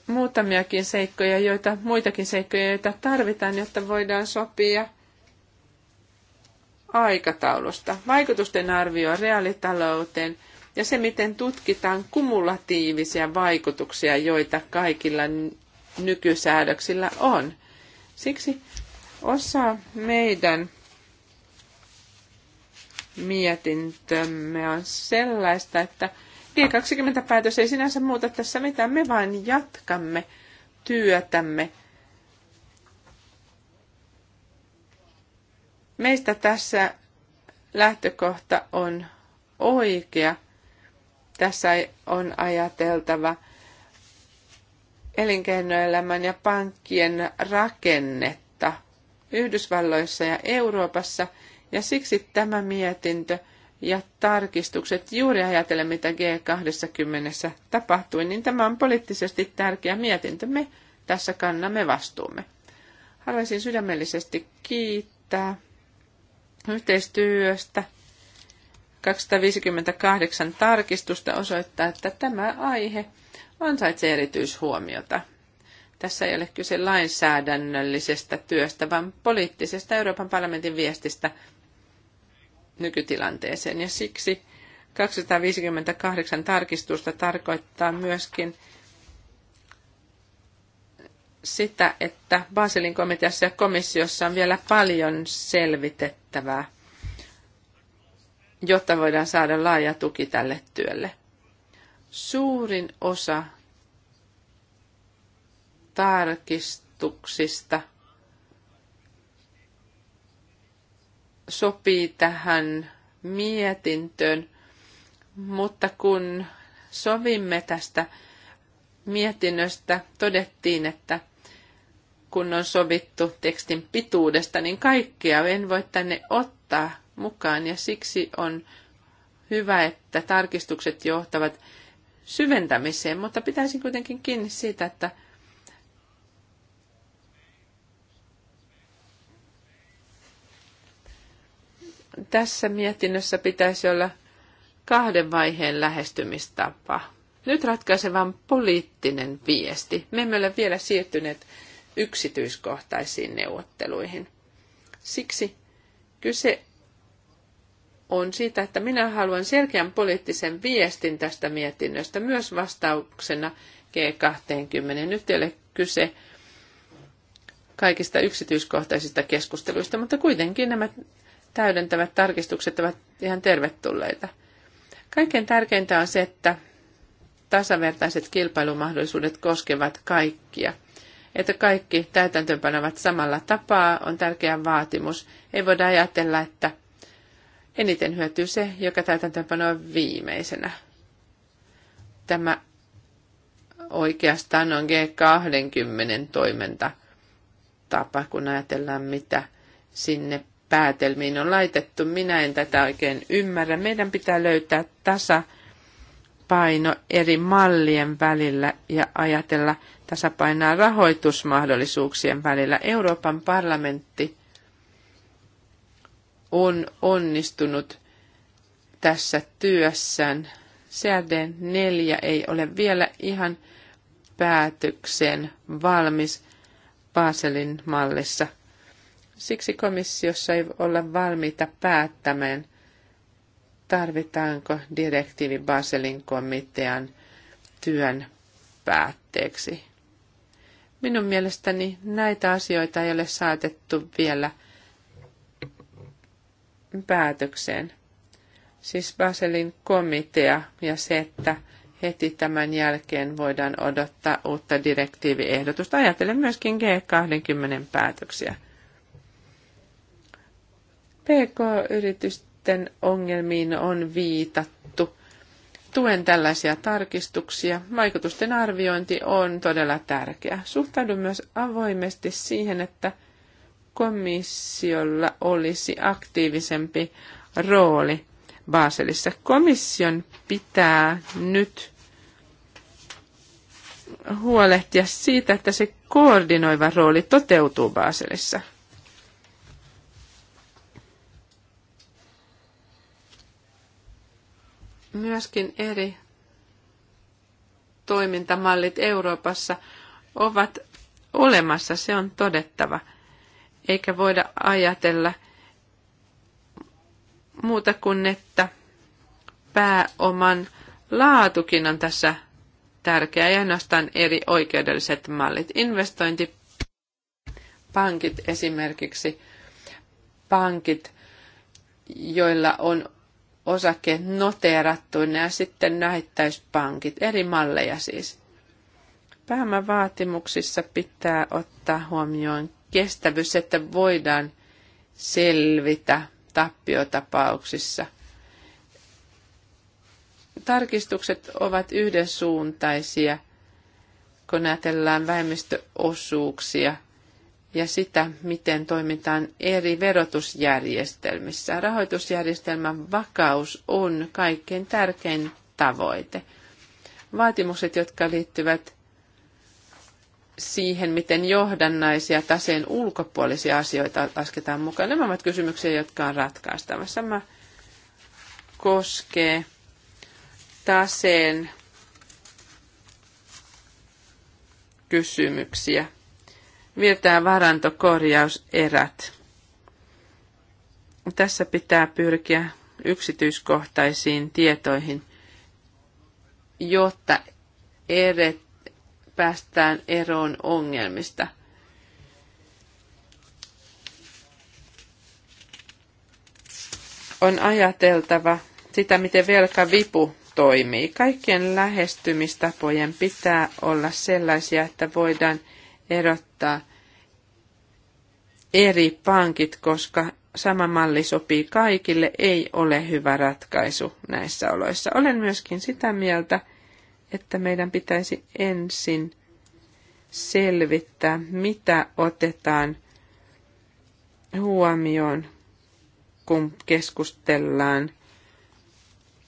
muutamiakin seikkoja, joita, muitakin seikkoja, joita tarvitaan, jotta voidaan sopia aikataulusta. Vaikutusten arvio reaalitalouteen ja se, miten tutkitaan kumulatiivisia vaikutuksia, joita kaikilla nykysäädöksillä on. Siksi osa meidän mietintömme on sellaista, että G20-päätös ei sinänsä muuta tässä mitään. Me vain jatkamme työtämme. Meistä tässä lähtökohta on oikea. Tässä on ajateltava – elinkeinoelämän ja pankkien rakennetta Yhdysvalloissa ja Euroopassa, ja siksi tämä mietintö ja tarkistukset juuri ajatellen, mitä G20 tapahtui, niin tämä on poliittisesti tärkeä mietintö. Me tässä kannamme vastuumme. Haluaisin sydämellisesti kiittää yhteistyöstä. 258 tarkistusta osoittaa, että tämä aihe – ansaitsee erityishuomiota. Tässä ei ole kyse lainsäädännöllisestä työstä, vaan poliittisesta Euroopan parlamentin viestistä nykytilanteeseen. Ja siksi 258 tarkistusta tarkoittaa myöskin sitä, että Baselin komiteassa ja komissiossa on vielä paljon selvitettävää, jotta voidaan saada laaja tuki tälle työlle. Suurin osa tarkistuksista sopii tähän mietintöön, mutta kun sovimme tästä mietinnöstä, todettiin, että kun on sovittu tekstin pituudesta, niin kaikkea en voi tänne ottaa mukaan ja siksi on hyvä, että tarkistukset johtavat syventämiseen, mutta pitäisin kuitenkin kiinni siitä, että tässä mietinnössä pitäisi olla kahden vaiheen lähestymistapa. Nyt ratkaisevan poliittinen viesti. Me emme ole vielä siirtyneet yksityiskohtaisiin neuvotteluihin. Siksi kyse on siitä, että minä haluan selkeän poliittisen viestin tästä mietinnöstä myös vastauksena G20. Nyt ei ole kyse kaikista yksityiskohtaisista keskusteluista, mutta kuitenkin nämä täydentävät tarkistukset ovat ihan tervetulleita. Kaikkein tärkeintä on se, että tasavertaiset kilpailumahdollisuudet koskevat kaikkia. Että kaikki täytäntöönpanevat samalla tapaa on tärkeä vaatimus. Ei voida ajatella, että Eniten hyötyy se, joka täytäntöönpanoa viimeisenä. Tämä oikeastaan on G20 toimenta tapa, kun ajatellaan, mitä sinne päätelmiin on laitettu. Minä en tätä oikein ymmärrä. Meidän pitää löytää tasapaino eri mallien välillä ja ajatella tasapainoa rahoitusmahdollisuuksien välillä. Euroopan parlamentti on onnistunut tässä työssään. CRD 4 ei ole vielä ihan päätökseen valmis Baselin mallissa. Siksi komissiossa ei olla valmiita päättämään, tarvitaanko direktiivi Baselin komitean työn päätteeksi. Minun mielestäni näitä asioita ei ole saatettu vielä – päätökseen. Siis Baselin komitea ja se, että heti tämän jälkeen voidaan odottaa uutta direktiiviehdotusta. Ajattelen myöskin G20 päätöksiä. PK-yritysten ongelmiin on viitattu. Tuen tällaisia tarkistuksia. Vaikutusten arviointi on todella tärkeä. Suhtaudun myös avoimesti siihen, että – komissiolla olisi aktiivisempi rooli Baselissa. Komission pitää nyt huolehtia siitä, että se koordinoiva rooli toteutuu Baselissa. Myöskin eri toimintamallit Euroopassa ovat olemassa, se on todettava – eikä voida ajatella muuta kuin, että pääoman laatukin on tässä tärkeä ja nostan eri oikeudelliset mallit. Investointipankit esimerkiksi, pankit, joilla on osake noteerattuina ja sitten näyttäispankit, eri malleja siis. Pääomavaatimuksissa pitää ottaa huomioon kestävyys, että voidaan selvitä tappiotapauksissa. Tarkistukset ovat yhdensuuntaisia, kun ajatellaan vähemmistöosuuksia ja sitä, miten toimitaan eri verotusjärjestelmissä. Rahoitusjärjestelmän vakaus on kaikkein tärkein tavoite. Vaatimukset, jotka liittyvät siihen, miten johdannaisia taseen ulkopuolisia asioita lasketaan mukaan. Nämä ovat kysymyksiä, jotka on ratkaistavassa. Sama koskee taseen kysymyksiä. Virtaa varantokorjauserät. Tässä pitää pyrkiä yksityiskohtaisiin tietoihin, jotta eret päästään eroon ongelmista. On ajateltava sitä, miten velkavipu toimii. Kaikkien lähestymistapojen pitää olla sellaisia, että voidaan erottaa eri pankit, koska sama malli sopii kaikille, ei ole hyvä ratkaisu näissä oloissa. Olen myöskin sitä mieltä, että meidän pitäisi ensin selvittää, mitä otetaan huomioon, kun keskustellaan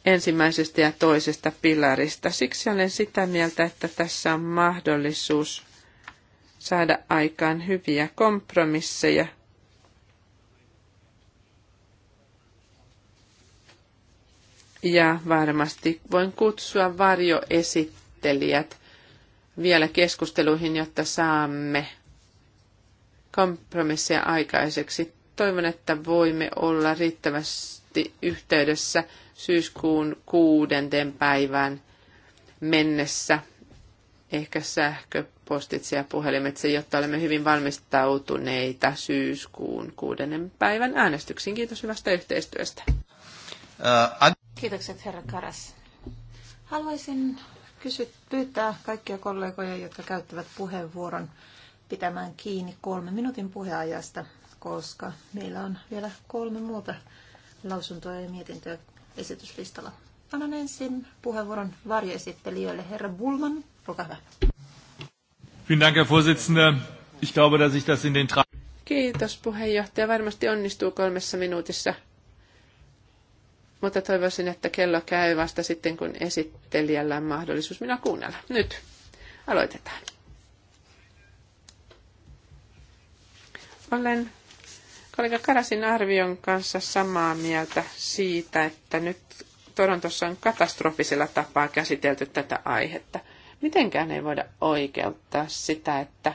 ensimmäisestä ja toisesta pilarista. Siksi olen sitä mieltä, että tässä on mahdollisuus saada aikaan hyviä kompromisseja – Ja varmasti voin kutsua varjoesittelijät vielä keskusteluihin, jotta saamme kompromisseja aikaiseksi. Toivon, että voimme olla riittävästi yhteydessä syyskuun kuudenten päivään mennessä, ehkä sähköpostitse ja puhelimitse, jotta olemme hyvin valmistautuneita syyskuun kuudennen päivän äänestyksiin. Kiitos hyvästä yhteistyöstä. Äh, Kiitokset, herra Karas. Haluaisin kysy, pyytää kaikkia kollegoja, jotka käyttävät puheenvuoron, pitämään kiinni kolme minuutin puheajasta, koska meillä on vielä kolme muuta lausuntoa ja mietintöä esityslistalla. Annan ensin puheenvuoron varjoesittelijöille. Herra Bulman, olkaa hyvä. Dank, Herr Vorsitzender. Ich glaube, dass ich das in den Kiitos puheenjohtaja. Varmasti onnistuu kolmessa minuutissa. Mutta toivoisin, että kello käy vasta sitten, kun esittelijällä on mahdollisuus minä kuunnella. Nyt aloitetaan. Olen kollega Karasin arvion kanssa samaa mieltä siitä, että nyt Torontossa on katastrofisella tapaa käsitelty tätä aihetta. Mitenkään ei voida oikeuttaa sitä, että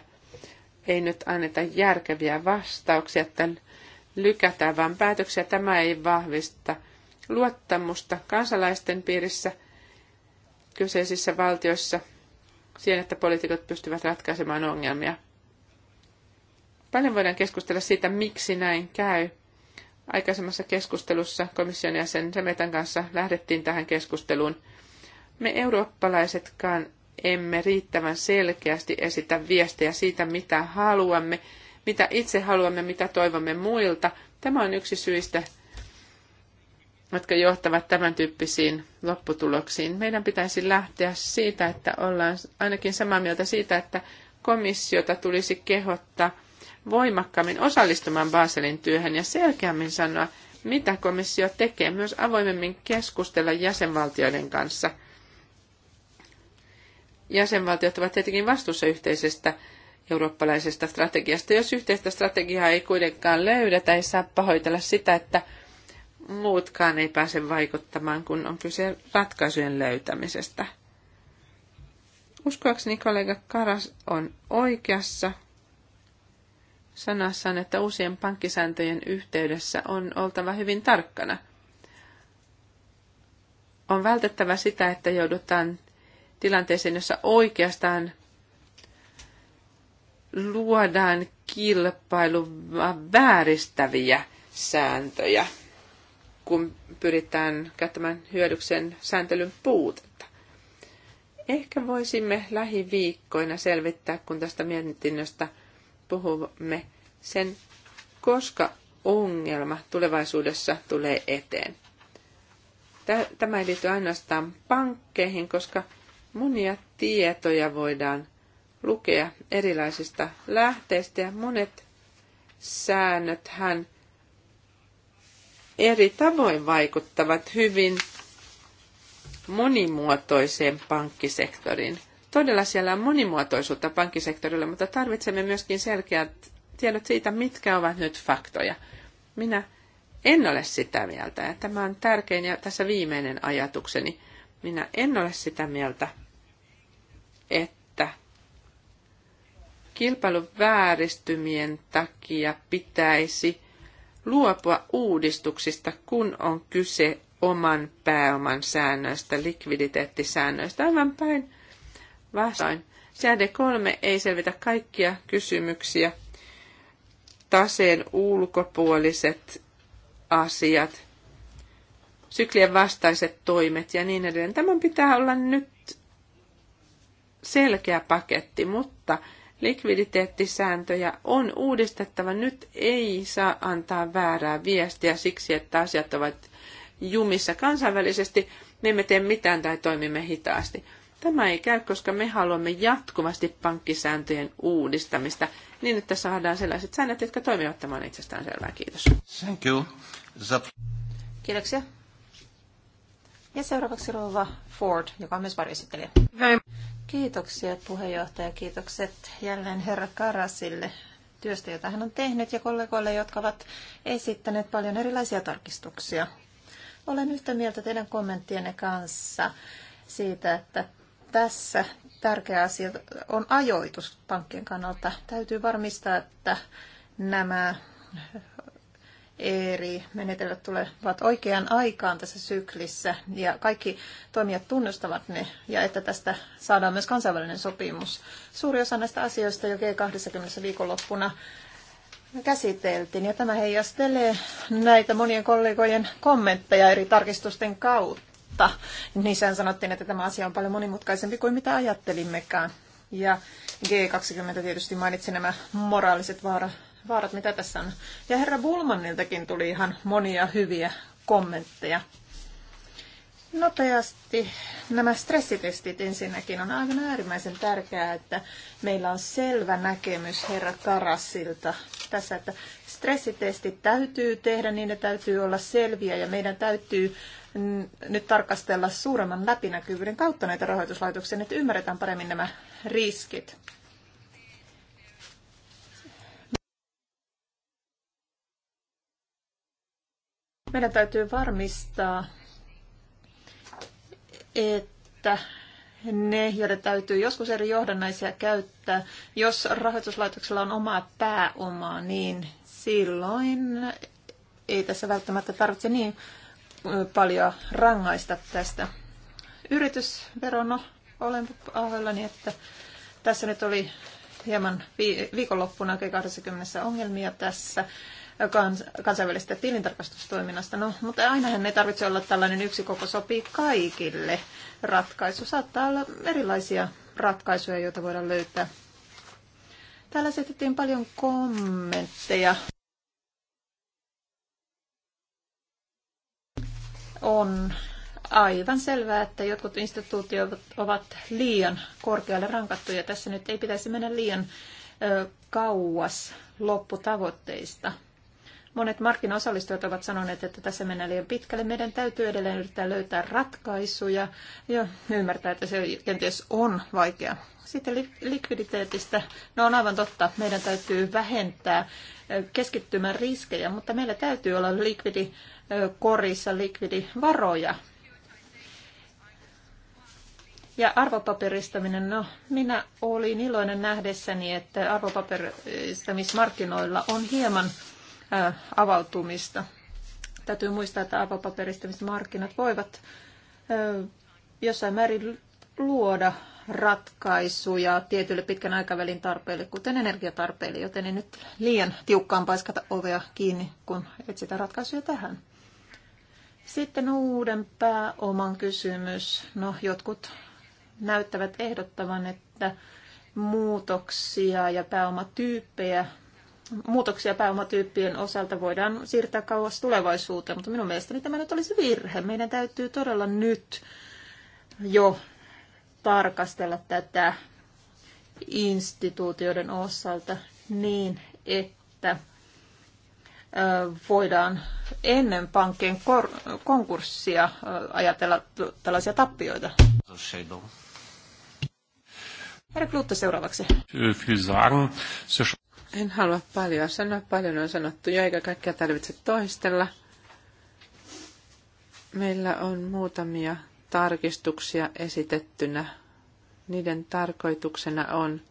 ei nyt anneta järkeviä vastauksia, että lykätään vaan päätöksiä. Tämä ei vahvista luottamusta kansalaisten piirissä kyseisissä valtioissa siihen, että poliitikot pystyvät ratkaisemaan ongelmia. Paljon voidaan keskustella siitä, miksi näin käy. Aikaisemmassa keskustelussa komission jäsen Semetan kanssa lähdettiin tähän keskusteluun. Me eurooppalaisetkaan emme riittävän selkeästi esitä viestejä siitä, mitä haluamme, mitä itse haluamme, mitä toivomme muilta. Tämä on yksi syistä jotka johtavat tämän tyyppisiin lopputuloksiin. Meidän pitäisi lähteä siitä, että ollaan ainakin samaa mieltä siitä, että komissiota tulisi kehottaa voimakkaammin osallistumaan Baselin työhön ja selkeämmin sanoa, mitä komissio tekee, myös avoimemmin keskustella jäsenvaltioiden kanssa. Jäsenvaltiot ovat tietenkin vastuussa yhteisestä eurooppalaisesta strategiasta. Jos yhteistä strategiaa ei kuitenkaan löydetä, ei saa pahoitella sitä, että muutkaan ei pääse vaikuttamaan, kun on kyse ratkaisujen löytämisestä. Uskoakseni kollega Karas on oikeassa sanassaan, että uusien pankkisääntöjen yhteydessä on oltava hyvin tarkkana. On vältettävä sitä, että joudutaan tilanteeseen, jossa oikeastaan luodaan kilpailua vääristäviä sääntöjä – kun pyritään käyttämään hyödyksen sääntelyn puutetta. Ehkä voisimme lähiviikkoina selvittää, kun tästä mietinnöstä puhumme, sen, koska ongelma tulevaisuudessa tulee eteen. Tämä ei liity ainoastaan pankkeihin, koska monia tietoja voidaan lukea erilaisista lähteistä ja monet hän eri tavoin vaikuttavat hyvin monimuotoiseen pankkisektoriin. Todella siellä on monimuotoisuutta pankkisektorilla, mutta tarvitsemme myöskin selkeät tiedot siitä, mitkä ovat nyt faktoja. Minä en ole sitä mieltä, ja tämä on tärkein ja tässä viimeinen ajatukseni. Minä en ole sitä mieltä, että kilpailuvääristymien takia pitäisi luopua uudistuksista, kun on kyse oman pääoman säännöistä, likviditeettisäännöistä, aivan päin vastoin. Sääde kolme ei selvitä kaikkia kysymyksiä. Taseen ulkopuoliset asiat, syklien vastaiset toimet ja niin edelleen. Tämän pitää olla nyt selkeä paketti, mutta likviditeettisääntöjä on uudistettava. Nyt ei saa antaa väärää viestiä siksi, että asiat ovat jumissa kansainvälisesti. Me emme tee mitään tai toimimme hitaasti. Tämä ei käy, koska me haluamme jatkuvasti pankkisääntöjen uudistamista niin, että saadaan sellaiset säännöt, jotka toimivat. tämän itsestään selvää. Kiitos. Thank you. Kiitoksia. Ja seuraavaksi rouva Ford, joka on myös varjoesittelijä. Very Kiitoksia puheenjohtaja, kiitokset jälleen herra Karasille työstä, jota hän on tehnyt ja kollegoille, jotka ovat esittäneet paljon erilaisia tarkistuksia. Olen yhtä mieltä teidän kommenttienne kanssa siitä, että tässä tärkeä asia on ajoitus pankkien kannalta. Täytyy varmistaa, että nämä eri menetelmät tulevat oikeaan aikaan tässä syklissä ja kaikki toimijat tunnustavat ne ja että tästä saadaan myös kansainvälinen sopimus. Suuri osa näistä asioista jo G20 viikonloppuna käsiteltiin ja tämä heijastelee näitä monien kollegojen kommentteja eri tarkistusten kautta. Niissähän sanottiin, että tämä asia on paljon monimutkaisempi kuin mitä ajattelimmekaan. Ja G20 tietysti mainitsi nämä moraaliset vaara vaarat, mitä tässä on. Ja herra Bulmaniltakin tuli ihan monia hyviä kommentteja. Nopeasti nämä stressitestit ensinnäkin on aivan äärimmäisen tärkeää, että meillä on selvä näkemys herra Karassilta tässä, että stressitestit täytyy tehdä, niin ne täytyy olla selviä ja meidän täytyy nyt tarkastella suuremman läpinäkyvyyden kautta näitä rahoituslaitoksia, niin että ymmärretään paremmin nämä riskit. Meidän täytyy varmistaa, että ne, joiden täytyy joskus eri johdannaisia käyttää, jos rahoituslaitoksella on omaa pääomaa, niin silloin ei tässä välttämättä tarvitse niin paljon rangaista tästä. Yritysvero, no, olen pahoillani, että tässä nyt oli hieman viikonloppuna 20 ongelmia tässä kansainvälisestä tilintarkastustoiminnasta. No, mutta ainahan ei tarvitse olla tällainen yksi koko sopii kaikille ratkaisu. Saattaa olla erilaisia ratkaisuja, joita voidaan löytää. Täällä esitettiin paljon kommentteja. On aivan selvää, että jotkut instituutiot ovat liian korkealle rankattuja. Tässä nyt ei pitäisi mennä liian kauas lopputavoitteista. Monet markkinaosallistujat ovat sanoneet, että tässä mennään liian pitkälle. Meidän täytyy edelleen yrittää löytää ratkaisuja ja ymmärtää, että se kenties on vaikea. Sitten likviditeetistä. No on aivan totta, meidän täytyy vähentää keskittymän riskejä, mutta meillä täytyy olla likvidikorissa likvidivaroja. Ja arvopaperistaminen, no minä olin iloinen nähdessäni, että arvopaperistamismarkkinoilla on hieman avautumista. Täytyy muistaa, että avapaperistymistä markkinat voivat jossain määrin luoda ratkaisuja tietylle pitkän aikavälin tarpeille, kuten energiatarpeille, joten ei nyt liian tiukkaan paiskata ovea kiinni, kun etsitään ratkaisuja tähän. Sitten uuden pääoman kysymys. No, jotkut näyttävät ehdottavan, että muutoksia ja pääomatyyppejä muutoksia pääomatyyppien osalta voidaan siirtää kauas tulevaisuuteen, mutta minun mielestäni tämä nyt olisi virhe. Meidän täytyy todella nyt jo tarkastella tätä instituutioiden osalta niin, että voidaan ennen pankkien konkurssia ajatella tällaisia tappioita. Herra Klutta seuraavaksi. En halua paljon sanoa, paljon on sanottu jo, eikä kaikkea tarvitse toistella. Meillä on muutamia tarkistuksia esitettynä. Niiden tarkoituksena on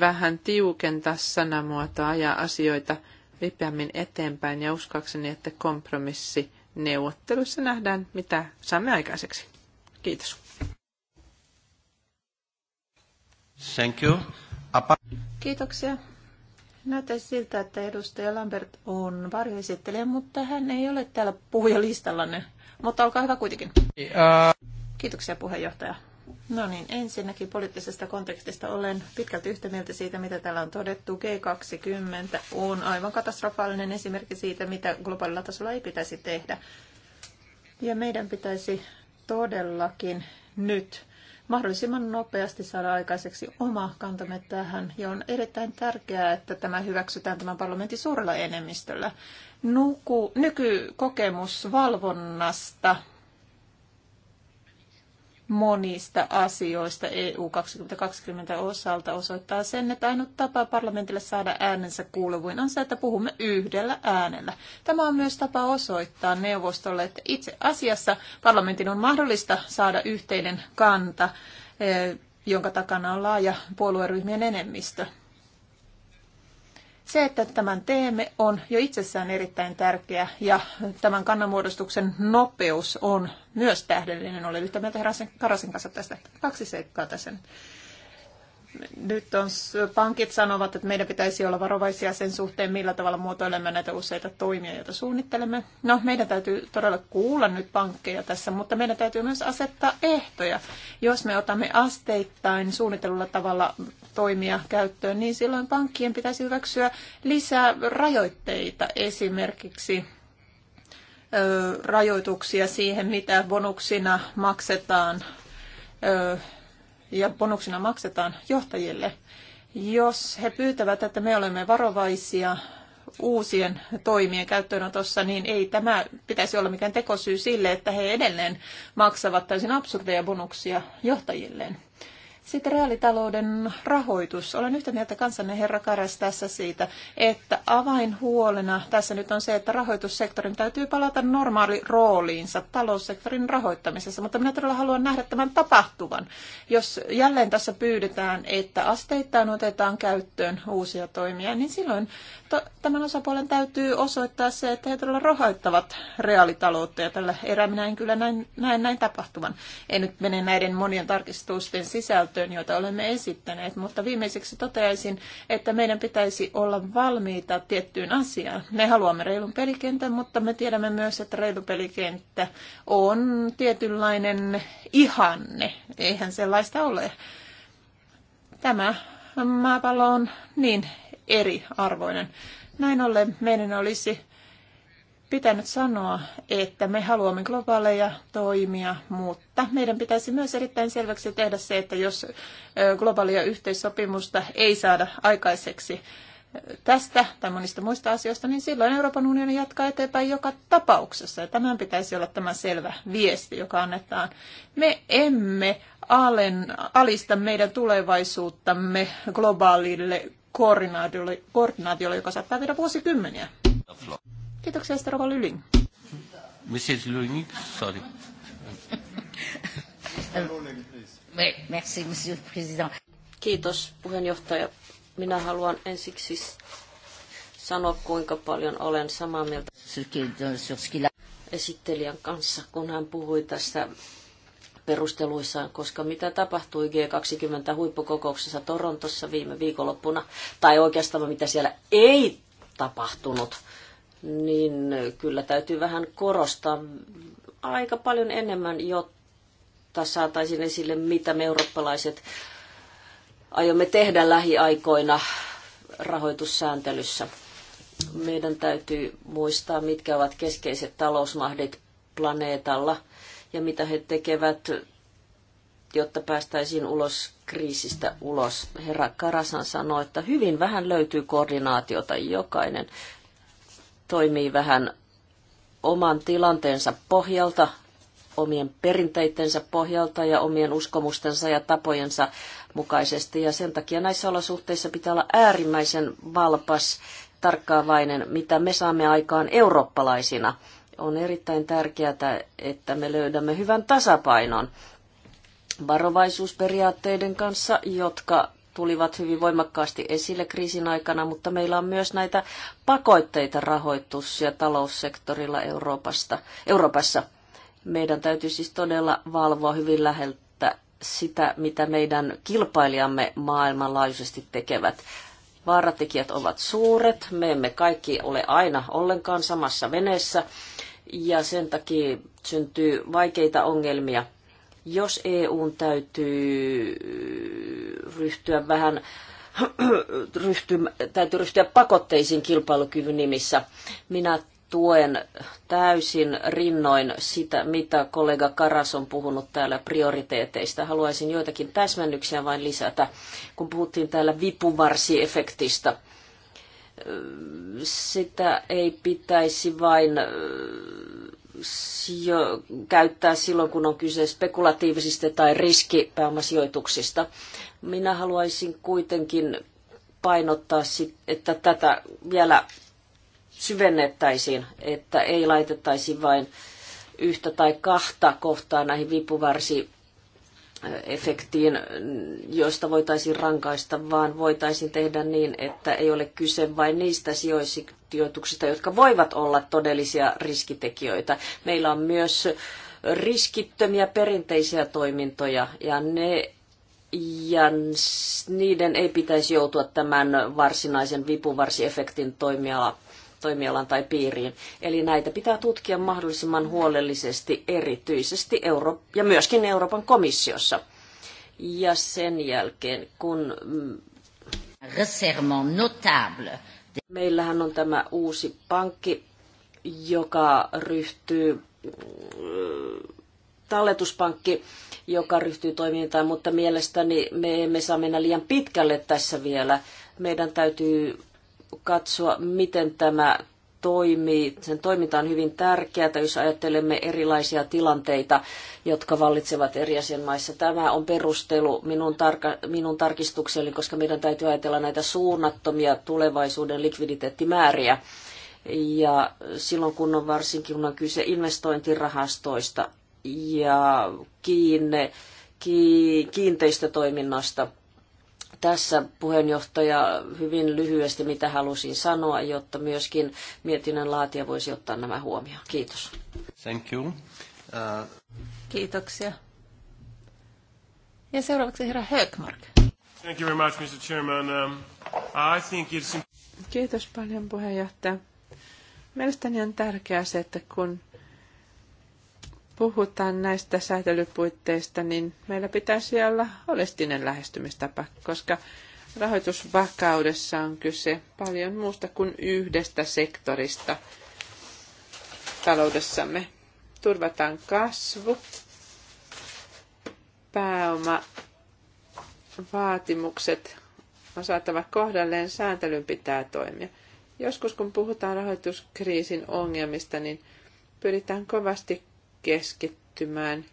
vähän tiukentaa sanamuotoa, ja asioita ripeämmin eteenpäin ja uskoakseni, että kompromissi neuvottelussa nähdään, mitä saamme aikaiseksi. Kiitos. Thank you. Kiitoksia. Näyttäisi siltä, että edustaja Lambert on varjoesittelijä, mutta hän ei ole täällä puhujalistallanne. Mutta olkaa hyvä kuitenkin. Eh, äh. Kiitoksia puheenjohtaja. No niin, ensinnäkin poliittisesta kontekstista olen pitkälti yhtä mieltä siitä, mitä täällä on todettu. G20 on aivan katastrofaalinen esimerkki siitä, mitä globaalilla tasolla ei pitäisi tehdä. Ja meidän pitäisi todellakin nyt mahdollisimman nopeasti saada aikaiseksi oma kantamme tähän. Ja on erittäin tärkeää, että tämä hyväksytään tämän parlamentin suurella enemmistöllä. Nuku, nykykokemus valvonnasta monista asioista EU 2020 osalta osoittaa sen, että ainut tapa parlamentille saada äänensä kuuluvuin on se, että puhumme yhdellä äänellä. Tämä on myös tapa osoittaa neuvostolle, että itse asiassa parlamentin on mahdollista saada yhteinen kanta, eh, jonka takana on laaja puolueryhmien enemmistö. Se, että tämän teemme, on jo itsessään erittäin tärkeä ja tämän kannanmuodostuksen nopeus on myös tähdellinen. Olen yhtä mieltä Karasin kanssa tästä. Kaksi seikkaa tässä nyt. Nyt on, pankit sanovat, että meidän pitäisi olla varovaisia sen suhteen, millä tavalla muotoilemme näitä useita toimia, joita suunnittelemme. No, meidän täytyy todella kuulla nyt pankkeja tässä, mutta meidän täytyy myös asettaa ehtoja. Jos me otamme asteittain suunnitellulla tavalla toimia käyttöön, niin silloin pankkien pitäisi hyväksyä lisää rajoitteita, esimerkiksi ö, rajoituksia siihen, mitä bonuksina maksetaan ö, ja bonuksina maksetaan johtajille. Jos he pyytävät, että me olemme varovaisia uusien toimien käyttöönotossa, niin ei tämä pitäisi olla mikään tekosyy sille, että he edelleen maksavat täysin absurdeja bonuksia johtajilleen. Sitten reaalitalouden rahoitus. Olen yhtä mieltä kansanne herra Karas tässä siitä, että avainhuolena tässä nyt on se, että rahoitussektorin täytyy palata normaali rooliinsa taloussektorin rahoittamisessa, mutta minä todella haluan nähdä tämän tapahtuvan. Jos jälleen tässä pyydetään, että asteittain otetaan käyttöön uusia toimia, niin silloin to- tämän osapuolen täytyy osoittaa se, että he todella rahoittavat reaalitaloutta ja tällä erää minä en kyllä näin, näin, näin tapahtuvan. En nyt mene näiden monien tarkistusten sisältöön käyttöön, joita olemme esittäneet, mutta viimeiseksi toteaisin, että meidän pitäisi olla valmiita tiettyyn asiaan. Me haluamme reilun pelikentän, mutta me tiedämme myös, että reilu pelikenttä on tietynlainen ihanne. Eihän sellaista ole. Tämä maapallo on niin eriarvoinen. Näin ollen meidän olisi pitänyt sanoa, että me haluamme globaaleja toimia, mutta meidän pitäisi myös erittäin selväksi tehdä se, että jos globaalia yhteissopimusta ei saada aikaiseksi tästä tai monista muista asioista, niin silloin Euroopan unioni jatkaa eteenpäin joka tapauksessa. Ja tämän pitäisi olla tämä selvä viesti, joka annetaan. Me emme alen, alista meidän tulevaisuuttamme globaalille koordinaatiolle, koordinaatiolle, joka saattaa viedä vuosikymmeniä. Kiitoksia, sitten Lyling. Mrs. Lyling, sorry. Merci, monsieur le Kiitos, puheenjohtaja. Minä haluan ensiksi sanoa, kuinka paljon olen samaa mieltä esittelijän kanssa, kun hän puhui tästä perusteluissaan, koska mitä tapahtui G20-huippukokouksessa Torontossa viime viikonloppuna, tai oikeastaan mitä siellä ei tapahtunut, niin kyllä täytyy vähän korostaa aika paljon enemmän, jotta saataisiin esille, mitä me eurooppalaiset aiomme tehdä lähiaikoina rahoitussääntelyssä. Meidän täytyy muistaa, mitkä ovat keskeiset talousmahdit planeetalla ja mitä he tekevät, jotta päästäisiin ulos kriisistä ulos. Herra Karasan sanoi, että hyvin vähän löytyy koordinaatiota. Jokainen toimii vähän oman tilanteensa pohjalta, omien perinteitensä pohjalta ja omien uskomustensa ja tapojensa mukaisesti. Ja sen takia näissä olosuhteissa pitää olla äärimmäisen valpas, tarkkaavainen, mitä me saamme aikaan eurooppalaisina. On erittäin tärkeää, että me löydämme hyvän tasapainon varovaisuusperiaatteiden kanssa, jotka tulivat hyvin voimakkaasti esille kriisin aikana, mutta meillä on myös näitä pakoitteita rahoitus- ja taloussektorilla Euroopasta, Euroopassa. Meidän täytyy siis todella valvoa hyvin läheltä sitä, mitä meidän kilpailijamme maailmanlaajuisesti tekevät. Vaaratekijät ovat suuret, me emme kaikki ole aina ollenkaan samassa veneessä ja sen takia syntyy vaikeita ongelmia – jos EUn täytyy ryhtyä vähän ryhty, täytyy ryhtyä pakotteisiin kilpailukyvyn nimissä. Minä tuen täysin rinnoin sitä, mitä kollega Karas on puhunut täällä prioriteeteista. Haluaisin joitakin täsmennyksiä vain lisätä, kun puhuttiin täällä vipuvarsiefektistä. Sitä ei pitäisi vain sijo- käyttää silloin, kun on kyse spekulatiivisista tai riskipääomasijoituksista. Minä haluaisin kuitenkin painottaa, sit, että tätä vielä syvennettäisiin, että ei laitettaisi vain yhtä tai kahta kohtaa näihin vipuvarsi efektiin, joista voitaisiin rankaista, vaan voitaisiin tehdä niin, että ei ole kyse vain niistä sijoisi, valtioituksista, jotka voivat olla todellisia riskitekijöitä. Meillä on myös riskittömiä perinteisiä toimintoja ja ne ja niiden ei pitäisi joutua tämän varsinaisen vipuvarsiefektin toimiala, toimialan tai piiriin. Eli näitä pitää tutkia mahdollisimman huolellisesti erityisesti Euro- ja myöskin Euroopan komissiossa. Ja sen jälkeen, kun mm, resserrement notable Meillähän on tämä uusi pankki, joka ryhtyy mm, talletuspankki, joka ryhtyy toimintaan, mutta mielestäni me emme saa mennä liian pitkälle tässä vielä. Meidän täytyy katsoa, miten tämä toimii, sen toiminta on hyvin tärkeää, jos ajattelemme erilaisia tilanteita, jotka vallitsevat eri jäsenmaissa. Tämä on perustelu minun, tarka, minun tarkistukselleni, koska meidän täytyy ajatella näitä suunnattomia tulevaisuuden likviditeettimääriä. Ja silloin kun on varsinkin kun on kyse investointirahastoista ja kiinne, ki, kiinteistötoiminnasta – tässä puheenjohtaja hyvin lyhyesti, mitä halusin sanoa, jotta myöskin mietinnön laatija voisi ottaa nämä huomioon. Kiitos. Thank you. Uh... Kiitoksia. Ja seuraavaksi herra Högmark. Thank you very much, Mr. Chairman. Um, I think it's... Kiitos paljon puheenjohtaja. Mielestäni on tärkeää se, että kun puhutaan näistä säätelypuitteista, niin meillä pitäisi olla holistinen lähestymistapa, koska rahoitusvakaudessa on kyse paljon muusta kuin yhdestä sektorista taloudessamme. Turvataan kasvu, pääoma, vaatimukset on saatava kohdalleen, sääntelyn pitää toimia. Joskus kun puhutaan rahoituskriisin ongelmista, niin pyritään kovasti keskittymään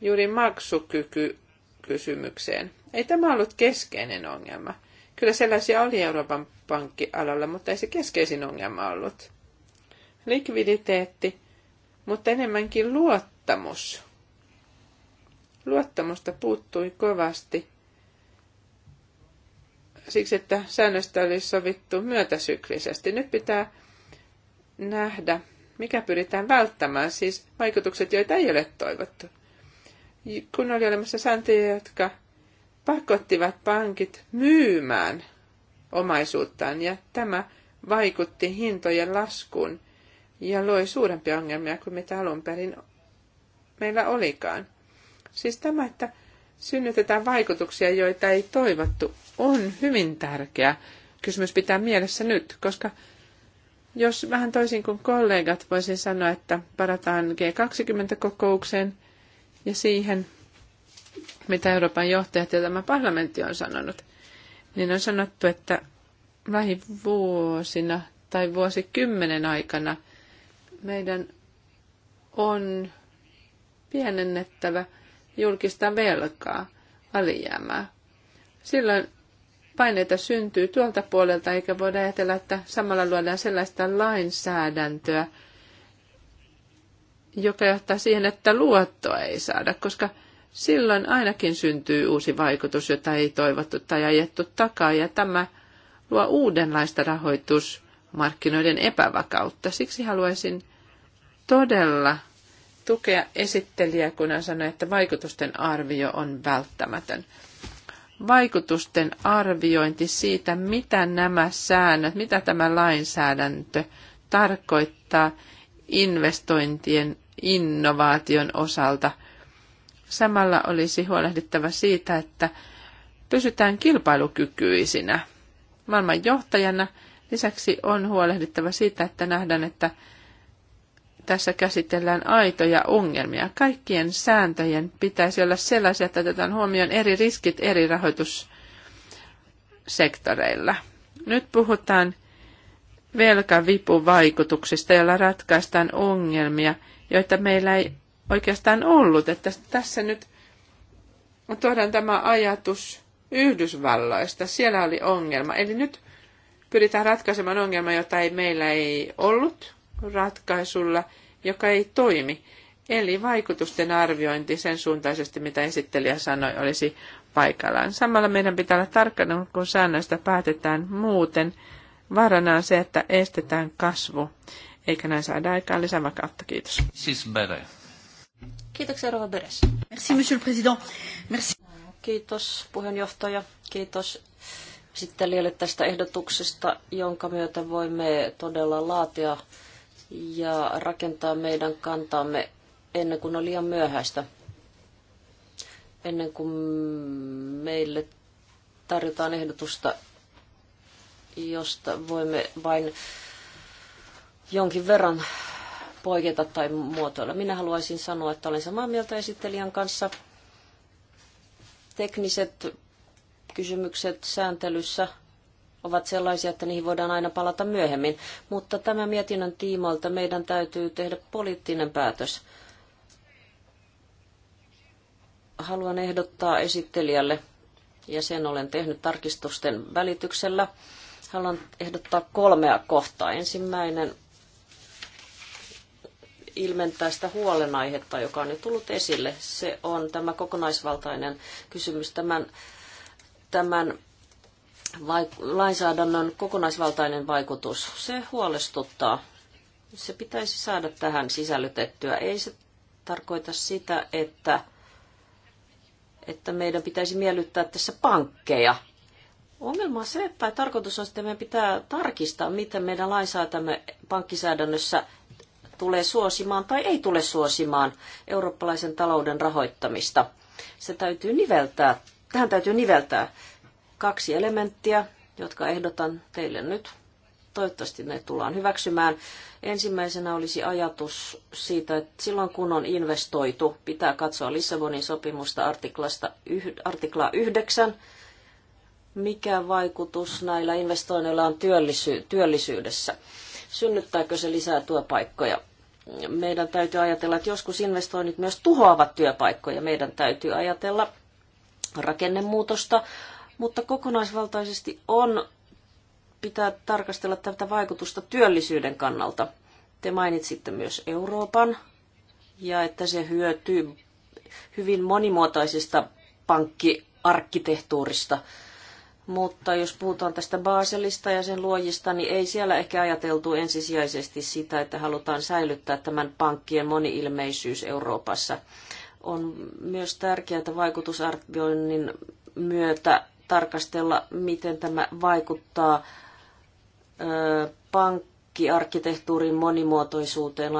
juuri maksukykykysymykseen. Ei tämä ollut keskeinen ongelma. Kyllä sellaisia oli Euroopan pankkialalla, mutta ei se keskeisin ongelma ollut. Likviditeetti, mutta enemmänkin luottamus. Luottamusta puuttui kovasti siksi, että säännöstä oli sovittu myötäsyklisesti. Nyt pitää nähdä, mikä pyritään välttämään, siis vaikutukset, joita ei ole toivottu. Kun oli olemassa sääntöjä, jotka pakottivat pankit myymään omaisuuttaan, ja tämä vaikutti hintojen laskuun ja loi suurempia ongelmia kuin mitä alun perin meillä olikaan. Siis tämä, että synnytetään vaikutuksia, joita ei toivottu, on hyvin tärkeä kysymys pitää mielessä nyt, koska jos vähän toisin kuin kollegat, voisin sanoa, että parataan G20-kokoukseen ja siihen, mitä Euroopan johtajat ja tämä parlamentti on sanonut, niin on sanottu, että lähivuosina tai vuosikymmenen aikana meidän on pienennettävä julkista velkaa, alijäämää. Silloin paineita syntyy tuolta puolelta, eikä voida ajatella, että samalla luodaan sellaista lainsäädäntöä, joka johtaa siihen, että luottoa ei saada, koska silloin ainakin syntyy uusi vaikutus, jota ei toivottu tai ajettu takaa, ja tämä luo uudenlaista rahoitusmarkkinoiden epävakautta. Siksi haluaisin todella tukea esittelijää, kun hän sanoi, että vaikutusten arvio on välttämätön vaikutusten arviointi siitä, mitä nämä säännöt, mitä tämä lainsäädäntö tarkoittaa investointien innovaation osalta. Samalla olisi huolehdittava siitä, että pysytään kilpailukykyisinä. Maailman johtajana lisäksi on huolehdittava siitä, että nähdään, että tässä käsitellään aitoja ongelmia. Kaikkien sääntöjen pitäisi olla sellaisia, että otetaan huomioon eri riskit eri rahoitussektoreilla. Nyt puhutaan velkavipuvaikutuksista, joilla ratkaistaan ongelmia, joita meillä ei oikeastaan ollut. Että tässä nyt tuodaan tämä ajatus Yhdysvalloista. Siellä oli ongelma. Eli nyt pyritään ratkaisemaan ongelma, jota ei, meillä ei ollut ratkaisulla, joka ei toimi. Eli vaikutusten arviointi sen suuntaisesti, mitä esittelijä sanoi, olisi paikallaan. Samalla meidän pitää olla tarkkana, kun säännöistä päätetään muuten. Vaarana on se, että estetään kasvu, eikä näin saada aikaan lisävakautta. Kiitos. Siis bere. Kiitoksia, Rova Beres. Merci, monsieur le président. Merci. Kiitos, puheenjohtaja. Kiitos esittelijälle tästä ehdotuksesta, jonka myötä voimme todella laatia ja rakentaa meidän kantaamme ennen kuin on liian myöhäistä. Ennen kuin meille tarjotaan ehdotusta, josta voimme vain jonkin verran poiketa tai muotoilla. Minä haluaisin sanoa, että olen samaa mieltä esittelijän kanssa. Tekniset kysymykset sääntelyssä ovat sellaisia, että niihin voidaan aina palata myöhemmin. Mutta tämän mietinnön tiimoilta meidän täytyy tehdä poliittinen päätös. Haluan ehdottaa esittelijälle, ja sen olen tehnyt tarkistusten välityksellä, haluan ehdottaa kolmea kohtaa. Ensimmäinen ilmentää sitä huolenaihetta, joka on jo tullut esille. Se on tämä kokonaisvaltainen kysymys tämän, tämän lainsäädännön kokonaisvaltainen vaikutus, se huolestuttaa. Se pitäisi saada tähän sisällytettyä. Ei se tarkoita sitä, että, että meidän pitäisi miellyttää tässä pankkeja. Ongelma on se, tai tarkoitus on, että meidän pitää tarkistaa, miten meidän lainsäädämme pankkisäädännössä tulee suosimaan tai ei tule suosimaan eurooppalaisen talouden rahoittamista. Se täytyy niveltää, tähän täytyy niveltää kaksi elementtiä, jotka ehdotan teille nyt. Toivottavasti ne tullaan hyväksymään. Ensimmäisenä olisi ajatus siitä, että silloin kun on investoitu, pitää katsoa Lissabonin sopimusta artiklasta, artikla 9, mikä vaikutus näillä investoinneilla on työllisy, työllisyydessä. Synnyttääkö se lisää työpaikkoja? Meidän täytyy ajatella, että joskus investoinnit myös tuhoavat työpaikkoja. Meidän täytyy ajatella rakennemuutosta, mutta kokonaisvaltaisesti on pitää tarkastella tätä vaikutusta työllisyyden kannalta. Te mainitsitte myös Euroopan ja että se hyötyy hyvin monimuotoisesta pankkiarkkitehtuurista. Mutta jos puhutaan tästä Baselista ja sen luojista, niin ei siellä ehkä ajateltu ensisijaisesti sitä, että halutaan säilyttää tämän pankkien moniilmeisyys Euroopassa. On myös tärkeää, että vaikutusarvioinnin myötä tarkastella, miten tämä vaikuttaa pankkiarkkitehtuurin monimuotoisuuteen